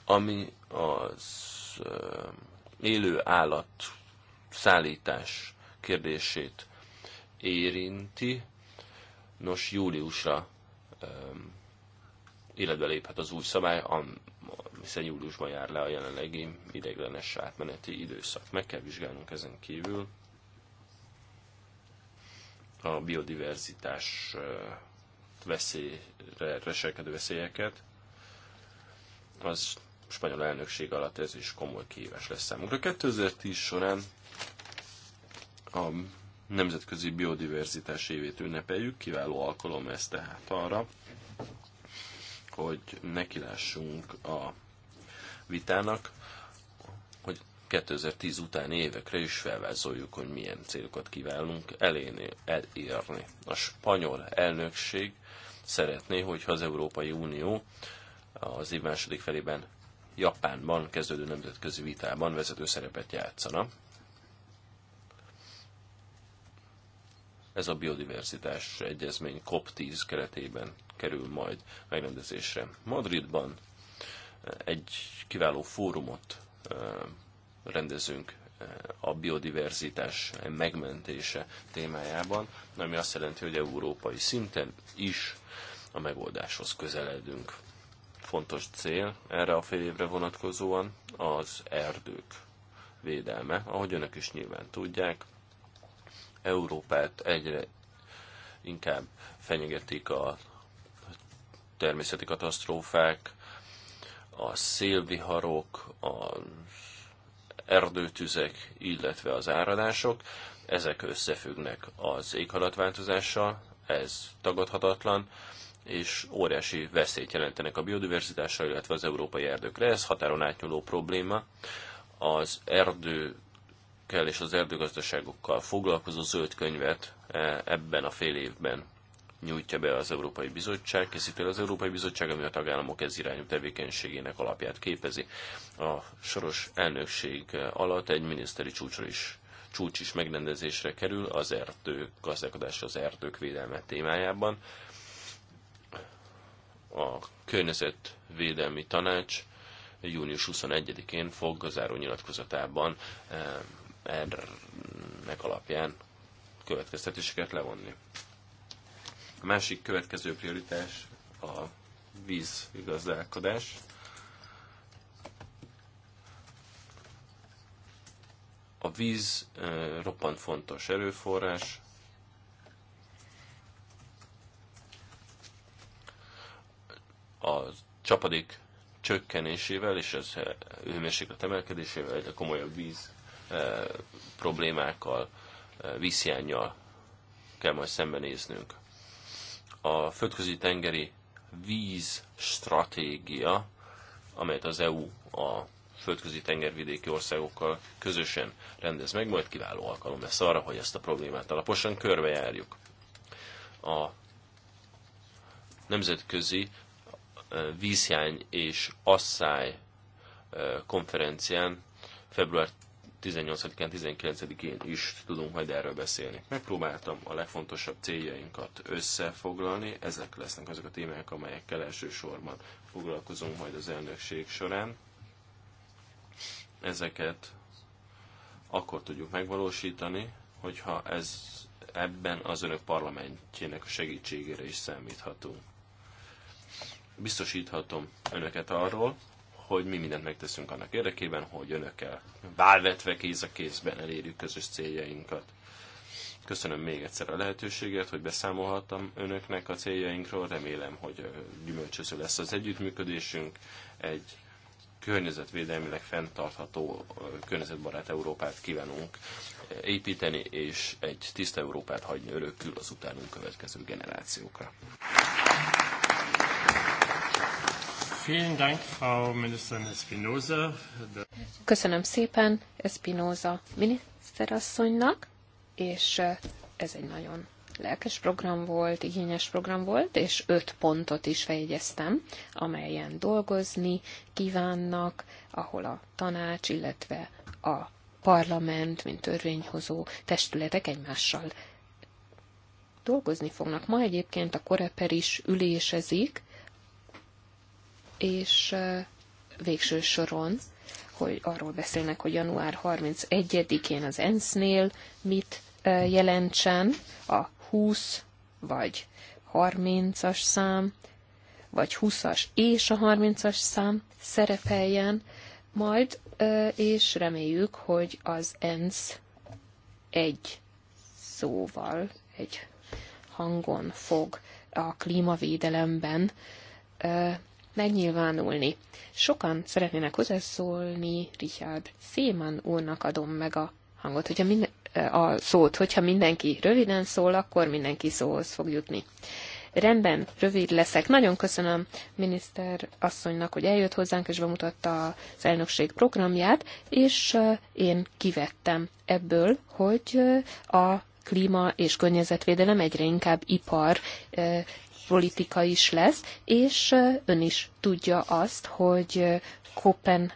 Ami az élő állat szállítás kérdését érinti. Nos, júliusra életbe léphet az új szabály, hiszen júliusban jár le a jelenlegi ideiglenes átmeneti időszak. Meg kell vizsgálnunk ezen kívül a biodiverzitás veszélyre reselkedő veszélyeket. Az spanyol elnökség alatt ez is komoly kihívás lesz számunkra. 2010 során a nemzetközi biodiverzitás évét ünnepeljük, kiváló alkalom ez tehát arra, hogy nekilássunk a vitának, hogy 2010 után évekre is felvázoljuk, hogy milyen célokat kívánunk eléni, elérni. A spanyol elnökség szeretné, hogyha az Európai Unió az év második felében Japánban kezdődő nemzetközi vitában vezető szerepet játszana. Ez a biodiverzitás egyezmény COP10 keretében kerül majd megrendezésre. Madridban egy kiváló fórumot rendezünk a biodiverzitás megmentése témájában, ami azt jelenti, hogy európai szinten is a megoldáshoz közeledünk fontos cél erre a fél évre vonatkozóan az erdők védelme. Ahogy önök is nyilván tudják, Európát egyre inkább fenyegetik a természeti katasztrófák, a szélviharok, az erdőtüzek, illetve az áradások. Ezek összefüggnek az éghajlatváltozással, ez tagadhatatlan és óriási veszélyt jelentenek a biodiverzitásra, illetve az európai erdőkre. Ez határon átnyúló probléma. Az erdőkkel és az erdőgazdaságokkal foglalkozó zöld könyvet e, ebben a fél évben nyújtja be az Európai Bizottság, készíti az Európai Bizottság, ami a tagállamok ez irányú tevékenységének alapját képezi. A soros elnökség alatt egy miniszteri csúcsra is csúcs is megrendezésre kerül az erdő gazdálkodás az erdők védelme témájában a Környezetvédelmi Tanács június 21-én fog a záró nyilatkozatában eh, ennek alapján következtetéseket levonni. A másik következő prioritás a vízgazdálkodás. A víz eh, roppant fontos erőforrás, a csapadék csökkenésével és az eh, hőmérséklet emelkedésével, egy komolyabb víz eh, problémákkal, eh, vízhiányjal kell majd szembenéznünk. A földközi tengeri víz stratégia, amelyet az EU a földközi tengervidéki országokkal közösen rendez meg, majd kiváló alkalom lesz arra, hogy ezt a problémát alaposan körbejárjuk. A nemzetközi vízhiány és asszály konferencián február 18-án, 19-én is tudunk majd erről beszélni. Megpróbáltam a legfontosabb céljainkat összefoglalni, ezek lesznek azok a témák, amelyekkel elsősorban foglalkozunk majd az elnökség során. Ezeket akkor tudjuk megvalósítani, hogyha ez ebben az önök parlamentjének a segítségére is számíthatunk. Biztosíthatom önöket arról, hogy mi mindent megteszünk annak érdekében, hogy önökkel válvetve kéz a kézben elérjük közös céljainkat. Köszönöm még egyszer a lehetőséget, hogy beszámolhattam önöknek a céljainkról. Remélem, hogy gyümölcsöző lesz az együttműködésünk. Egy környezetvédelmileg fenntartható, környezetbarát Európát kívánunk építeni, és egy tiszta Európát hagyni örökül az utánunk következő generációkra. Köszönöm szépen Espinoza miniszterasszonynak, és ez egy nagyon lelkes program volt, igényes program volt, és öt pontot is fejegyeztem, amelyen dolgozni kívánnak, ahol a tanács, illetve a parlament, mint törvényhozó testületek egymással dolgozni fognak. Ma egyébként a Koreper is ülésezik, és végső soron, hogy arról beszélnek, hogy január 31-én az ENSZ-nél mit jelentsen a 20 vagy 30-as szám, vagy 20-as és a 30-as szám szerepeljen, majd, és reméljük, hogy az ENSZ egy szóval, egy hangon fog a klímavédelemben megnyilvánulni. Sokan szeretnének hozzászólni, Richard Széman úrnak adom meg a hangot, hogyha minden, a szót, hogyha mindenki röviden szól, akkor mindenki szóhoz fog jutni. Rendben, rövid leszek. Nagyon köszönöm miniszter asszonynak, hogy eljött hozzánk és bemutatta az elnökség programját, és uh, én kivettem ebből, hogy uh, a klíma és környezetvédelem egyre inkább ipar uh, politika is lesz, és ön is tudja azt, hogy Kopen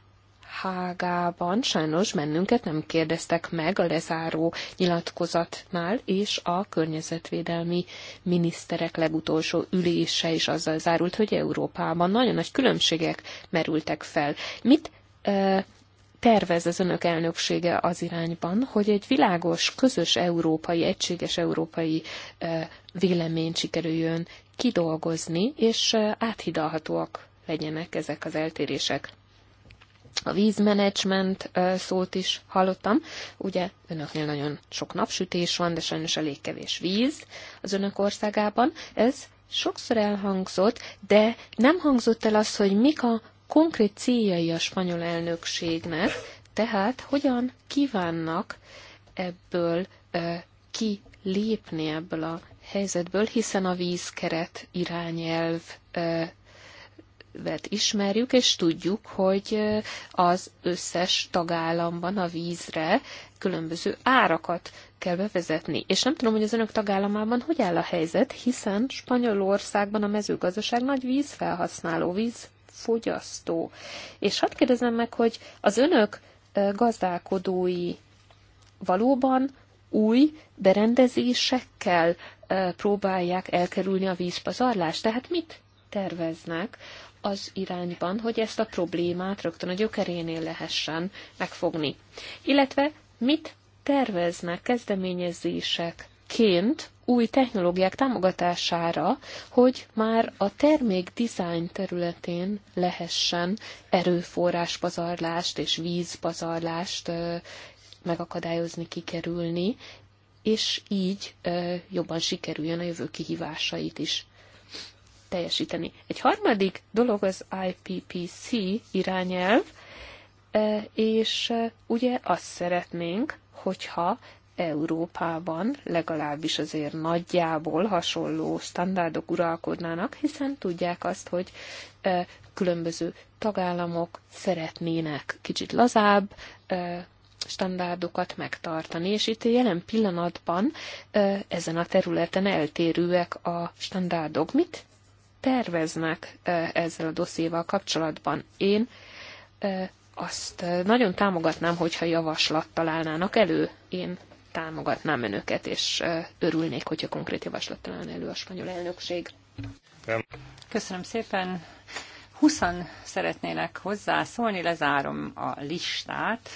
Hágában sajnos bennünket nem kérdeztek meg a lezáró nyilatkozatnál, és a környezetvédelmi miniszterek legutolsó ülése is azzal zárult, hogy Európában nagyon nagy különbségek merültek fel. Mit e, tervez az önök elnöksége az irányban, hogy egy világos, közös európai, egységes európai e, véleményt sikerüljön kidolgozni, és áthidalhatóak legyenek ezek az eltérések. A vízmenedzsment szót is hallottam. Ugye önöknél nagyon sok napsütés van, de sajnos elég kevés víz az önök országában. Ez sokszor elhangzott, de nem hangzott el az, hogy mik a konkrét céljai a spanyol elnökségnek, tehát hogyan kívánnak ebből ki lépni ebből a helyzetből, hiszen a vízkeret irányelv ismerjük, és tudjuk, hogy az összes tagállamban a vízre különböző árakat kell bevezetni. És nem tudom, hogy az önök tagállamában hogy áll a helyzet, hiszen Spanyolországban a mezőgazdaság nagy vízfelhasználó, vízfogyasztó. És hadd kérdezem meg, hogy az önök gazdálkodói valóban új berendezésekkel próbálják elkerülni a vízpazarlást. Tehát mit terveznek az irányban, hogy ezt a problémát rögtön a gyökerénél lehessen megfogni? Illetve mit terveznek kezdeményezések ként új technológiák támogatására, hogy már a termék dizájn területén lehessen erőforráspazarlást és vízpazarlást megakadályozni, kikerülni, és így jobban sikerüljön a jövő kihívásait is teljesíteni. Egy harmadik dolog az IPPC irányelv, és ugye azt szeretnénk, hogyha Európában legalábbis azért nagyjából hasonló standardok uralkodnának, hiszen tudják azt, hogy különböző tagállamok szeretnének kicsit lazább standardokat megtartani, és itt jelen pillanatban ezen a területen eltérőek a standardok. Mit terveznek ezzel a dosszéval kapcsolatban? Én azt nagyon támogatnám, hogyha javaslat találnának elő. Én támogatnám önöket, és örülnék, hogyha konkrét javaslat találna elő a spanyol elnökség. Köszönöm szépen. 20 szeretnének hozzászólni, lezárom a listát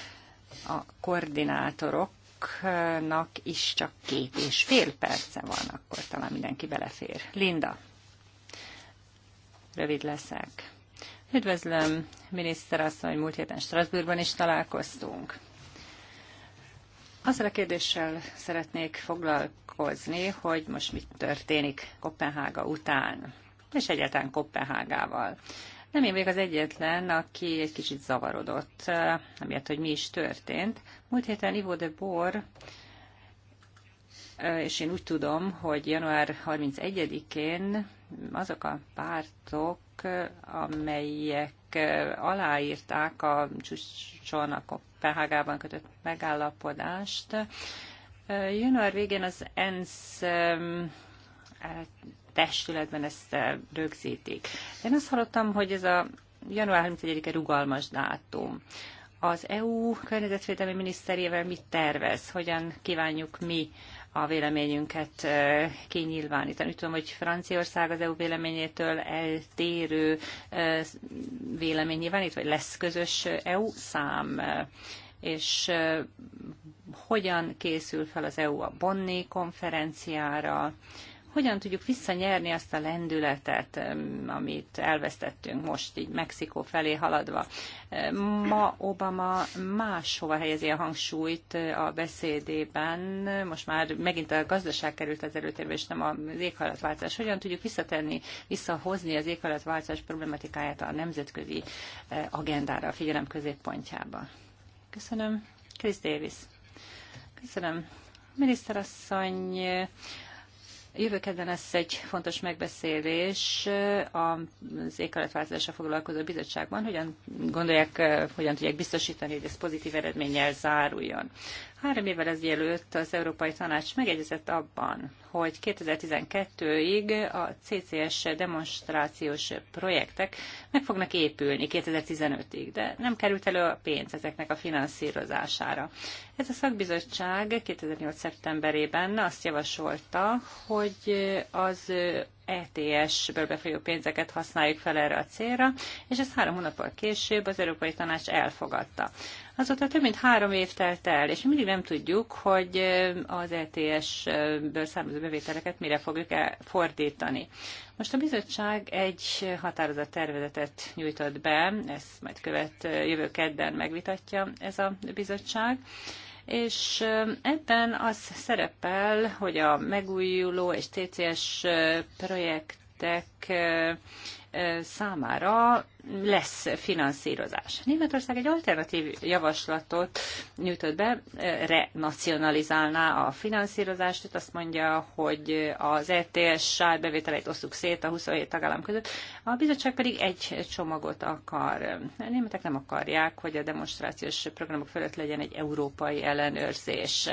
a koordinátoroknak is csak két és fél perce van, akkor talán mindenki belefér. Linda, rövid leszek. Üdvözlöm, miniszterasszony, múlt héten Strasbourgban is találkoztunk. Azzal a kérdéssel szeretnék foglalkozni, hogy most mit történik Kopenhága után, és egyáltalán Kopenhágával. Nem én vagyok az egyetlen, aki egy kicsit zavarodott, eh, amiatt, hogy mi is történt. Múlt héten Ivo de Bor, eh, és én úgy tudom, hogy január 31-én azok a pártok, eh, amelyek aláírták a csúcson a Kopenhágában kötött megállapodást, január végén az ENSZ testületben ezt eh, rögzítik. Én azt hallottam, hogy ez a január 31-e rugalmas dátum. Az EU környezetvédelmi miniszterével mit tervez? Hogyan kívánjuk mi a véleményünket eh, kinyilvánítani. Úgy tudom, hogy Franciaország az EU véleményétől eltérő eh, vélemény nyilvánít, vagy lesz közös EU szám, és hogyan készül fel az EU a Bonni konferenciára, hogyan tudjuk visszanyerni azt a lendületet, amit elvesztettünk most így Mexikó felé haladva. Ma Obama máshova helyezi a hangsúlyt a beszédében, most már megint a gazdaság került az előtérbe, és nem az éghajlatváltozás. Hogyan tudjuk visszatenni, visszahozni az éghajlatváltozás problematikáját a nemzetközi agendára, a figyelem középpontjába? Köszönöm. Chris Davis. Köszönöm. Miniszterasszony, Jövő kedden lesz egy fontos megbeszélés az éghajlatváltozásra foglalkozó bizottságban, hogyan gondolják, hogyan tudják biztosítani, hogy ez pozitív eredménnyel záruljon. Három évvel ezelőtt az Európai Tanács megegyezett abban, hogy 2012-ig a CCS demonstrációs projektek meg fognak épülni 2015-ig, de nem került elő a pénz ezeknek a finanszírozására. Ez a szakbizottság 2008. szeptemberében azt javasolta, hogy az ETS-ből befolyó pénzeket használjuk fel erre a célra, és ezt három hónappal később az Európai Tanács elfogadta. Azóta több mint három év telt el, és mindig nem tudjuk, hogy az ETS-ből származó bevételeket mire fogjuk -e fordítani. Most a bizottság egy határozat tervezetet nyújtott be, ezt majd követ jövő kedden megvitatja ez a bizottság és ebben az szerepel, hogy a megújuló és TCS projektek számára lesz finanszírozás. Németország egy alternatív javaslatot nyújtott be, renacionalizálná a finanszírozást, itt azt mondja, hogy az ETS bevételeit osszuk szét a 27 tagállam között, a bizottság pedig egy csomagot akar. A németek nem akarják, hogy a demonstrációs programok fölött legyen egy európai ellenőrzés.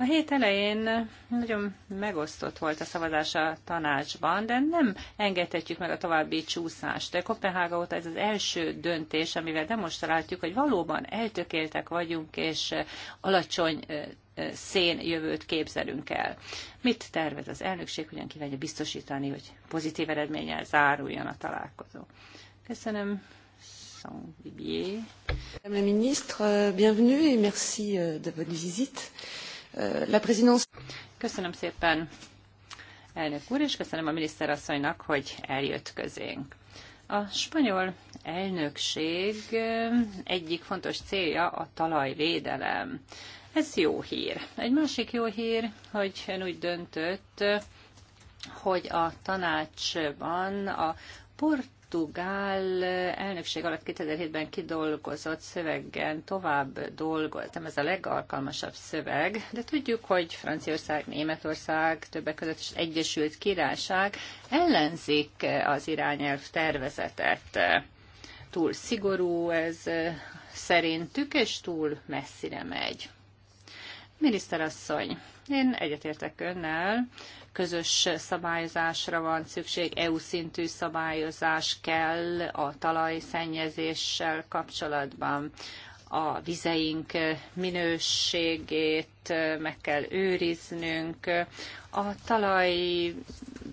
A hét elején nagyon megosztott volt a szavazás a tanácsban, de nem engedhetjük meg a további csúszást. De Kopenhága óta ez az első döntés, amivel demonstráltjuk, hogy valóban eltökéltek vagyunk, és alacsony szén jövőt képzelünk el. Mit tervez az elnökség, hogyan kívánja biztosítani, hogy pozitív eredménnyel záruljon a találkozó? Köszönöm. Madame la ministre, bienvenue et merci euh, de votre visite. Euh, la présidence. Köszönöm szépen, elnök úr, és köszönöm a miniszterasszonynak, hogy eljött közénk. A spanyol elnökség egyik fontos célja a talajvédelem. Ez jó hír. Egy másik jó hír, hogy ön úgy döntött, hogy a tanácsban a port portugál elnökség alatt 2007-ben kidolgozott szövegen tovább dolgoztam, ez a legalkalmasabb szöveg, de tudjuk, hogy Franciaország, Németország, többek között is Egyesült Királyság ellenzik az irányelv tervezetet. Túl szigorú ez szerintük, és túl messzire megy. Miniszterasszony, én egyetértek önnel, közös szabályozásra van szükség, EU szintű szabályozás kell a talajszennyezéssel kapcsolatban a vizeink minőségét meg kell őriznünk. A talaj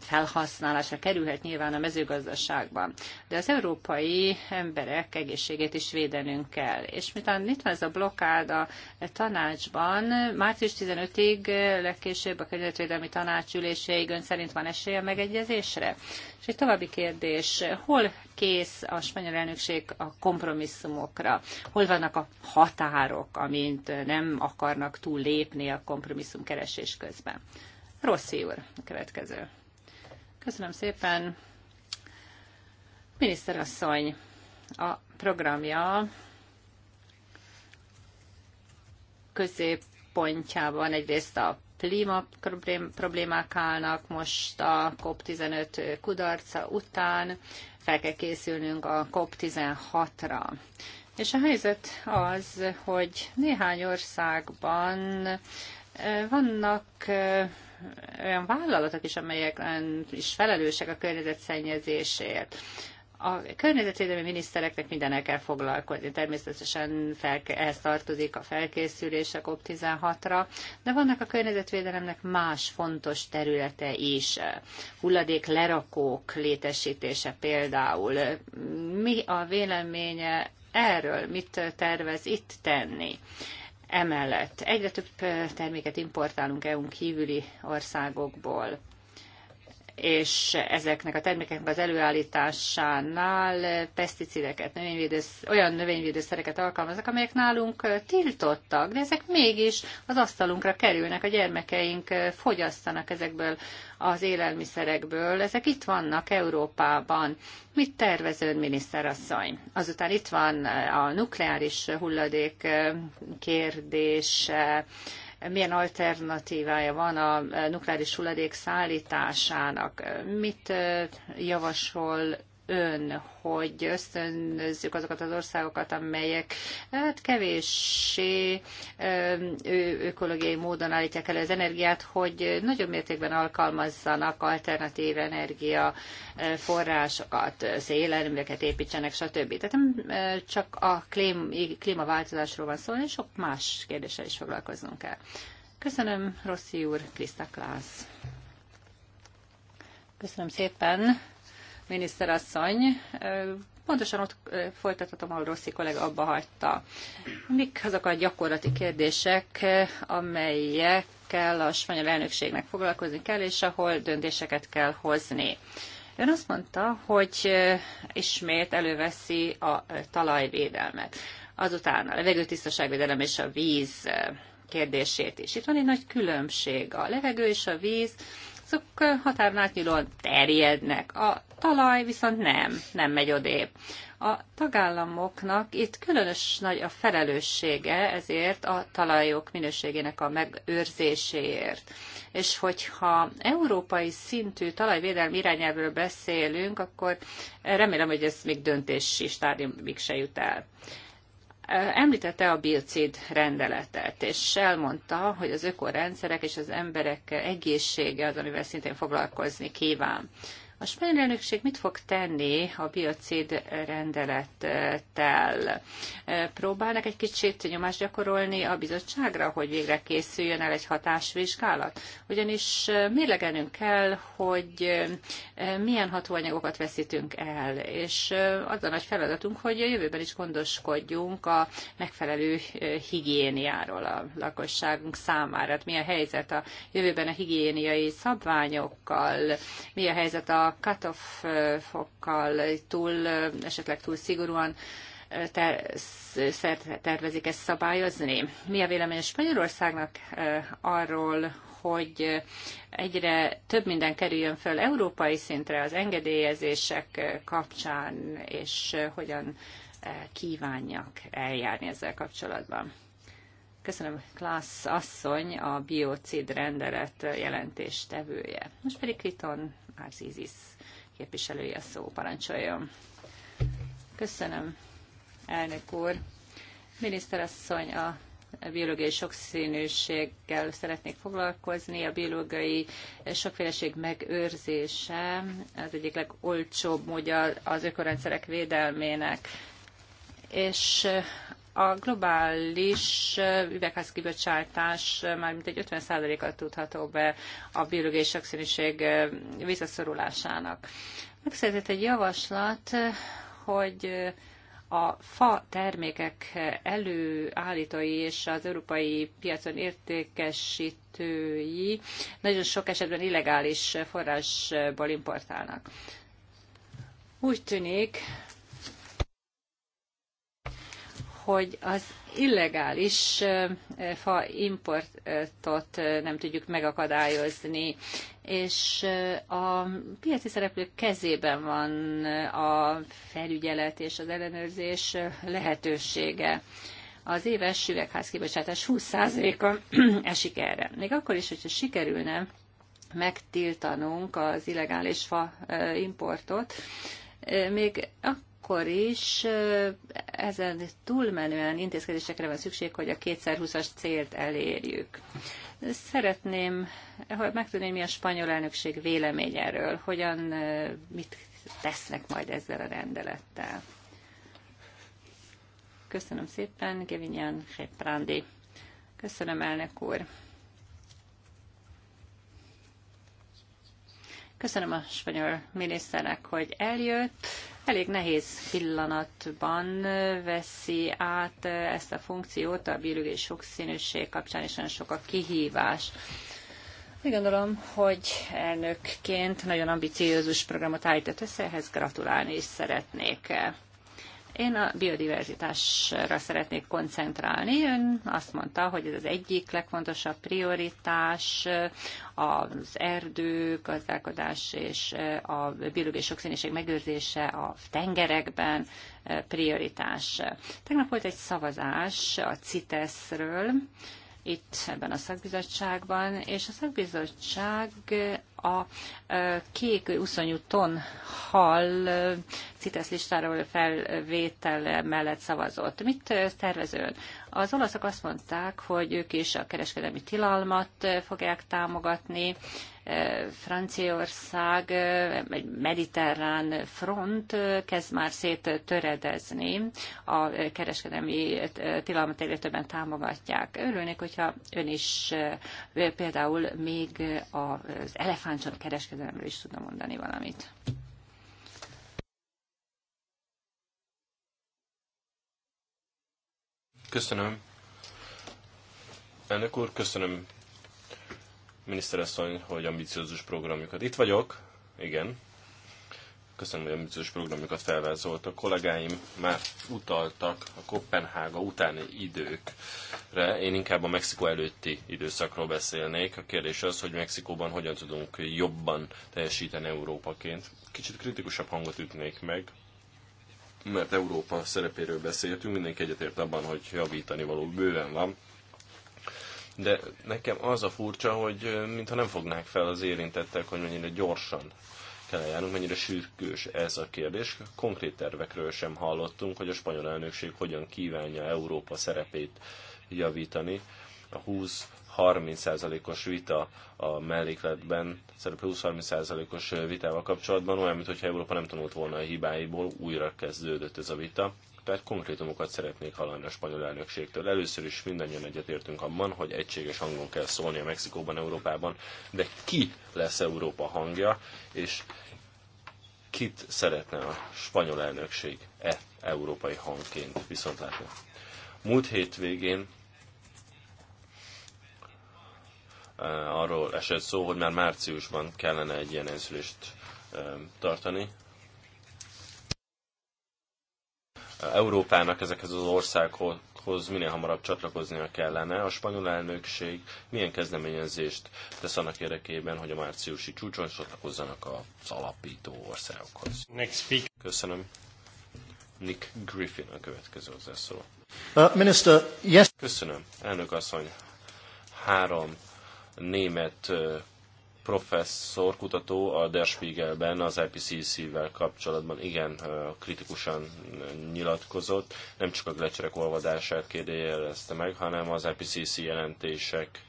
felhasználása kerülhet nyilván a mezőgazdaságban, de az európai emberek egészségét is védenünk kell. És miután itt van ez a blokkád a tanácsban, március 15-ig legkésőbb a Környezetvédelmi Tanács üléséig ön szerint van esélye megegyezésre? És egy további kérdés, hol kész a spanyol elnökség a kompromisszumokra? Hol vannak a határok, amint nem akarnak túl lépni? lépni a kompromisszum keresés közben. Rossi úr, a következő. Köszönöm szépen. Miniszterasszony, a programja középpontjában egyrészt a klíma problémák állnak most a COP15 kudarca után, fel kell készülnünk a COP16-ra. És a helyzet az, hogy néhány országban vannak olyan vállalatok is, amelyek is felelősek a környezetszennyezésért a környezetvédelmi minisztereknek mindennel kell foglalkozni. Természetesen fel, ehhez tartozik a felkészülés a COP16-ra, de vannak a környezetvédelemnek más fontos területe is. Hulladék lerakók létesítése például. Mi a véleménye erről, mit tervez itt tenni. Emellett egyre több terméket importálunk EU-n kívüli országokból és ezeknek a termékeknek az előállításánál peszticideket, olyan növényvédőszereket alkalmaznak, amelyek nálunk tiltottak, de ezek mégis az asztalunkra kerülnek, a gyermekeink fogyasztanak ezekből az élelmiszerekből. Ezek itt vannak Európában. Mit tervez ön, miniszterasszony? Azután itt van a nukleáris hulladék kérdése, milyen alternatívája van a nukleáris hulladék szállításának, mit javasol ön, hogy ösztönözzük azokat az országokat, amelyek hát kevéssé ökológiai módon állítják elő az energiát, hogy nagyobb mértékben alkalmazzanak alternatív energia forrásokat, szélerőműveket építsenek, stb. Tehát nem csak a klímaváltozásról van szó, hanem sok más kérdéssel is foglalkozunk el. Köszönöm, Rossi úr, Krista Klász. Köszönöm szépen miniszterasszony. Pontosan ott folytathatom, ahol Rossi kollega abba hagyta. Mik azok a gyakorlati kérdések, amelyekkel a spanyol elnökségnek foglalkozni kell, és ahol döntéseket kell hozni? Ön azt mondta, hogy ismét előveszi a talajvédelmet. Azután a levegőtisztaságvédelem és a víz kérdését is. Itt van egy nagy különbség. A levegő és a víz azok határon átnyúlóan terjednek. A talaj viszont nem, nem megy odébb. A tagállamoknak itt különös nagy a felelőssége ezért a talajok minőségének a megőrzéséért. És hogyha európai szintű talajvédelmi irányelvről beszélünk, akkor remélem, hogy ez még döntési stádiumig se jut el. Említette a biocid rendeletet, és elmondta, hogy az ökorendszerek és az emberek egészsége az, amivel szintén foglalkozni kíván. A spanyol elnökség mit fog tenni a biocid rendelettel? Próbálnak egy kicsit nyomást gyakorolni a bizottságra, hogy végre készüljön el egy hatásvizsgálat? Ugyanis mérlegelnünk kell, hogy milyen hatóanyagokat veszítünk el, és az a nagy feladatunk, hogy a jövőben is gondoskodjunk a megfelelő higiéniáról a lakosságunk számára. Hát mi a helyzet a jövőben a higiéniai szabványokkal? Mi a helyzet a a cut off túl, esetleg túl szigorúan ter- tervezik ezt szabályozni. Mi a vélemény Spanyolországnak arról, hogy egyre több minden kerüljön föl európai szintre az engedélyezések kapcsán, és hogyan kívánjak eljárni ezzel kapcsolatban? Köszönöm, Klász asszony, a biocid rendelet jelentéstevője. Most pedig Kriton Árzizis képviselője a szó, parancsoljon. Köszönöm, elnök úr. Miniszterasszony, a biológiai sokszínűséggel szeretnék foglalkozni. A biológiai sokféleség megőrzése az egyik legolcsóbb módja az ökorendszerek védelmének és a globális üvegházkibocsátás már mint egy 50%-at tudható be a biológiai sokszínűség visszaszorulásának. Megszületett egy javaslat, hogy a fa termékek előállítói és az európai piacon értékesítői nagyon sok esetben illegális forrásból importálnak. Úgy tűnik, hogy az illegális fa importot nem tudjuk megakadályozni, és a piaci szereplők kezében van a felügyelet és az ellenőrzés lehetősége. Az éves üvegházkibocsátás 20%-a esik erre. Még akkor is, hogyha sikerülne megtiltanunk az illegális fa importot, még akkor akkor is ezen túlmenően intézkedésekre van szükség, hogy a 2020-as célt elérjük. Szeretném megtudni, mi a spanyol elnökség vélemény erről, hogyan, mit tesznek majd ezzel a rendelettel. Köszönöm szépen, Gevinyan Heprandi. Köszönöm, elnök úr. Köszönöm a spanyol miniszternek, hogy eljött elég nehéz pillanatban veszi át ezt a funkciót a bírügyi sokszínűség kapcsán, és nagyon sok a kihívás. Úgy gondolom, hogy elnökként nagyon ambiciózus programot állított össze, ehhez gratulálni is szeretnék. Én a biodiverzitásra szeretnék koncentrálni. Ön azt mondta, hogy ez az egyik legfontosabb prioritás, az erdő, gazdálkodás és eh, a biológiai sokszínűség megőrzése a tengerekben eh, prioritás. Tegnap volt egy szavazás a CITES-ről, itt ebben a szakbizottságban, és a szakbizottság a kék uszonyú ton hal CITES listára való felvétel mellett szavazott. Mit tervez ön? Az olaszok azt mondták, hogy ők is a kereskedelmi tilalmat fogják támogatni, Franciaország, egy mediterrán front kezd már szét töredezni, a kereskedelmi tilalmat egyre többen támogatják. Örülnék, hogyha ön is például még az elefánt talán csak kereskedelemről is tudna mondani valamit. Köszönöm. Elnök úr, köszönöm miniszterasszony, hogy ambiciózus programjukat. Itt vagyok, igen, Köszönöm, hogy a bizonyos programjukat felvázolta. A kollégáim már utaltak a Kopenhága utáni időkre. Én inkább a Mexikó előtti időszakról beszélnék. A kérdés az, hogy Mexikóban hogyan tudunk jobban teljesíteni Európaként. Kicsit kritikusabb hangot ütnék meg, mert Európa szerepéről beszéltünk, mindenki egyetért abban, hogy javítani való bőven van. De nekem az a furcsa, hogy mintha nem fognák fel az érintettek, hogy mennyire gyorsan kell járnunk, mennyire sürgős ez a kérdés. Konkrét tervekről sem hallottunk, hogy a spanyol elnökség hogyan kívánja Európa szerepét javítani. A 20-30%-os vita a mellékletben, szerepel 20-30%-os vitával kapcsolatban olyan, mintha Európa nem tanult volna a hibáiból, újra kezdődött ez a vita. Tehát konkrétumokat szeretnék hallani a spanyol elnökségtől. Először is mindannyian egyetértünk abban, hogy egységes hangon kell szólni a Mexikóban, Európában, de ki lesz Európa hangja, és kit szeretne a spanyol elnökség e európai hangként viszont látni. Múlt hétvégén e, arról esett szó, hogy már márciusban kellene egy ilyen enzülést e, tartani. Európának ezekhez az országokhoz minél hamarabb csatlakoznia kellene. A spanyol elnökség milyen kezdeményezést tesz annak érdekében, hogy a márciusi csúcson csatlakozzanak az alapító országokhoz? Next speak. Köszönöm. Nick Griffin a következő hozzászóló. Uh, minister, yes. Köszönöm, elnök asszony. Három német uh, professzor, kutató a Der Spiegelben az IPCC-vel kapcsolatban igen kritikusan nyilatkozott, nem csak a glecserek olvadását kérdőjelezte meg, hanem az IPCC jelentések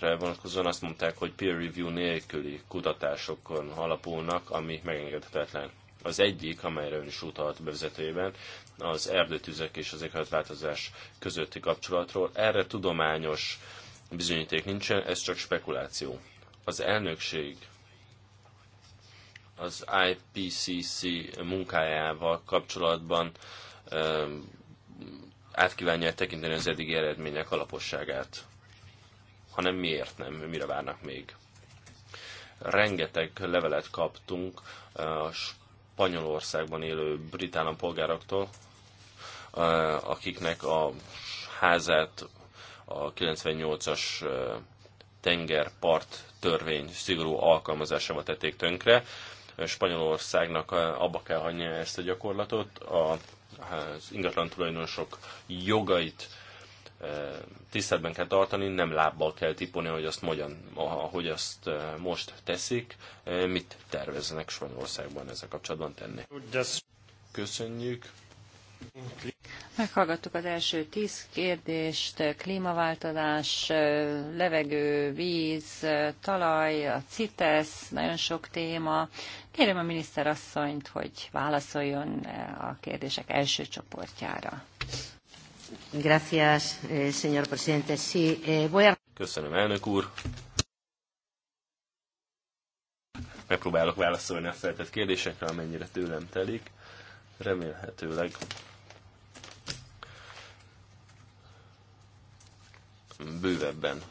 vonatkozóan azt mondták, hogy peer review nélküli kutatásokon alapulnak, ami megengedhetetlen. Az egyik, amelyre ön is utalt bevezetőjében, az erdőtüzek és az éghajlatváltozás közötti kapcsolatról. Erre tudományos uh, bizonyíték nincsen, ez csak spekuláció. Az elnökség az IPCC munkájával kapcsolatban át kívánja tekinteni az eddigi eredmények alaposságát. Hanem miért nem, mire várnak még? Rengeteg levelet kaptunk a Spanyolországban élő brit állampolgároktól, akiknek a házát a 98-as tengerpart törvény szigorú alkalmazásával tették tönkre. Spanyolországnak abba kell hagynia ezt a gyakorlatot, a, az ingatlan tulajdonosok jogait tiszteletben kell tartani, nem lábbal kell tipolni, hogy azt, mogyan, ahogy azt most teszik. Mit terveznek Spanyolországban ezzel kapcsolatban tenni? Köszönjük. Meghallgattuk az első tíz kérdést, klímaváltozás, levegő, víz, talaj, a CITES, nagyon sok téma. Kérem a miniszterasszonyt, hogy válaszoljon a kérdések első csoportjára. Gracias, eh, señor presidente. Sí, eh, voy a... Köszönöm, elnök úr. Megpróbálok válaszolni a feltett kérdésekre, amennyire tőlem telik. Remélhetőleg bővebben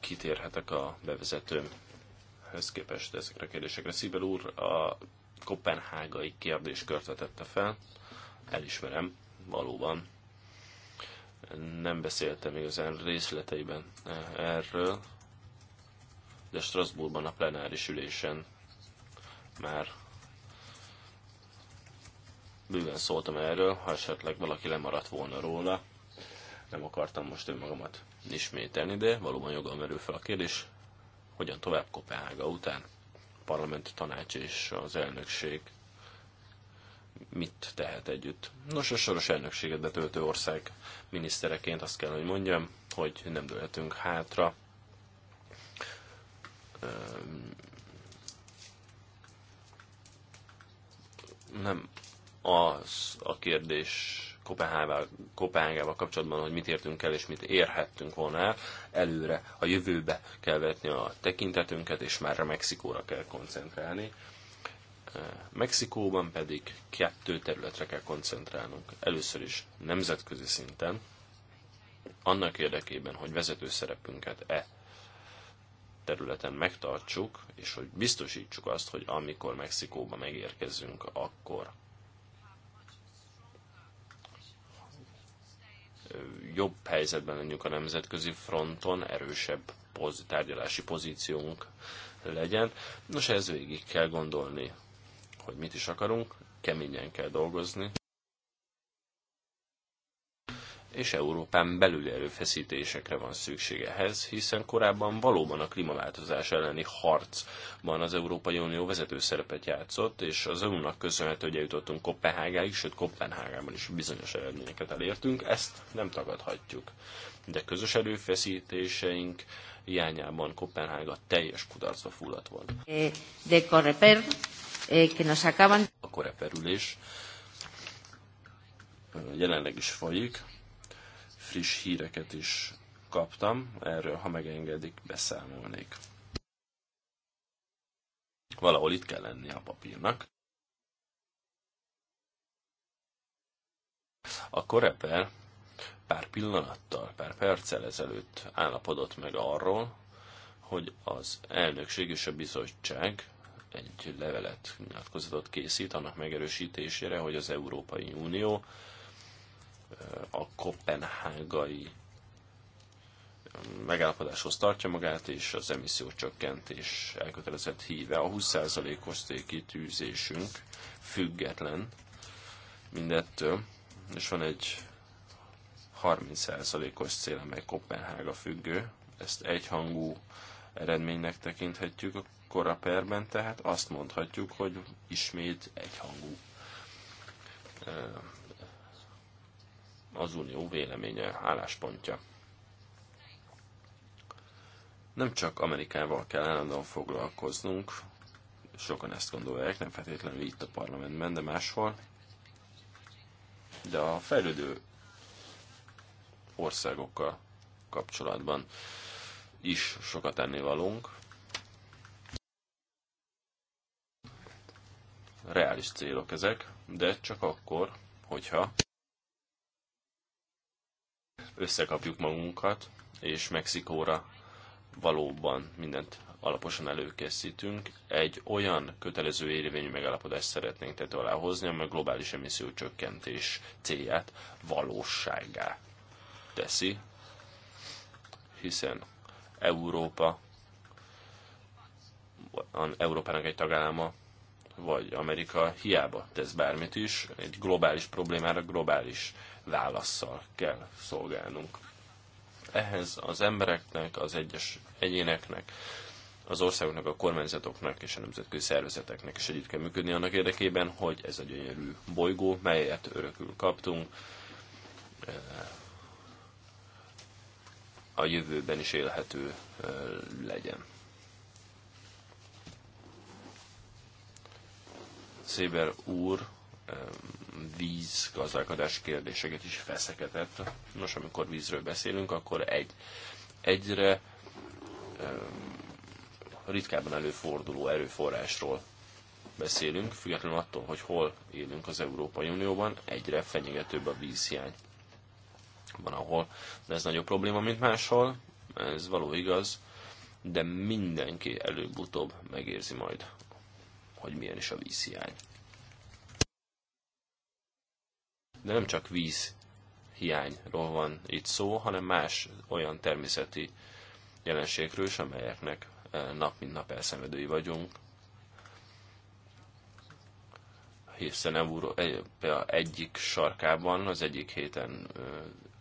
kitérhetek a bevezetőmhöz képest ezekre a kérdésekre. Szibel úr a kopenhágai kérdéskört vetette fel, elismerem, valóban nem beszéltem igazán részleteiben erről, de Strasbourgban a plenáris ülésen már bőven szóltam erről, ha esetleg valaki lemaradt volna róla, nem akartam most önmagamat ismételni, de valóban joggal merül fel a kérdés, hogyan tovább Kopenhága után a parlament tanács és az elnökség mit tehet együtt. Nos, a soros elnökséget betöltő ország minisztereként azt kell, hogy mondjam, hogy nem dőlhetünk hátra. Nem az a kérdés Kopenhágával kapcsolatban, hogy mit értünk el és mit érhettünk volna el. Előre, a jövőbe kell vetni a tekintetünket, és már a Mexikóra kell koncentrálni. Mexikóban pedig kettő területre kell koncentrálnunk. Először is nemzetközi szinten, annak érdekében, hogy vezető szerepünket e területen megtartsuk, és hogy biztosítsuk azt, hogy amikor Mexikóba megérkezünk, akkor jobb helyzetben lennünk a nemzetközi fronton, erősebb poz, tárgyalási pozíciónk legyen. Nos, ez végig kell gondolni, hogy mit is akarunk, keményen kell dolgozni és Európán belüli erőfeszítésekre van szükség ehhez, hiszen korábban valóban a klímaváltozás elleni harcban az Európai Unió vezető szerepet játszott, és az EU-nak köszönhető, hogy eljutottunk Kopenhágáig, sőt Kopenhágában is bizonyos eredményeket elértünk, ezt nem tagadhatjuk. De közös erőfeszítéseink hiányában Kopenhága teljes kudarcba fulladt volt. De Correper, eh, que nos acaban... A Koreperülés eh, jelenleg is folyik, friss híreket is kaptam, erről, ha megengedik, beszámolnék. Valahol itt kell lenni a papírnak. A Koreper pár pillanattal, pár perccel ezelőtt állapodott meg arról, hogy az elnökség és a bizottság egy levelet, nyilatkozatot készít annak megerősítésére, hogy az Európai Unió a kopenhágai megállapodáshoz tartja magát, és az emissziócsökkentés elkötelezett híve. A 20%-os tűzésünk független mindettől, és van egy 30%-os cél, amely Kopenhága függő, ezt egyhangú eredménynek tekinthetjük a koraperben, tehát azt mondhatjuk, hogy ismét egyhangú az unió véleménye, álláspontja. Nem csak Amerikával kell állandóan foglalkoznunk, sokan ezt gondolják, nem feltétlenül itt a parlamentben, de máshol. De a fejlődő országokkal kapcsolatban is sokat ennivalunk. Reális célok ezek, de csak akkor, hogyha összekapjuk magunkat, és Mexikóra valóban mindent alaposan előkészítünk. Egy olyan kötelező érvényű megállapodást szeretnénk tető alá hozni, amely a globális csökkentés célját valóságá teszi, hiszen Európa, Európának egy tagállama, vagy Amerika hiába tesz bármit is, egy globális problémára globális válaszsal kell szolgálnunk. Ehhez az embereknek, az egyes egyéneknek, az országoknak, a kormányzatoknak és a nemzetközi szervezeteknek is együtt kell működni annak érdekében, hogy ez a gyönyörű bolygó, melyet örökül kaptunk, eh, a jövőben is élhető eh, legyen. Széber úr vízgazdálkodás kérdéseket is feszeketett. Nos, amikor vízről beszélünk, akkor egy, egyre ritkábban előforduló erőforrásról beszélünk, függetlenül attól, hogy hol élünk az Európai Unióban, egyre fenyegetőbb a vízhiány. Van, ahol de ez nagyobb probléma, mint máshol, ez való igaz, de mindenki előbb-utóbb megérzi majd, hogy milyen is a vízhiány. De nem csak víz hiányról van itt szó, hanem más olyan természeti jelenségről is, amelyeknek eh, nap mint nap elszenvedői vagyunk, hiszen Európa egyik sarkában az egyik héten eh,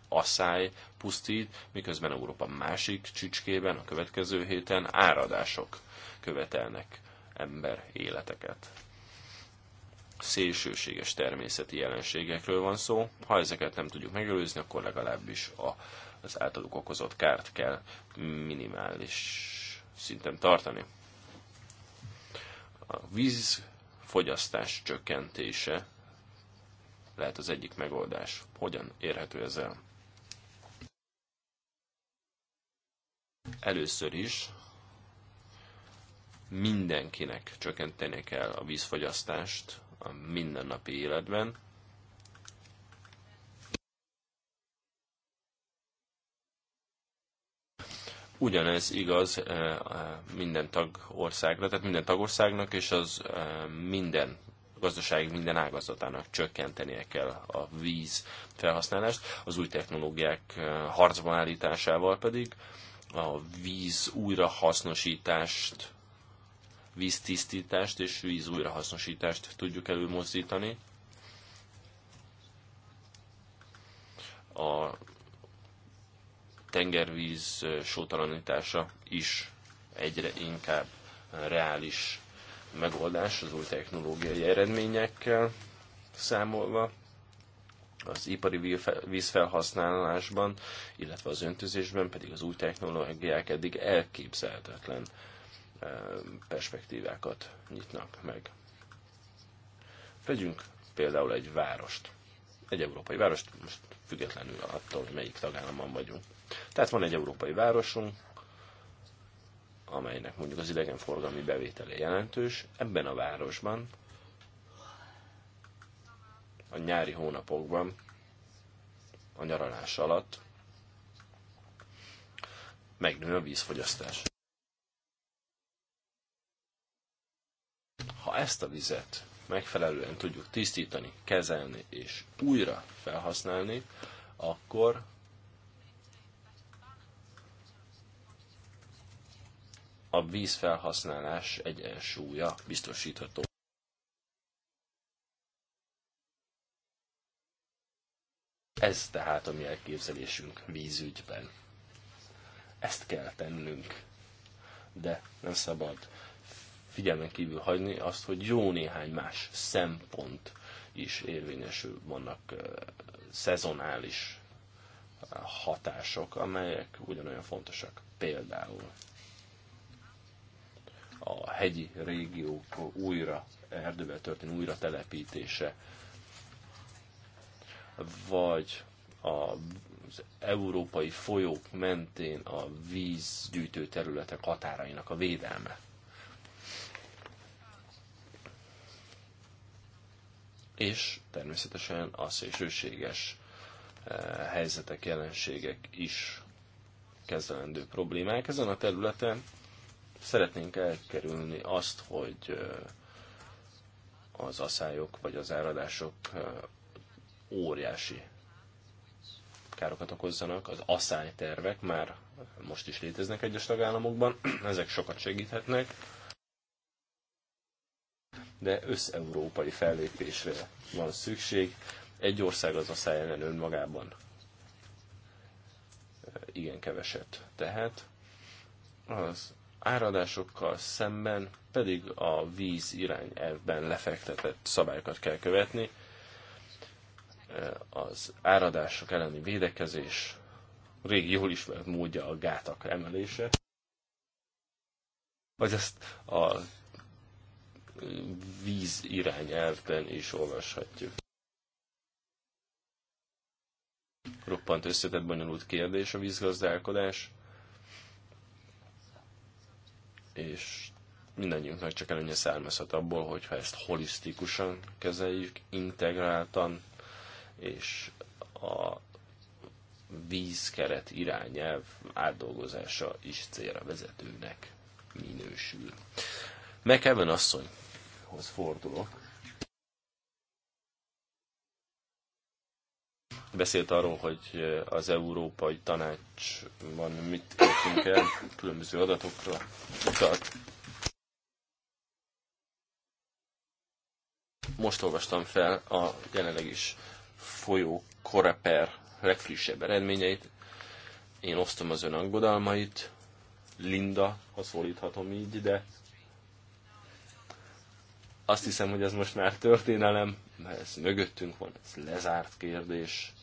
asszály pusztít, miközben Európa másik csücskében a következő héten áradások követelnek ember életeket szélsőséges természeti jelenségekről van szó. Ha ezeket nem tudjuk megelőzni, akkor legalábbis a, az általuk okozott kárt kell minimális szinten tartani. A vízfogyasztás csökkentése lehet az egyik megoldás. Hogyan érhető ez el? Először is mindenkinek csökkenteni kell a vízfogyasztást, a mindennapi életben. Ugyanez igaz eh, minden tagországra, tehát minden tagországnak és az eh, minden gazdaság minden ágazatának csökkentenie kell a víz felhasználást, az új technológiák eh, harcba állításával pedig a víz újrahasznosítást víztisztítást és víz újrahasznosítást tudjuk előmozdítani. A tengervíz sótalanítása is egyre inkább reális megoldás az új technológiai eredményekkel számolva. Az ipari vízfelhasználásban, illetve az öntözésben pedig az új technológiák eddig elképzelhetetlen perspektívákat nyitnak meg. Vegyünk például egy várost, egy európai várost, most függetlenül attól, hogy melyik tagállamban vagyunk. Tehát van egy európai városunk, amelynek mondjuk az idegenforgalmi bevétele jelentős, ebben a városban a nyári hónapokban, a nyaralás alatt megnő a vízfogyasztás. Ha ezt a vizet megfelelően tudjuk tisztítani, kezelni és újra felhasználni, akkor a vízfelhasználás egyensúlya biztosítható. Ez tehát a mi elképzelésünk vízügyben. Ezt kell tennünk, de nem szabad figyelmen kívül hagyni azt, hogy jó néhány más szempont is érvényesül. Vannak szezonális hatások, amelyek ugyanolyan fontosak. Például a hegyi régiók újra erdővel történő újra telepítése, vagy az európai folyók mentén a vízgyűjtő területek határainak a védelme. és természetesen a szélsőséges eh, helyzetek, jelenségek is kezelendő problémák. Ezen a területen szeretnénk elkerülni azt, hogy eh, az aszályok vagy az áradások eh, óriási károkat okozzanak. Az aszálytervek már most is léteznek egyes tagállamokban, ezek sokat segíthetnek de összeurópai fellépésre van szükség. Egy ország az a szájelen önmagában igen keveset tehet. Az áradásokkal szemben pedig a víz irányelvben lefektetett szabályokat kell követni. Az áradások elleni védekezés régi jól ismert módja a gátak emelése. Vagy ezt a víz is olvashatjuk. Roppant összetett, bonyolult kérdés a vízgazdálkodás, és mindannyiunknak csak előnye származhat abból, hogyha ezt holisztikusan kezeljük, integráltan, és a vízkeret irányelv átdolgozása is célra vezetőnek minősül. McEwen asszony úrhoz fordulok. Beszélt arról, hogy az Európai Tanácsban mit értünk el, különböző adatokra utalt. Most olvastam fel a jelenleg is folyó Koreper legfrissebb eredményeit. Én osztom az ön aggodalmait, Linda, ha szólíthatom így, de azt hiszem, hogy ez most már történelem, mert ez mögöttünk van, ez lezárt kérdés.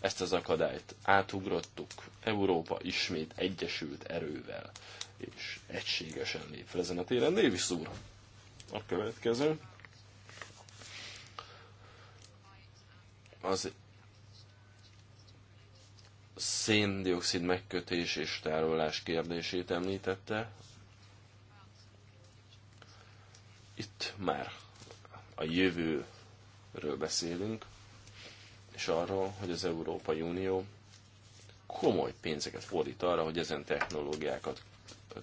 Ezt az akadályt átugrottuk. Európa ismét egyesült erővel és egységesen lép fel ezen a téren. Davis úr, a következő. Az széndiokszid megkötés és tárolás kérdését említette. Itt már a jövőről beszélünk, és arról, hogy az Európai Unió komoly pénzeket fordít arra, hogy ezen technológiákat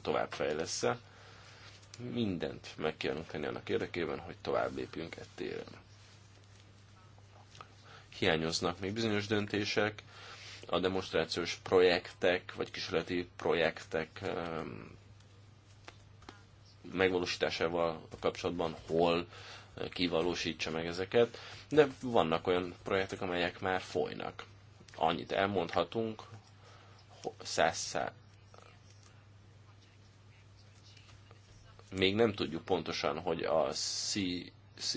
továbbfejlesz-e. Mindent meg kell tenni annak érdekében, hogy tovább lépjünk e téren. Hiányoznak még bizonyos döntések, a demonstrációs projektek, vagy kísérleti projektek ehm, megvalósításával kapcsolatban hol eh, kivalósítsa meg ezeket, de vannak olyan projektek, amelyek már folynak. Annyit elmondhatunk, százszá... Még nem tudjuk pontosan, hogy a C, C,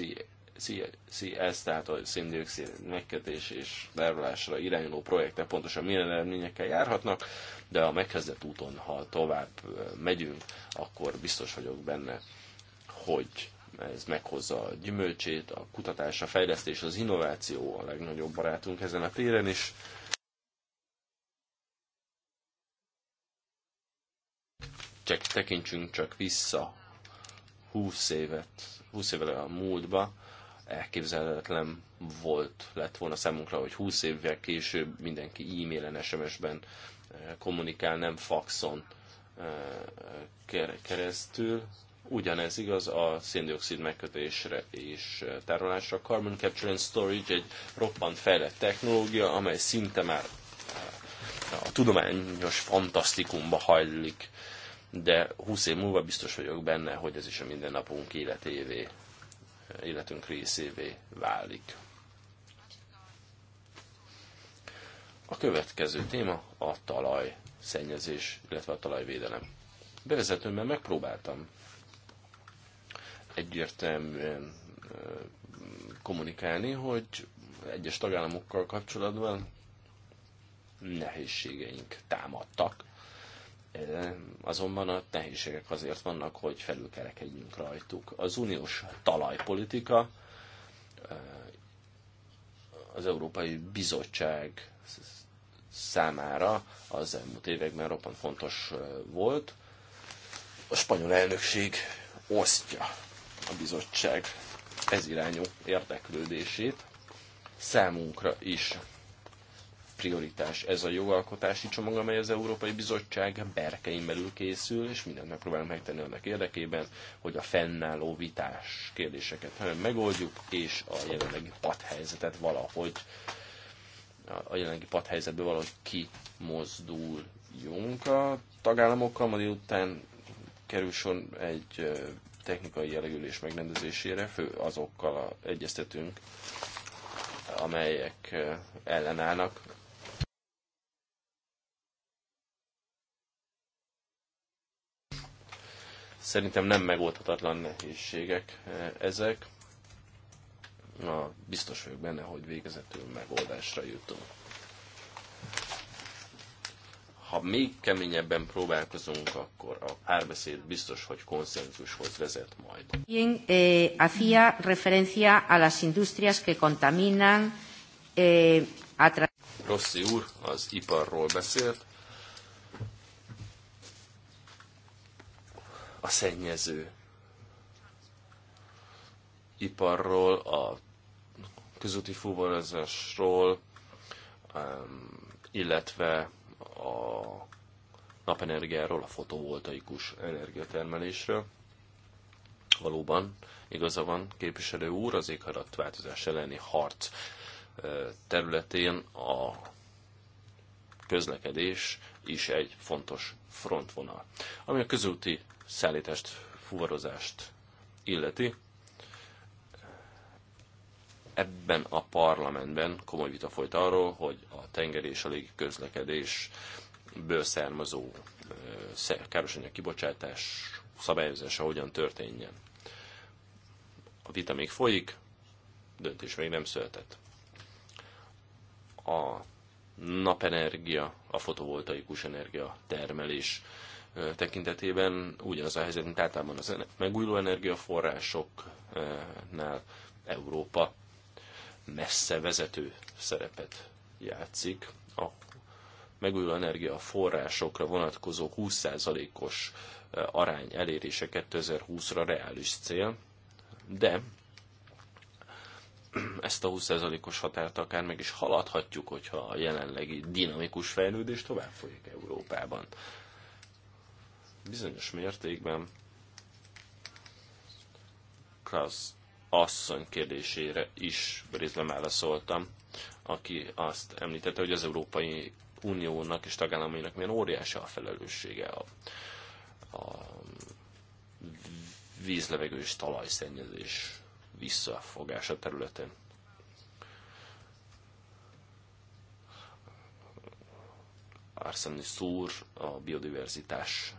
C, CS, tehát a széndiokszid megkötés és tárolásra irányuló projektek pontosan milyen eredményekkel járhatnak de a megkezdett úton, ha tovább megyünk, akkor biztos vagyok benne, hogy ez meghozza a gyümölcsét, a kutatás, a fejlesztés, az innováció a legnagyobb barátunk ezen a téren is. Csak tekintsünk csak vissza 20 évet, 20 évvel a múltba, elképzelhetetlen volt, lett volna számunkra, hogy 20 évvel később mindenki e-mailen, SMS-ben kommunikál, nem faxon eh, keresztül. Ugyanez igaz a széndiokszid megkötésre és eh, tárolásra. Carbon Capture and Storage egy roppant fejlett technológia, amely szinte már eh, a tudományos fantasztikumba hajlik, de 20 év múlva biztos vagyok benne, hogy ez is a mindennapunk életévé, életünk részévé válik. A következő téma a talajszennyezés, illetve a talajvédelem. Bevezetőmben megpróbáltam egyértelműen kommunikálni, hogy egyes tagállamokkal kapcsolatban nehézségeink támadtak. Azonban a nehézségek azért vannak, hogy felülkerekedjünk rajtuk. Az uniós talajpolitika, az Európai Bizottság számára az elmúlt években roppant fontos volt. A spanyol elnökség osztja a bizottság ez irányú érdeklődését. Számunkra is prioritás ez a jogalkotási csomag, amely az Európai Bizottság berkein belül készül, és mindent megpróbálunk megtenni annak érdekében, hogy a fennálló vitás kérdéseket megoldjuk, és a jelenlegi padhelyzetet valahogy a jelenlegi padhelyzetből valahogy kimozduljunk a tagállamokkal, majd után kerül sor egy technikai jelegülés megrendezésére, fő azokkal a, egyeztetünk, amelyek ellenállnak. Szerintem nem megoldhatatlan nehézségek ezek a, biztos vagyok benne, hogy végezetül megoldásra jutunk. Ha még keményebben próbálkozunk, akkor a párbeszéd biztos, hogy konszenzushoz vezet majd. Bien, eh, hacía referencia a las industrias que contaminan eh, a Rossi úr az iparról beszélt, a szennyező iparról, a közúti fuvarozásról, illetve a napenergiáról, a fotovoltaikus energiatermelésről. Valóban igaza van képviselő úr, az változás elleni harc területén a közlekedés is egy fontos frontvonal. Ami a közúti szállítást, fuvarozást illeti, ebben a parlamentben komoly vita folyt arról, hogy a tenger és a légi közlekedésből származó károsanyag kibocsátás szabályozása hogyan történjen. A vita még folyik, döntés még nem született. A napenergia, a fotovoltaikus energia termelés tekintetében ugyanaz a helyzet, mint általában az megújuló energiaforrásoknál Európa messze vezető szerepet játszik a megújuló energiaforrásokra vonatkozó 20%-os e, arány elérése 2020-ra reális cél, de ezt a 20%-os határt akár meg is haladhatjuk, hogyha a jelenlegi dinamikus fejlődés tovább folyik Európában. Bizonyos mértékben Klaus asszony kérdésére is részben válaszoltam, aki azt említette, hogy az Európai Uniónak és tagállamainak milyen óriási a felelőssége a, a vízlevegő és talajszennyezés visszafogása területén. Arsene Szúr a biodiverzitás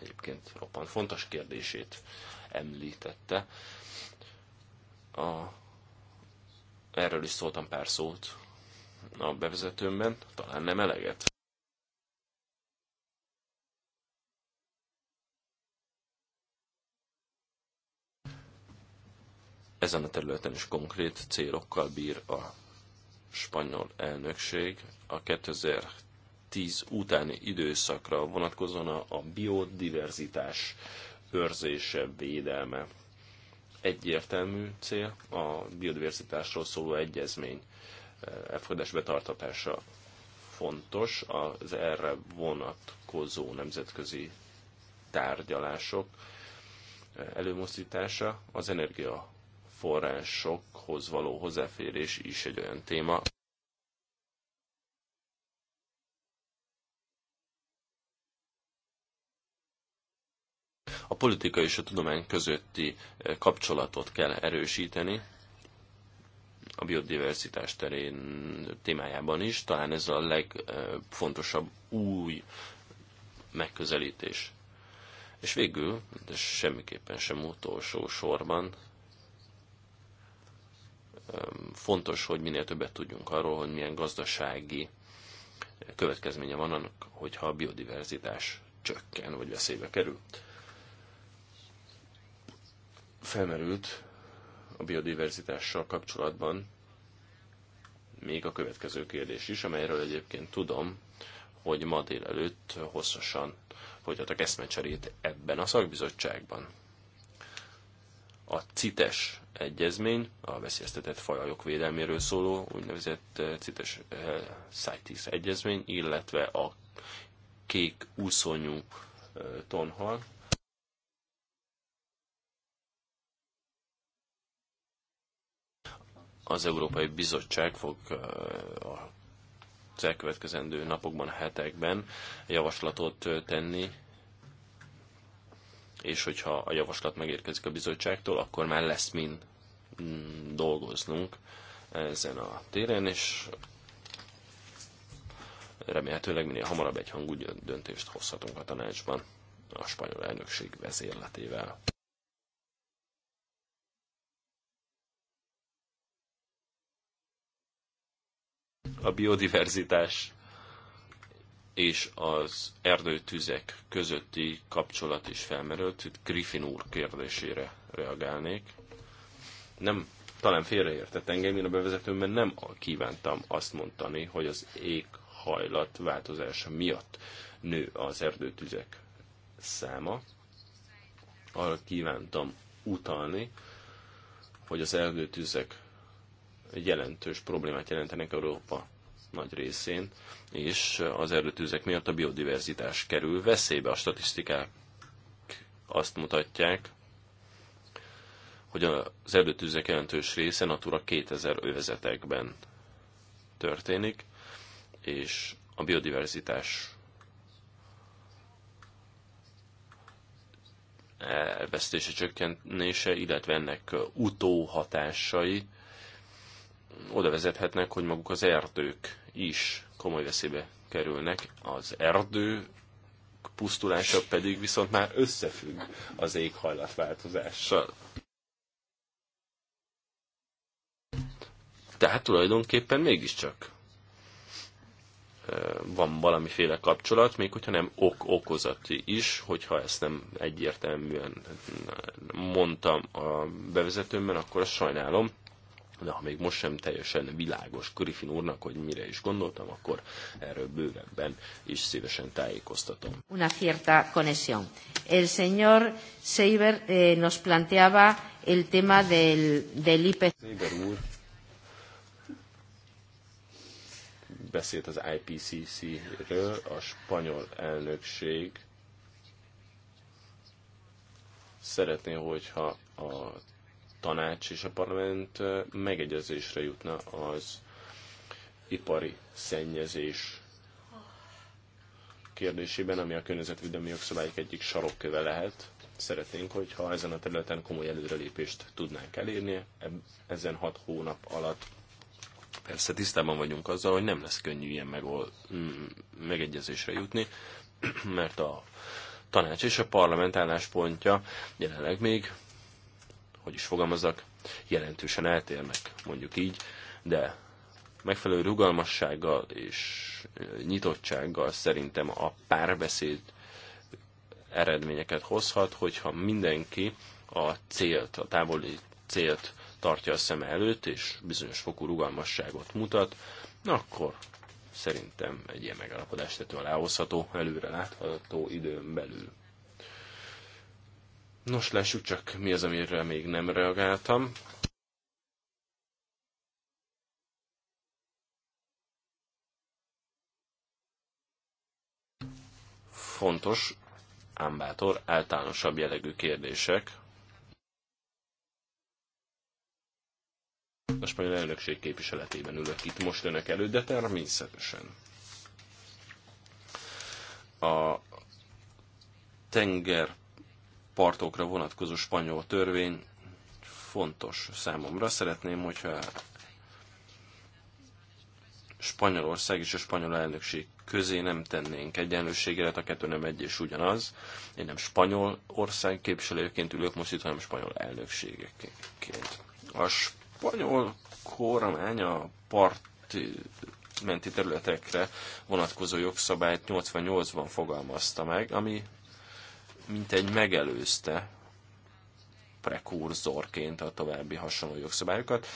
egyébként roppant fontos kérdését említette. A, erről is szóltam pár szót a bevezetőmben, talán nem eleget. Ezen a területen is konkrét célokkal bír a spanyol elnökség. A 2010 utáni időszakra vonatkozóan a biodiverzitás őrzése, védelme egyértelmű cél a biodiverzitásról szóló egyezmény eh, elfogadás betartatása fontos, az erre vonatkozó nemzetközi tárgyalások eh, előmozdítása, az energiaforrásokhoz való hozzáférés is egy olyan téma, A politika és a tudomány közötti eh, kapcsolatot kell erősíteni, a biodiversitás terén témájában is, talán ez a legfontosabb eh, új megközelítés. És végül, de semmiképpen sem utolsó sorban, eh, fontos, hogy minél többet tudjunk arról, hogy milyen gazdasági következménye van annak, hogyha a biodiverzitás csökken vagy veszélybe kerül felmerült a biodiverzitással kapcsolatban még a következő kérdés is, amelyről egyébként tudom, hogy ma délelőtt hosszasan folytattak eszmecserét ebben a szakbizottságban. A CITES egyezmény, a veszélyeztetett fajok védelméről szóló úgynevezett eh, CITES eh, CITES egyezmény, illetve a kék úszonyú eh, tonhal, az Európai Bizottság fog a elkövetkezendő napokban, hetekben javaslatot tenni, és hogyha a javaslat megérkezik a bizottságtól, akkor már lesz mind mm, dolgoznunk ezen a téren, és remélhetőleg minél hamarabb egy hangú döntést hozhatunk a tanácsban a spanyol elnökség vezérletével. a biodiverzitás és az erdőtüzek közötti kapcsolat is felmerült. Itt Griffin úr kérdésére reagálnék. Nem, talán félreértett engem, én a bevezetőmben nem kívántam azt mondani, hogy az éghajlat változása miatt nő az erdőtüzek száma. Arra kívántam utalni, hogy az erdőtüzek jelentős problémát jelentenek Európa nagy részén, és az erdőtűzek miatt a biodiverzitás kerül veszélybe. A statisztikák azt mutatják, hogy az erdőtűzek jelentős része Natura 2000 övezetekben történik, és a biodiverzitás elvesztése, csökkentése, illetve ennek utóhatásai oda vezethetnek, hogy maguk az erdők is komoly veszélybe kerülnek. Az erdő pusztulása pedig viszont már összefügg az éghajlatváltozással. Tehát tulajdonképpen mégiscsak van valamiféle kapcsolat, még hogyha nem ok-okozati is, hogyha ezt nem egyértelműen mondtam a bevezetőmben, akkor azt sajnálom de ha még most sem teljesen világos Körifin úrnak, hogy mire is gondoltam, akkor erről bővebben is szívesen tájékoztatom. Una cierta conexión. El señor Seiber eh, nos planteaba el tema del, del IPC. E. Seiber úr beszélt az IPCC-ről, a spanyol elnökség szeretné, hogyha a tanács és a parlament megegyezésre jutna az ipari szennyezés kérdésében, ami a környezetvédelmi jogszabályok egyik sarokköve lehet. Szeretnénk, hogyha ezen a területen komoly előrelépést tudnánk elérni ezen hat hónap alatt. Persze tisztában vagyunk azzal, hogy nem lesz könnyű ilyen megol, mm, megegyezésre jutni, mert a tanács és a parlament álláspontja jelenleg még hogy is fogalmazzak, jelentősen eltérnek, mondjuk így, de megfelelő rugalmassággal és nyitottsággal szerintem a párbeszéd eredményeket hozhat, hogyha mindenki a célt, a távoli célt tartja a szem előtt, és bizonyos fokú rugalmasságot mutat, akkor szerintem egy ilyen megállapodást tető aláhozható, előre látható időn belül. Nos, lássuk csak, mi az, amire még nem reagáltam. Fontos, ám bátor, általánosabb jellegű kérdések. A spanyol elnökség képviseletében ülök itt most önök előtt, de természetesen. A tenger partokra vonatkozó spanyol törvény fontos számomra. Szeretném, hogyha Spanyolország és a spanyol elnökség közé nem tennénk egyenlőségre a kettő nem egy és ugyanaz. Én nem spanyol ország képviselőként ülök most itt, hanem spanyol elnökségeként. A spanyol kormány a parti területekre vonatkozó jogszabályt 88-ban fogalmazta meg, ami mint egy megelőzte prekurzorként a további hasonló jogszabályokat,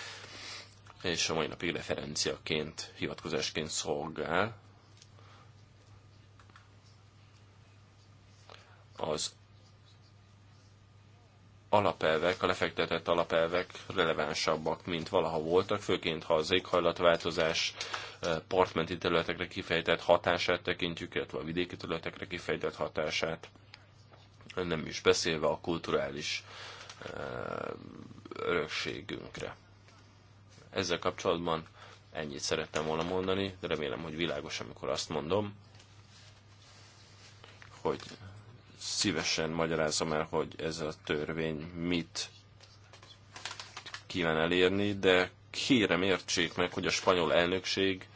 és a mai napig referenciaként, hivatkozásként szolgál az alapelvek, a lefektetett alapelvek relevánsabbak, mint valaha voltak, főként ha az éghajlatváltozás eh, partmenti területekre kifejtett hatását tekintjük, illetve a vidéki területekre kifejtett hatását nem is beszélve a kulturális eh, örökségünkre. Ezzel kapcsolatban ennyit szerettem volna mondani, de remélem, hogy világos, amikor azt mondom, hogy szívesen magyarázom el, hogy ez a törvény mit kíván elérni, de kérem értsék meg, hogy a spanyol elnökség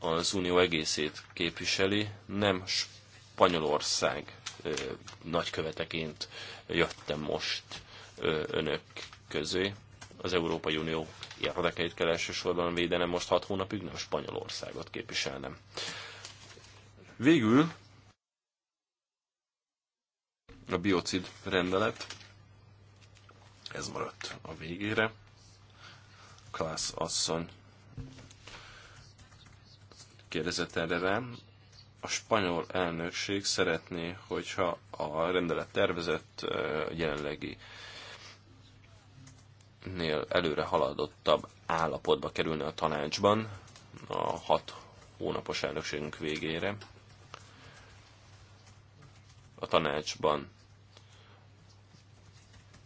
az unió egészét képviseli, nem Spanyolország nagyköveteként jöttem most önök közé. Az Európai Unió érdekeit kell elsősorban védenem, most hat hónapig nem Spanyolországot képviselnem. Végül a biocid rendelet, ez maradt a végére. Klász asszony kérdezett erre rám, a spanyol elnökség szeretné, hogyha a rendelet tervezett jelenlegi nél előre haladottabb állapotba kerülne a tanácsban a hat hónapos elnökségünk végére. A tanácsban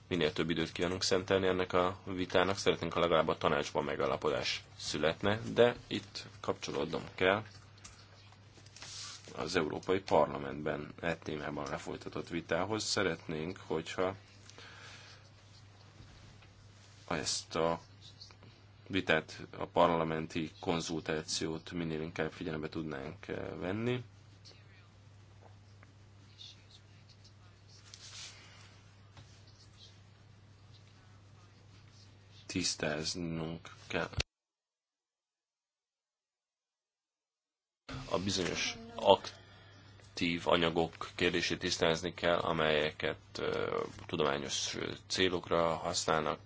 minél több időt kívánunk szentelni ennek a vitának, szeretnénk, ha legalább a tanácsban megalapodás születne, de itt kapcsolódnom kell az Európai Parlamentben e témában lefolytatott vitához. Szeretnénk, hogyha ezt a vitát, a parlamenti konzultációt minél inkább figyelembe tudnánk eh, venni. Tisztáznunk kell. a bizonyos aktív anyagok kérdését tisztázni kell, amelyeket tudományos célokra használnak.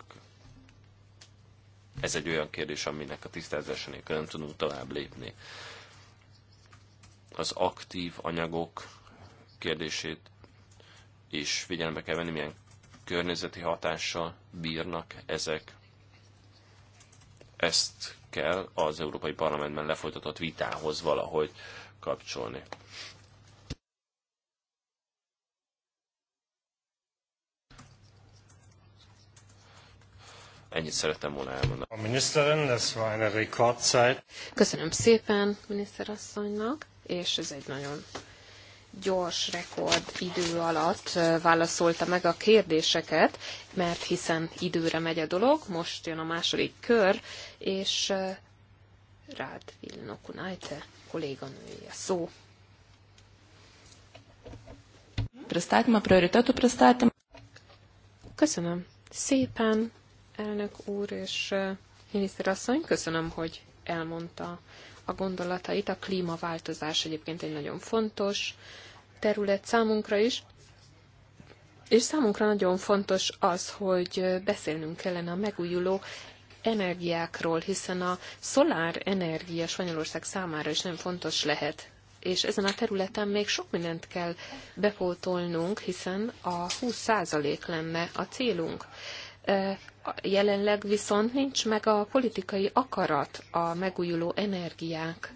Ez egy olyan kérdés, aminek a tisztázása nélkül nem tudunk tovább lépni. Az aktív anyagok kérdését is figyelembe kell venni, milyen környezeti hatással bírnak ezek ezt kell az Európai Parlamentben lefolytatott vitához valahogy kapcsolni. Ennyit szerettem volna elmondani. A miniszterin, ez war Rekordzeit. Köszönöm szépen miniszterasszonynak, és ez egy nagyon gyors rekordidő alatt válaszolta meg a kérdéseket, mert hiszen időre megy a dolog, most jön a második kör, és rád Villanokunájte kolléganője szó. a prioritetų Köszönöm szépen, elnök úr és miniszterasszony, köszönöm, hogy elmondta a gondolatait. A klímaváltozás egyébként egy nagyon fontos terület számunkra is, és számunkra nagyon fontos az, hogy beszélnünk kellene a megújuló energiákról, hiszen a szolár energia Spanyolország számára is nem fontos lehet. És ezen a területen még sok mindent kell bepótolnunk, hiszen a 20% lenne a célunk. Jelenleg viszont nincs meg a politikai akarat a megújuló energiák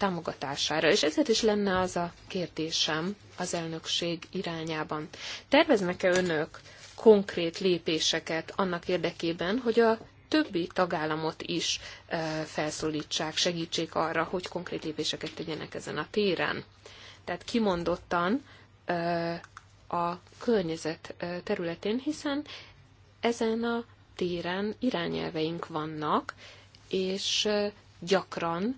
támogatására. És ezért is lenne az a kérdésem az elnökség irányában. Terveznek-e önök konkrét lépéseket annak érdekében, hogy a többi tagállamot is e, felszólítsák, segítsék arra, hogy konkrét lépéseket tegyenek ezen a téren. Tehát kimondottan e, a környezet e, területén, hiszen ezen a téren irányelveink vannak, és gyakran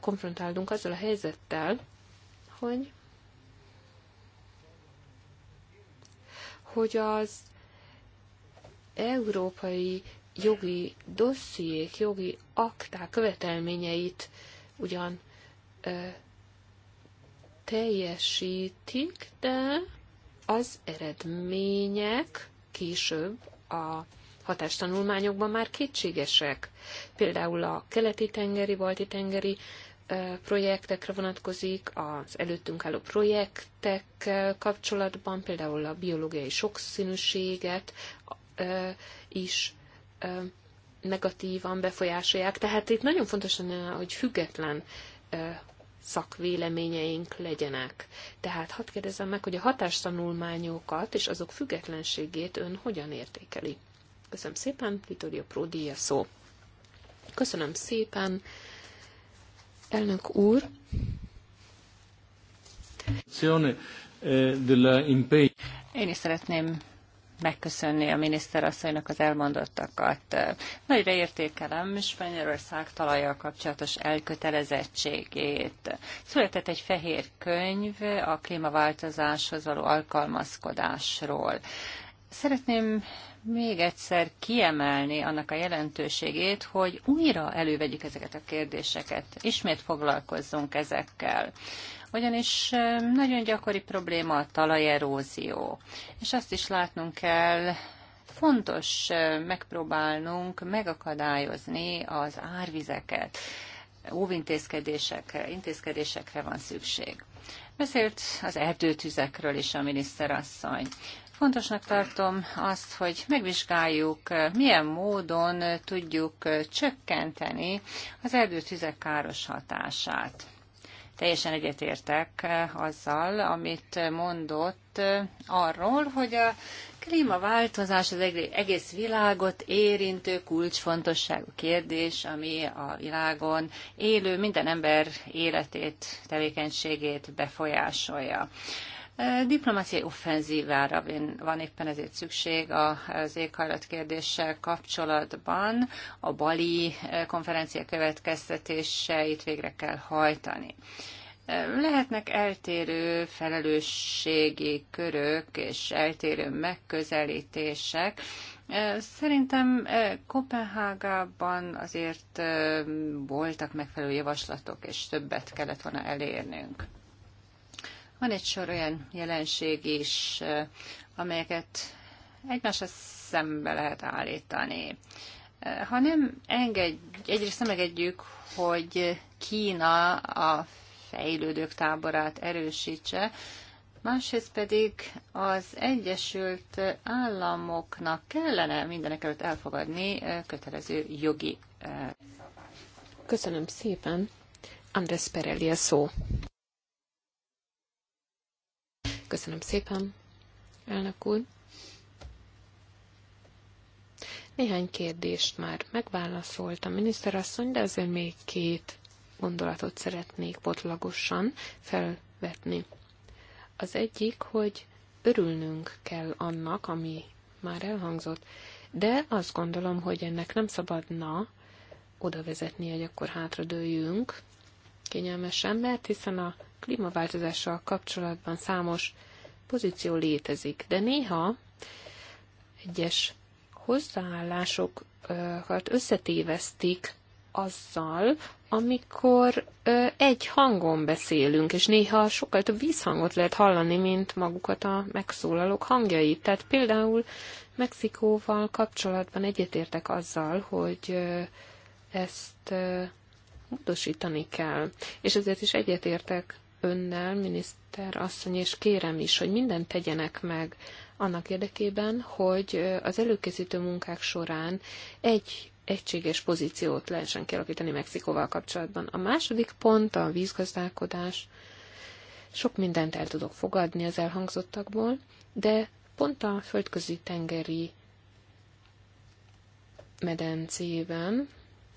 konfrontálunk azzal a helyzettel, hogy hogy az európai jogi dossziék, jogi akták követelményeit ugyan ö, teljesítik, de az eredmények később a hatástanulmányokban már kétségesek. Például a keleti-tengeri, balti-tengeri projektekre vonatkozik, az előttünk álló projektek kapcsolatban, például a biológiai sokszínűséget is negatívan befolyásolják. Tehát itt nagyon fontos hogy független szakvéleményeink legyenek. Tehát hadd kérdezem meg, hogy a hatástanulmányokat és azok függetlenségét ön hogyan értékeli? Köszönöm szépen, Vitória Prodi a szó. Köszönöm szépen, elnök úr. Eh, Én is szeretném megköszönni a miniszterasszonynak az elmondottakat. Nagyra értékelem Spanyolország talajjal kapcsolatos elkötelezettségét. Született egy fehér könyv a klímaváltozáshoz való alkalmazkodásról. Szeretném még egyszer kiemelni annak a jelentőségét, hogy újra elővegyük ezeket a kérdéseket, ismét foglalkozzunk ezekkel ugyanis nagyon gyakori probléma a talajerózió. És azt is látnunk kell, fontos megpróbálnunk megakadályozni az árvizeket, óvintézkedésekre, intézkedésekre van szükség. Beszélt az erdőtüzekről is a miniszterasszony. Fontosnak tartom azt, hogy megvizsgáljuk, milyen módon tudjuk csökkenteni az erdőtüzek káros hatását. Teljesen egyetértek azzal, amit mondott arról, hogy a klímaváltozás az egész világot érintő kulcsfontosságú kérdés, ami a világon élő minden ember életét, tevékenységét befolyásolja. Diplomáciai offenzívára van éppen ezért szükség az éghajlat kérdéssel kapcsolatban. A Bali konferencia következtetéseit végre kell hajtani. Lehetnek eltérő felelősségi körök és eltérő megközelítések. Szerintem Kopenhágában azért voltak megfelelő javaslatok, és többet kellett volna elérnünk. Van egy sor olyan jelenség is, eh, amelyeket egymásra szembe lehet állítani. Eh, ha nem engedj, egyrészt nem engedjük, hogy Kína a fejlődők táborát erősítse, másrészt pedig az Egyesült Államoknak kellene mindenek előtt elfogadni eh, kötelező jogi. Köszönöm szépen. Andrés Perelli a szó. Köszönöm szépen, elnök úr. Néhány kérdést már megválaszolt a miniszterasszony, de azért még két gondolatot szeretnék potlagosan felvetni. Az egyik, hogy örülnünk kell annak, ami már elhangzott, de azt gondolom, hogy ennek nem szabadna oda vezetni, hogy akkor hátradőljünk kényelmesen, mert hiszen a klímaváltozással kapcsolatban számos pozíció létezik, de néha egyes hozzáállásokat összetévesztik azzal, amikor egy hangon beszélünk, és néha sokkal több vízhangot lehet hallani, mint magukat a megszólalók hangjait. Tehát például Mexikóval kapcsolatban egyetértek azzal, hogy ezt módosítani kell. És ezért is egyetértek önnel, miniszter asszony, és kérem is, hogy mindent tegyenek meg annak érdekében, hogy az előkészítő munkák során egy egységes pozíciót lehessen kialakítani Mexikóval kapcsolatban. A második pont a vízgazdálkodás. Sok mindent el tudok fogadni az elhangzottakból, de pont a földközi tengeri medencében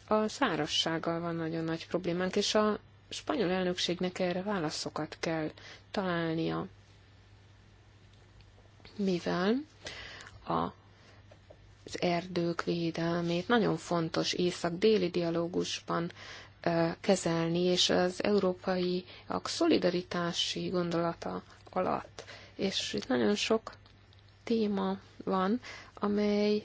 a szárassággal van nagyon nagy problémánk, és a spanyol elnökségnek erre válaszokat kell találnia, mivel a az erdők védelmét nagyon fontos észak-déli dialógusban kezelni, és az európai a szolidaritási gondolata alatt. És itt nagyon sok téma van, amely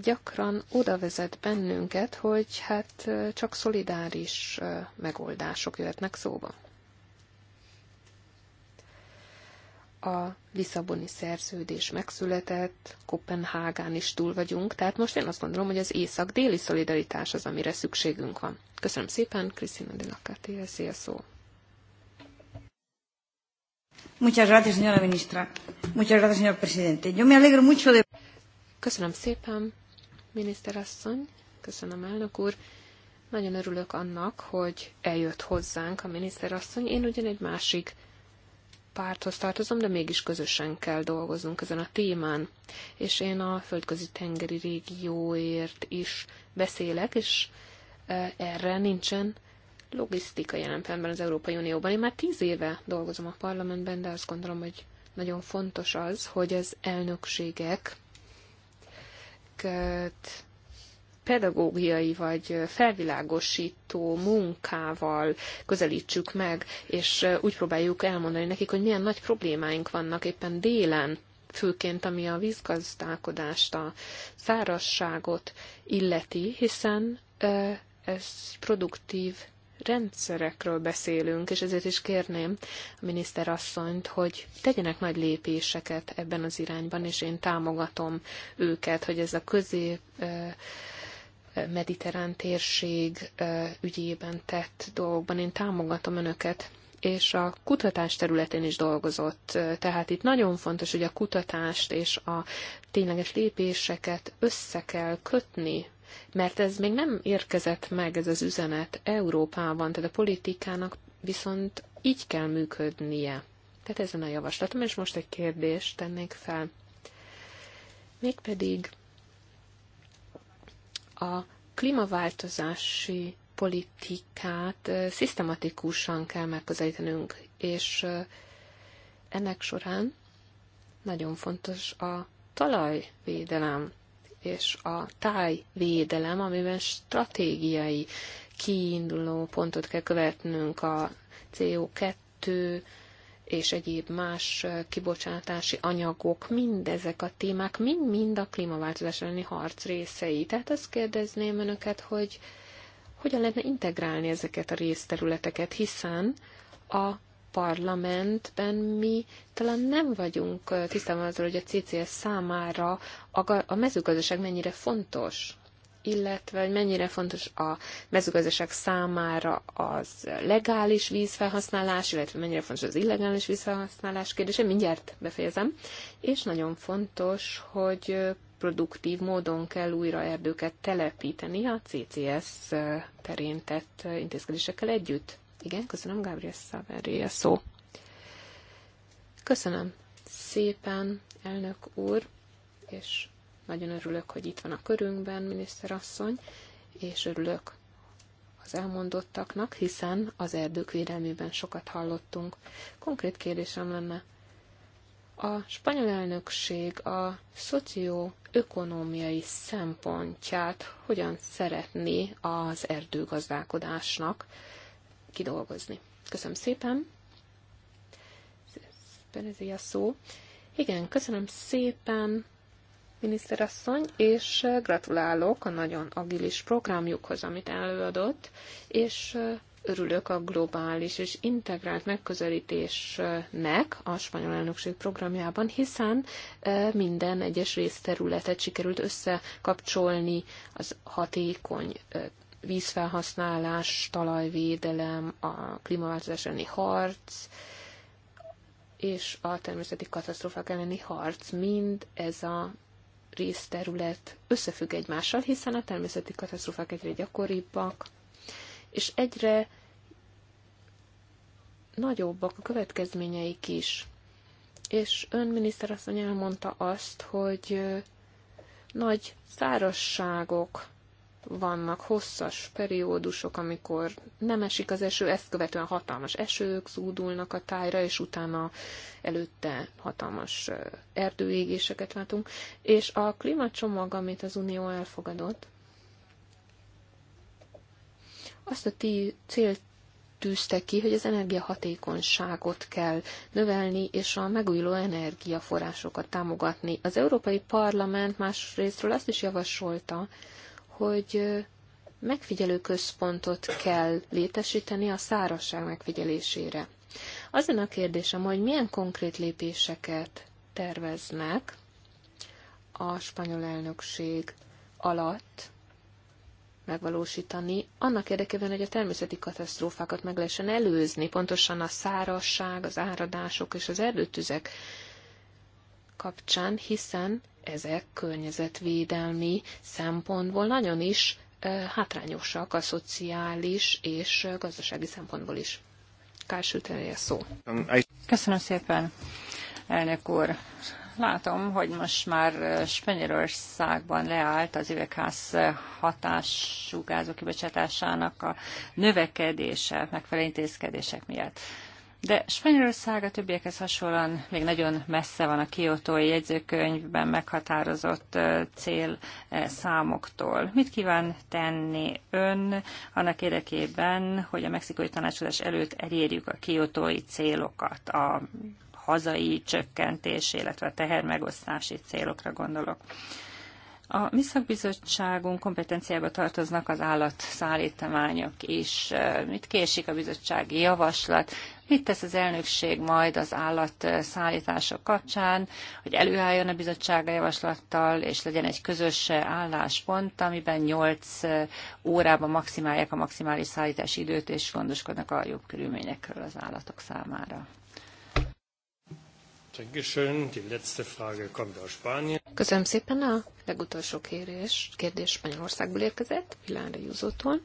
gyakran oda vezet bennünket, hogy hát csak szolidáris megoldások jöhetnek szóba. a Lisszaboni szerződés megszületett, Kopenhágán is túl vagyunk, tehát most én azt gondolom, hogy az észak-déli szolidaritás az, amire szükségünk van. Köszönöm szépen, Krisztina de Lacatél, szia szó. Muchas gracias, señora ministra. Muchas gracias, señor presidente. Yo me alegro mucho de... Köszönöm szépen, miniszterasszony, köszönöm elnök úr. Nagyon örülök annak, hogy eljött hozzánk a miniszterasszony. Én ugyan egy másik párthoz tartozom, de mégis közösen kell dolgoznunk ezen a témán. És én a földközi tengeri régióért is beszélek, és e, erre nincsen logisztika jelen pillanatban az Európai Unióban. Én már tíz éve dolgozom a parlamentben, de azt gondolom, hogy nagyon fontos az, hogy az elnökségek ezeket pedagógiai vagy felvilágosító munkával közelítsük meg, és úgy próbáljuk elmondani nekik, hogy milyen nagy problémáink vannak éppen délen, főként ami a vízgazdálkodást, a szárasságot illeti, hiszen ez produktív rendszerekről beszélünk, és ezért is kérném a miniszter asszonyt, hogy tegyenek nagy lépéseket ebben az irányban, és én támogatom őket, hogy ez a közép mediterrán térség ügyében tett dolgokban. Én támogatom önöket és a kutatás területén is dolgozott. Tehát itt nagyon fontos, hogy a kutatást és a tényleges lépéseket össze kell kötni mert ez még nem érkezett meg, ez az üzenet Európában, tehát a politikának viszont így kell működnie. Tehát ezen a javaslatom, és most egy kérdést tennék fel. Mégpedig a klímaváltozási politikát szisztematikusan kell megközelítenünk, és ennek során nagyon fontos a talajvédelem és a tájvédelem, amiben stratégiai kiinduló pontot kell követnünk a CO2 és egyéb más kibocsátási anyagok, mindezek a témák mind-mind a klímaváltozás elleni harc részei. Tehát azt kérdezném önöket, hogy hogyan lehetne integrálni ezeket a részterületeket, hiszen a parlamentben mi talán nem vagyunk tisztában azzal, hogy a CCS számára a mezőgazdaság mennyire fontos illetve hogy mennyire fontos a mezőgazdaság számára az legális vízfelhasználás, illetve mennyire fontos az illegális vízfelhasználás kérdése. Mindjárt befejezem. És nagyon fontos, hogy produktív módon kell újra erdőket telepíteni a CCS terén tett intézkedésekkel együtt. Igen, köszönöm, Gabriel Szaveri a szó. Köszönöm szépen, elnök úr, és nagyon örülök, hogy itt van a körünkben, miniszterasszony, és örülök az elmondottaknak, hiszen az erdők védelmében sokat hallottunk. Konkrét kérdésem lenne, a spanyol elnökség a szocioökonómiai szempontját hogyan szeretné az erdőgazdálkodásnak kidolgozni. Köszönöm szépen. Ez a szó. Igen, köszönöm szépen, miniszterasszony, és gratulálok a nagyon agilis programjukhoz, amit előadott, és örülök a globális és integrált megközelítésnek a spanyol elnökség programjában, hiszen e, minden egyes részterületet sikerült összekapcsolni az hatékony e, vízfelhasználás, talajvédelem, a klímaváltozás elleni harc, és a természeti katasztrófák elleni harc, mind ez a részterület összefügg egymással, hiszen a természeti katasztrófák egyre gyakoribbak, és egyre nagyobbak a következményeik is. És ön miniszterasszony elmondta azt, hogy nagy szárasságok vannak hosszas periódusok, amikor nem esik az eső, ezt követően hatalmas esők zúdulnak a tájra, és utána előtte hatalmas erdőégéseket látunk. És a klímacsomag, amit az Unió elfogadott, azt a cél tűzte ki, hogy az energiahatékonyságot kell növelni, és a megújuló energiaforrásokat támogatni. Az Európai Parlament másrésztről azt is javasolta, hogy megfigyelő központot kell létesíteni a szárazság megfigyelésére. Az a kérdésem, hogy milyen konkrét lépéseket terveznek a spanyol elnökség alatt megvalósítani, annak érdekében, hogy a természeti katasztrófákat meg lehessen előzni, pontosan a szárasság, az áradások és az erdőtüzek kapcsán, hiszen ezek környezetvédelmi szempontból nagyon is hátrányosak a szociális és gazdasági szempontból is. a szó. Köszönöm szépen, elnök úr. Látom, hogy most már Spanyolországban leállt az üvegház hatású gázok kibocsátásának a növekedése megfelelő intézkedések miatt. De Spanyolország a többiekhez hasonlóan még nagyon messze van a kiotói jegyzőkönyvben meghatározott célszámoktól. Mit kíván tenni ön annak érdekében, hogy a mexikai tanácsadás előtt elérjük a kiotói célokat, a hazai csökkentés, illetve a tehermegosztási célokra gondolok. A mi szakbizottságunk kompetenciába tartoznak az állatszállítmányok is. Mit késik a bizottsági javaslat? Mit tesz az elnökség majd az állatszállítások kapcsán, hogy előálljon a bizottság a javaslattal, és legyen egy közös álláspont, amiben 8 órában maximálják a maximális szállítási időt, és gondoskodnak a jobb körülményekről az állatok számára? Köszönöm szépen. A legutolsó kérés, kérdés Spanyolországból érkezett, Vilánra Júzótól.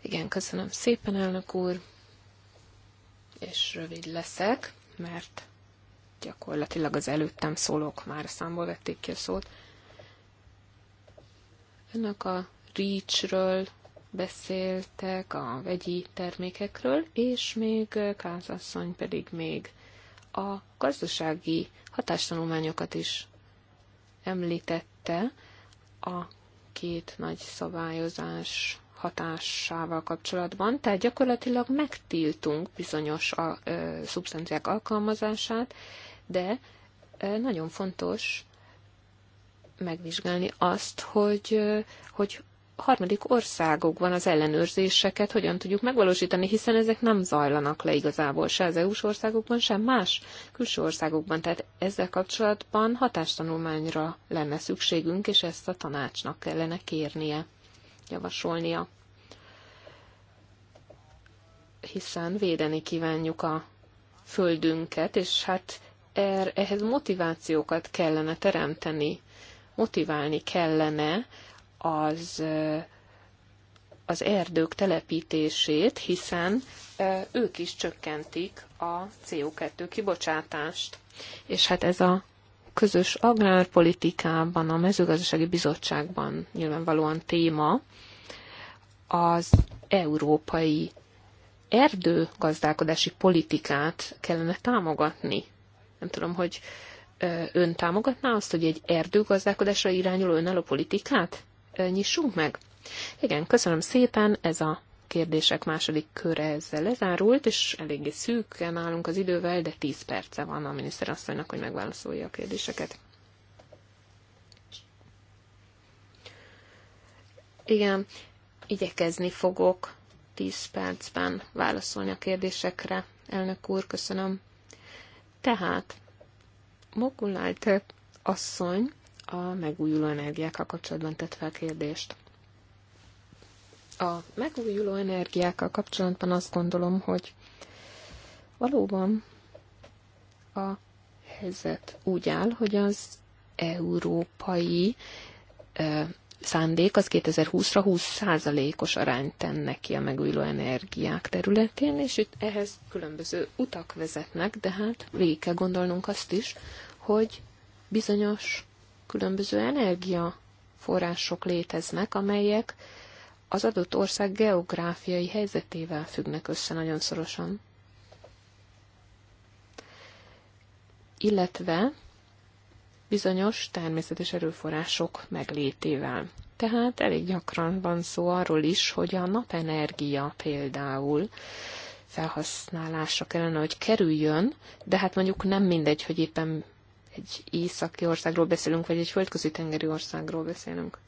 Igen, köszönöm szépen, elnök úr, és rövid leszek, mert gyakorlatilag az előttem szólók már számból vették ki a szót. Önök a REACH-ről beszéltek, a vegyi termékekről, és még Kázasszony pedig még a gazdasági hatástanulmányokat is említette a két nagy szabályozás hatásával kapcsolatban, tehát gyakorlatilag megtiltunk bizonyos a, ö, szubstanciák alkalmazását, de ö, nagyon fontos megvizsgálni azt, hogy, ö, hogy harmadik országokban az ellenőrzéseket hogyan tudjuk megvalósítani, hiszen ezek nem zajlanak le igazából se az EU-s országokban, sem más külső országokban. Tehát ezzel kapcsolatban hatástanulmányra lenne szükségünk, és ezt a tanácsnak kellene kérnie, javasolnia. Hiszen védeni kívánjuk a földünket, és hát er, ehhez motivációkat kellene teremteni, motiválni kellene, az, az erdők telepítését, hiszen ők is csökkentik a CO2 kibocsátást. És hát ez a közös agrárpolitikában, a mezőgazdasági bizottságban nyilvánvalóan téma az európai erdőgazdálkodási politikát kellene támogatni. Nem tudom, hogy ön támogatná azt, hogy egy erdőgazdálkodásra irányuló önálló politikát? nyissunk meg? Igen, köszönöm szépen, ez a kérdések második köre ezzel lezárult, és eléggé szűken állunk az idővel, de 10 perce van a miniszterasszonynak, hogy megválaszolja a kérdéseket. Igen, igyekezni fogok 10 percben válaszolni a kérdésekre. Elnök úr, köszönöm. Tehát, Mokulajt asszony a megújuló energiákkal kapcsolatban tett fel kérdést. A megújuló energiákkal kapcsolatban azt gondolom, hogy valóban a helyzet úgy áll, hogy az európai szándék az 2020-ra 20%-os arányt tenne ki a megújuló energiák területén, és itt ehhez különböző utak vezetnek, de hát végig kell gondolnunk azt is, hogy bizonyos különböző energiaforrások léteznek, amelyek az adott ország geográfiai helyzetével függnek össze nagyon szorosan. Illetve bizonyos természetes erőforrások meglétével. Tehát elég gyakran van szó arról is, hogy a napenergia például felhasználásra kellene, hogy kerüljön, de hát mondjuk nem mindegy, hogy éppen egy északi országról beszélünk, vagy egy földközi tengeri országról beszélünk.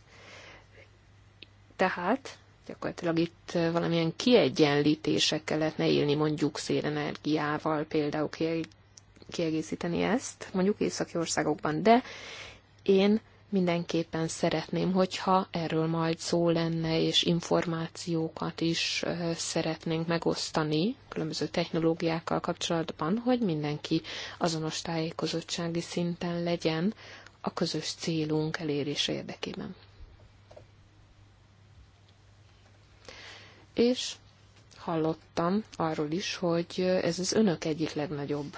Tehát gyakorlatilag itt valamilyen kiegyenlítésekkel lehetne élni, mondjuk szélenergiával például kiegészíteni ezt, mondjuk északi országokban, de én mindenképpen szeretném, hogyha erről majd szó lenne, és információkat is szeretnénk megosztani különböző technológiákkal kapcsolatban, hogy mindenki azonos tájékozottsági szinten legyen a közös célunk elérése érdekében. És hallottam arról is, hogy ez az önök egyik legnagyobb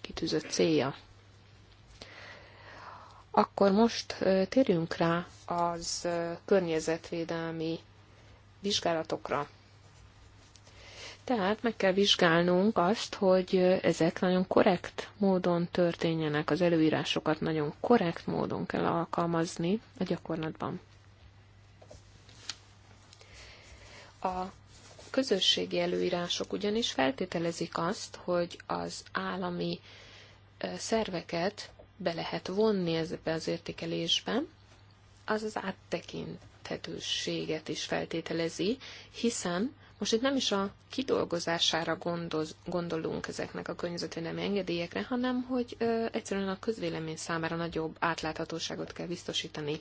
kitűzött célja. Akkor most térjünk rá az környezetvédelmi vizsgálatokra. Tehát meg kell vizsgálnunk azt, hogy ezek nagyon korrekt módon történjenek, az előírásokat nagyon korrekt módon kell alkalmazni a gyakorlatban. A közösségi előírások ugyanis feltételezik azt, hogy az állami szerveket be lehet vonni ezbe az értékelésbe, az az áttekinthetőséget is feltételezi, hiszen most itt nem is a kidolgozására gondoz, gondolunk ezeknek a környezetvédelmi engedélyekre, hanem hogy ö, egyszerűen a közvélemény számára nagyobb átláthatóságot kell biztosítani.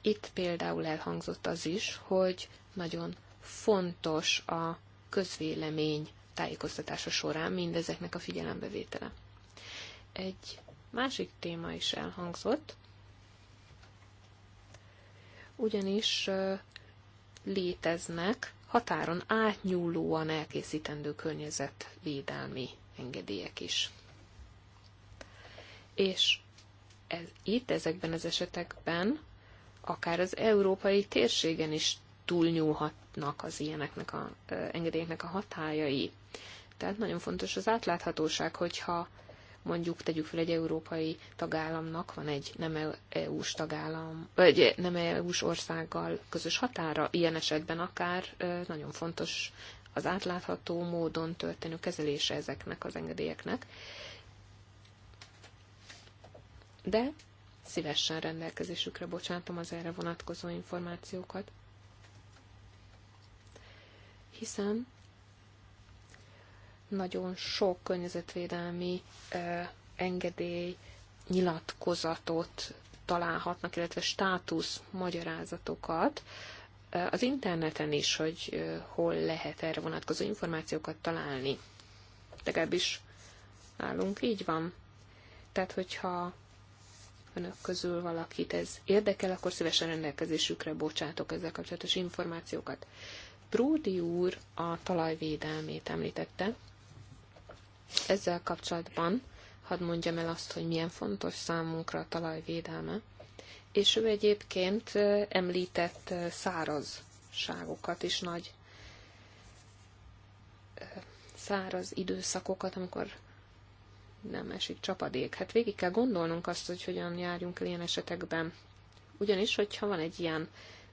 Itt például elhangzott az is, hogy nagyon fontos a közvélemény tájékoztatása során mindezeknek a figyelembevétele. Egy másik téma is elhangzott, ugyanis léteznek határon átnyúlóan elkészítendő környezetvédelmi engedélyek is. És ez, itt ezekben az esetekben akár az európai térségen is túlnyúlhatnak az ilyeneknek a engedélyeknek a hatájai. Tehát nagyon fontos az átláthatóság, hogyha mondjuk tegyük fel egy európai tagállamnak, van egy nem EU-s tagállam, vagy nem EU-s országgal közös határa, ilyen esetben akár nagyon fontos az átlátható módon történő kezelése ezeknek az engedélyeknek. De szívesen rendelkezésükre bocsátom az erre vonatkozó információkat. Hiszen nagyon sok környezetvédelmi engedély, nyilatkozatot találhatnak, illetve státusz magyarázatokat az interneten is, hogy hol lehet erre vonatkozó információkat találni. Legalábbis nálunk így van. Tehát, hogyha önök közül valakit ez érdekel, akkor szívesen rendelkezésükre bocsátok ezzel kapcsolatos információkat. Bródi úr a talajvédelmét említette, ezzel kapcsolatban hadd mondjam el azt, hogy milyen fontos számunkra a talajvédelme. És ő egyébként említett szárazságokat is, nagy száraz időszakokat, amikor nem esik csapadék. Hát végig kell gondolnunk azt, hogy hogyan járjunk el ilyen esetekben. Ugyanis, hogyha van egy ilyen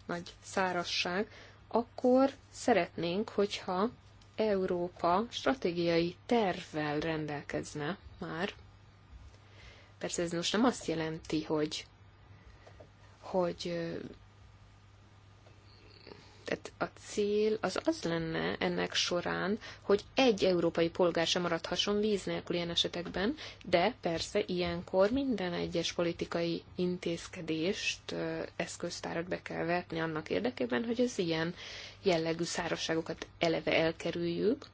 nagy szárazság, akkor szeretnénk, hogyha Európa stratégiai tervvel rendelkezne már. Persze ez most nem azt jelenti, hogy, hogy tehát a cél az az lenne ennek során, hogy egy európai polgár sem maradhasson víz nélkül ilyen esetekben, de persze ilyenkor minden egyes politikai intézkedést, eszköztárat be kell vetni annak érdekében, hogy az ilyen jellegű szárazságokat eleve elkerüljük,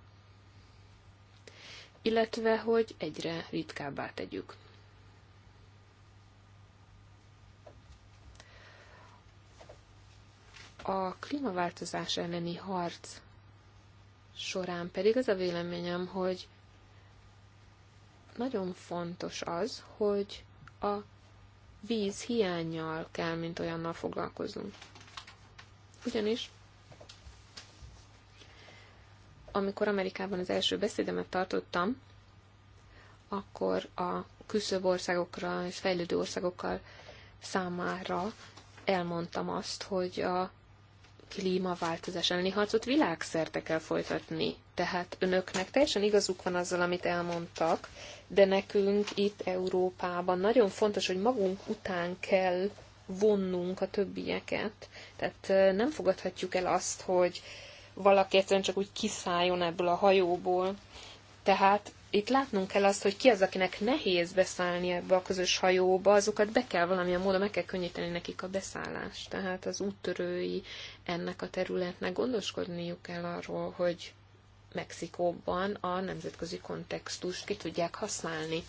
illetve hogy egyre ritkábbá tegyük A klímaváltozás elleni harc során pedig az a véleményem, hogy nagyon fontos az, hogy a víz hiányjal kell, mint olyannal foglalkozunk. Ugyanis, amikor Amerikában az első beszédemet tartottam, akkor a küszöbb országokra és fejlődő országokkal számára elmondtam azt, hogy a klímaváltozás elleni harcot világszerte kell folytatni. Tehát önöknek teljesen igazuk van azzal, amit elmondtak, de nekünk itt Európában nagyon fontos, hogy magunk után kell vonnunk a többieket. Tehát nem fogadhatjuk el azt, hogy valaki egyszerűen csak úgy kiszálljon ebből a hajóból. Tehát itt látnunk kell azt, hogy ki az, akinek nehéz beszállni ebbe a közös hajóba, azokat be kell valamilyen módon, meg kell könnyíteni nekik a beszállást. Tehát az úttörői ennek a területnek gondoskodniuk kell arról, hogy Mexikóban a nemzetközi kontextust ki tudják használni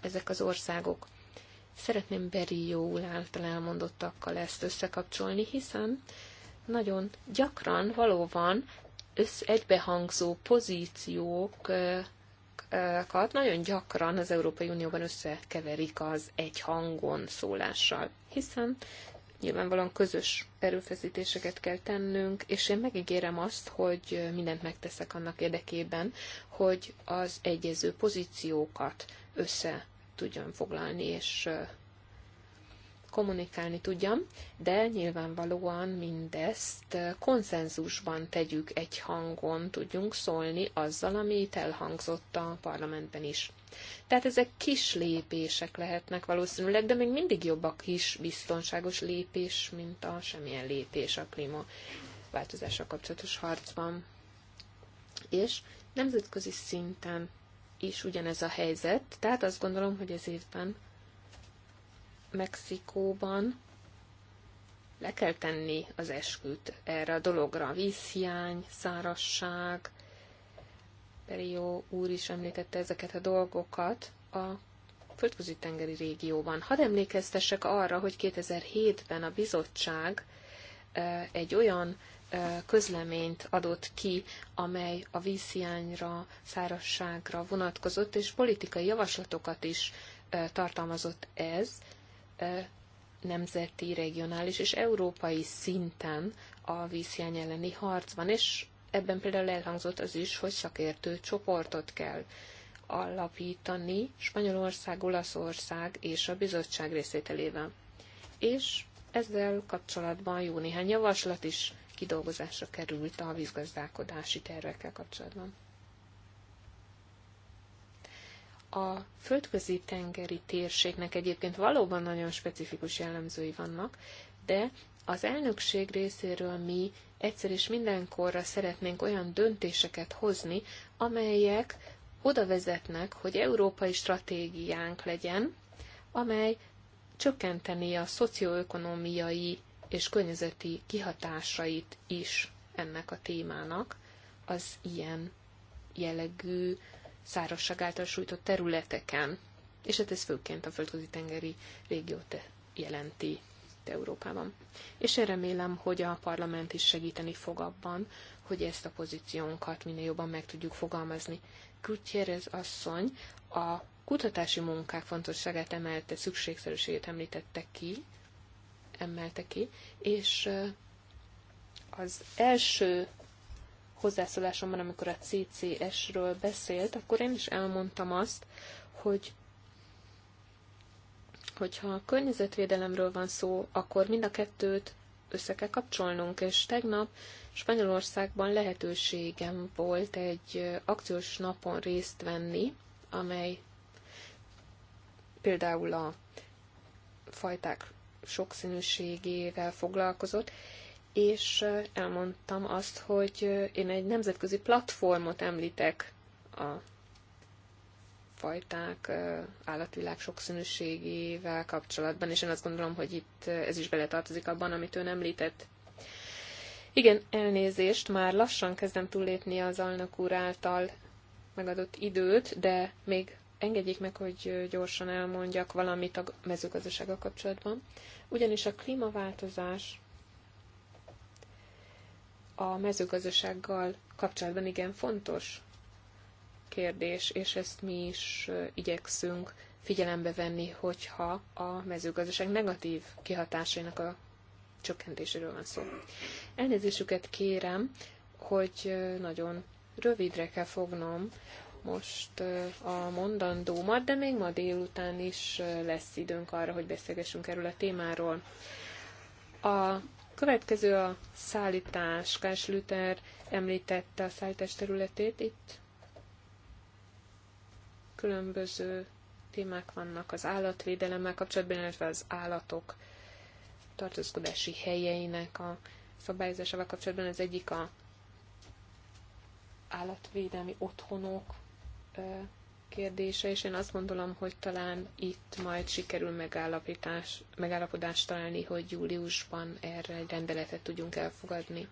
ezek az országok. Szeretném Beri Jóul által elmondottakkal ezt összekapcsolni, hiszen nagyon gyakran valóban össz egybehangzó pozíciók szavakat nagyon gyakran az Európai Unióban összekeverik az egy hangon szólással, hiszen nyilvánvalóan közös erőfeszítéseket kell tennünk, és én megígérem azt, hogy mindent megteszek annak érdekében, hogy az egyező pozíciókat össze tudjon foglalni, és kommunikálni tudjam, de nyilvánvalóan mindezt konszenzusban tegyük egy hangon, tudjunk szólni azzal, amit elhangzott a parlamentben is. Tehát ezek kis lépések lehetnek valószínűleg, de még mindig jobb a kis biztonságos lépés, mint a semmilyen lépés a klímaváltozással kapcsolatos harcban. És nemzetközi szinten is ugyanez a helyzet, tehát azt gondolom, hogy ez évben Mexikóban le kell tenni az esküt erre a dologra. Vízhiány, szárasság, Perió úr is említette ezeket a dolgokat a földközi tengeri régióban. Hadd emlékeztessek arra, hogy 2007-ben a bizottság egy olyan közleményt adott ki, amely a vízhiányra, szárasságra vonatkozott, és politikai javaslatokat is tartalmazott ez, nemzeti, regionális és európai szinten a vízhiány elleni harcban, és ebben például elhangzott az is, hogy szakértő csoportot kell alapítani Spanyolország, Olaszország és a bizottság részételével. És ezzel kapcsolatban jó néhány javaslat is kidolgozásra került a vízgazdálkodási tervekkel kapcsolatban. a földközi tengeri térségnek egyébként valóban nagyon specifikus jellemzői vannak, de az elnökség részéről mi egyszer és mindenkorra szeretnénk olyan döntéseket hozni, amelyek oda vezetnek, hogy európai stratégiánk legyen, amely csökkenteni a szocioökonomiai és környezeti kihatásait is ennek a témának az ilyen jellegű szárazság által sújtott területeken, és hát ez főként a földközi tengeri régiót jelenti Európában. És én remélem, hogy a parlament is segíteni fog abban, hogy ezt a pozíciónkat minél jobban meg tudjuk fogalmazni. Gutierrez asszony a kutatási munkák fontosságát emelte, szükségszerűségét említette ki, emelte ki, és az első hozzászólásomban, amikor a CCS-ről beszélt, akkor én is elmondtam azt, hogy hogyha a környezetvédelemről van szó, akkor mind a kettőt össze kell kapcsolnunk, és tegnap Spanyolországban lehetőségem volt egy akciós napon részt venni, amely például a fajták sokszínűségével foglalkozott, és elmondtam azt, hogy én egy nemzetközi platformot említek a fajták állatvilág sokszínűségével kapcsolatban, és én azt gondolom, hogy itt ez is beletartozik abban, amit ön említett. Igen, elnézést, már lassan kezdem túllépni az alnak úr által megadott időt, de még engedjék meg, hogy gyorsan elmondjak valamit a mezőgazdasága kapcsolatban. Ugyanis a klímaváltozás a mezőgazdasággal kapcsolatban igen fontos kérdés, és ezt mi is igyekszünk figyelembe venni, hogyha a mezőgazdaság negatív kihatásainak a csökkentéséről van szó. Elnézésüket kérem, hogy nagyon rövidre kell fognom most a mondandómat, de még ma délután is lesz időnk arra, hogy beszélgessünk erről a témáról. A Következő a szállítás. Kás Luther említette a szállítás területét itt. Különböző témák vannak az állatvédelemmel kapcsolatban, illetve az állatok tartózkodási helyeinek a szabályozásával kapcsolatban. Az egyik a állatvédelmi otthonok kérdése, és én azt gondolom, hogy talán itt majd sikerül megállapítás, megállapodást találni, hogy júliusban erre egy rendeletet tudjunk elfogadni.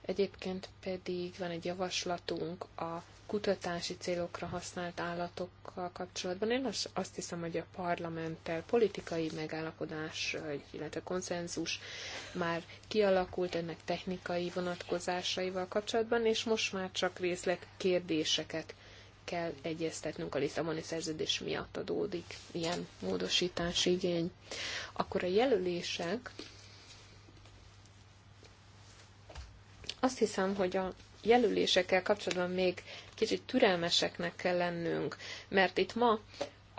Egyébként pedig van egy javaslatunk a kutatási célokra használt állatokkal kapcsolatban. Én azt hiszem, hogy a parlamenttel politikai megállapodás, illetve konszenzus már kialakult ennek technikai vonatkozásaival kapcsolatban, és most már csak részlet kérdéseket kell egyeztetnünk a Lisszaboni szerződés miatt adódik ilyen módosítási igény. Akkor a jelölések, azt hiszem, hogy a jelölésekkel kapcsolatban még kicsit türelmeseknek kell lennünk, mert itt ma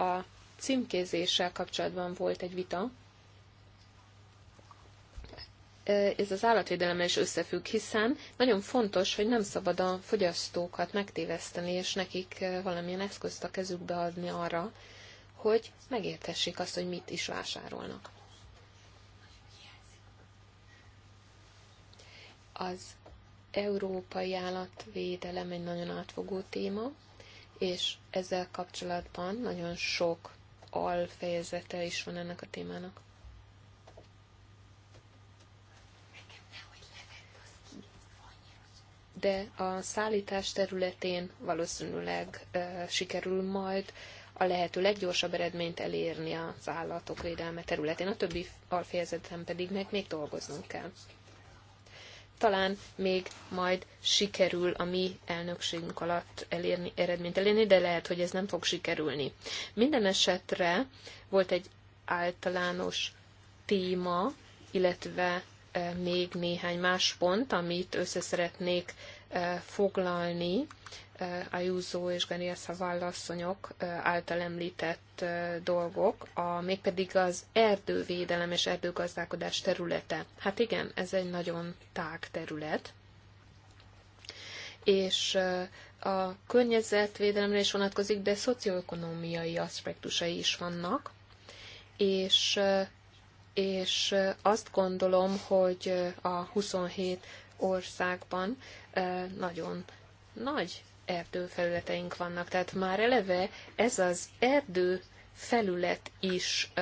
a címkézéssel kapcsolatban volt egy vita, ez az állatvédelemmel is összefügg, hiszen nagyon fontos, hogy nem szabad a fogyasztókat megtéveszteni, és nekik eh, valamilyen eszközt a kezükbe adni arra, hogy megértessék azt, hogy mit is vásárolnak. Az európai állatvédelem egy nagyon átfogó téma, és ezzel kapcsolatban nagyon sok alfejezete is van ennek a témának. de a szállítás területén valószínűleg sikerül majd a lehető leggyorsabb eredményt elérni az állatok védelme területén, a többi alfejezetben pedig meg még dolgoznunk kell. Talán még majd sikerül a mi elnökségünk alatt elérni, eredményt elérni, de lehet, hogy ez nem fog sikerülni. Minden esetre volt egy általános téma, illetve még néhány más pont, amit össze szeretnék foglalni a Júzó és Genia Szavall által említett dolgok, a, mégpedig az erdővédelem és erdőgazdálkodás területe. Hát igen, ez egy nagyon tág terület, és a környezetvédelemre is vonatkozik, de szocioekonomiai aspektusai is vannak, és és azt gondolom, hogy a 27 országban nagyon nagy erdőfelületeink vannak. Tehát már eleve ez az erdő felület is ö,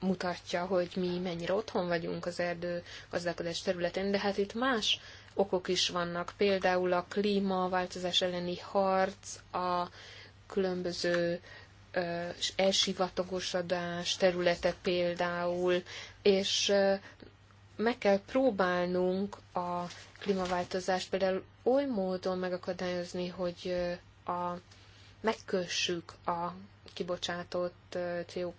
mutatja, hogy mi mennyire otthon vagyunk az erdő gazdálkodás területén, de hát itt más okok is vannak, például a klímaváltozás elleni harc, a különböző elsivatagosodás területe például, és meg kell próbálnunk a klímaváltozást például oly módon megakadályozni, hogy a, megkössük a kibocsátott CO2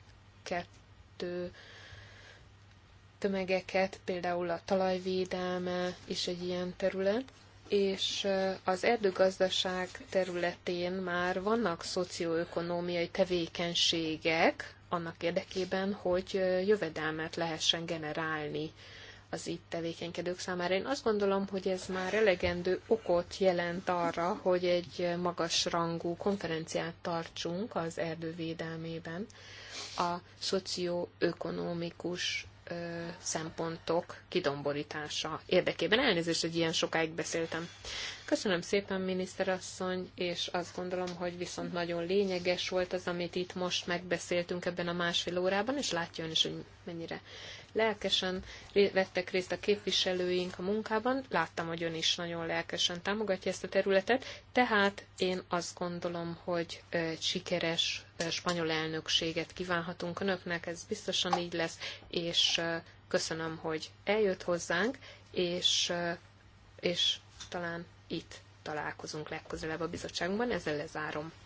tömegeket, például a talajvédelme is egy ilyen terület, és az erdőgazdaság területén már vannak szocioökonómiai tevékenységek annak érdekében, hogy jövedelmet lehessen generálni az itt tevékenykedők számára. Én azt gondolom, hogy ez már elegendő okot jelent arra, hogy egy magas rangú konferenciát tartsunk az erdővédelmében a szocioökonomikus szempontok kidomborítása érdekében. Elnézést, hogy ilyen sokáig beszéltem. Köszönöm szépen, miniszterasszony, és azt gondolom, hogy viszont nagyon lényeges volt az, amit itt most megbeszéltünk ebben a másfél órában, és látja ön is, hogy mennyire lelkesen vettek részt a képviselőink a munkában. Láttam, hogy ön is nagyon lelkesen támogatja ezt a területet, tehát én azt gondolom, hogy sikeres spanyol elnökséget kívánhatunk önöknek, ez biztosan így lesz, és köszönöm, hogy eljött hozzánk, és, és talán itt találkozunk legközelebb a bizottságunkban, ezzel lezárom.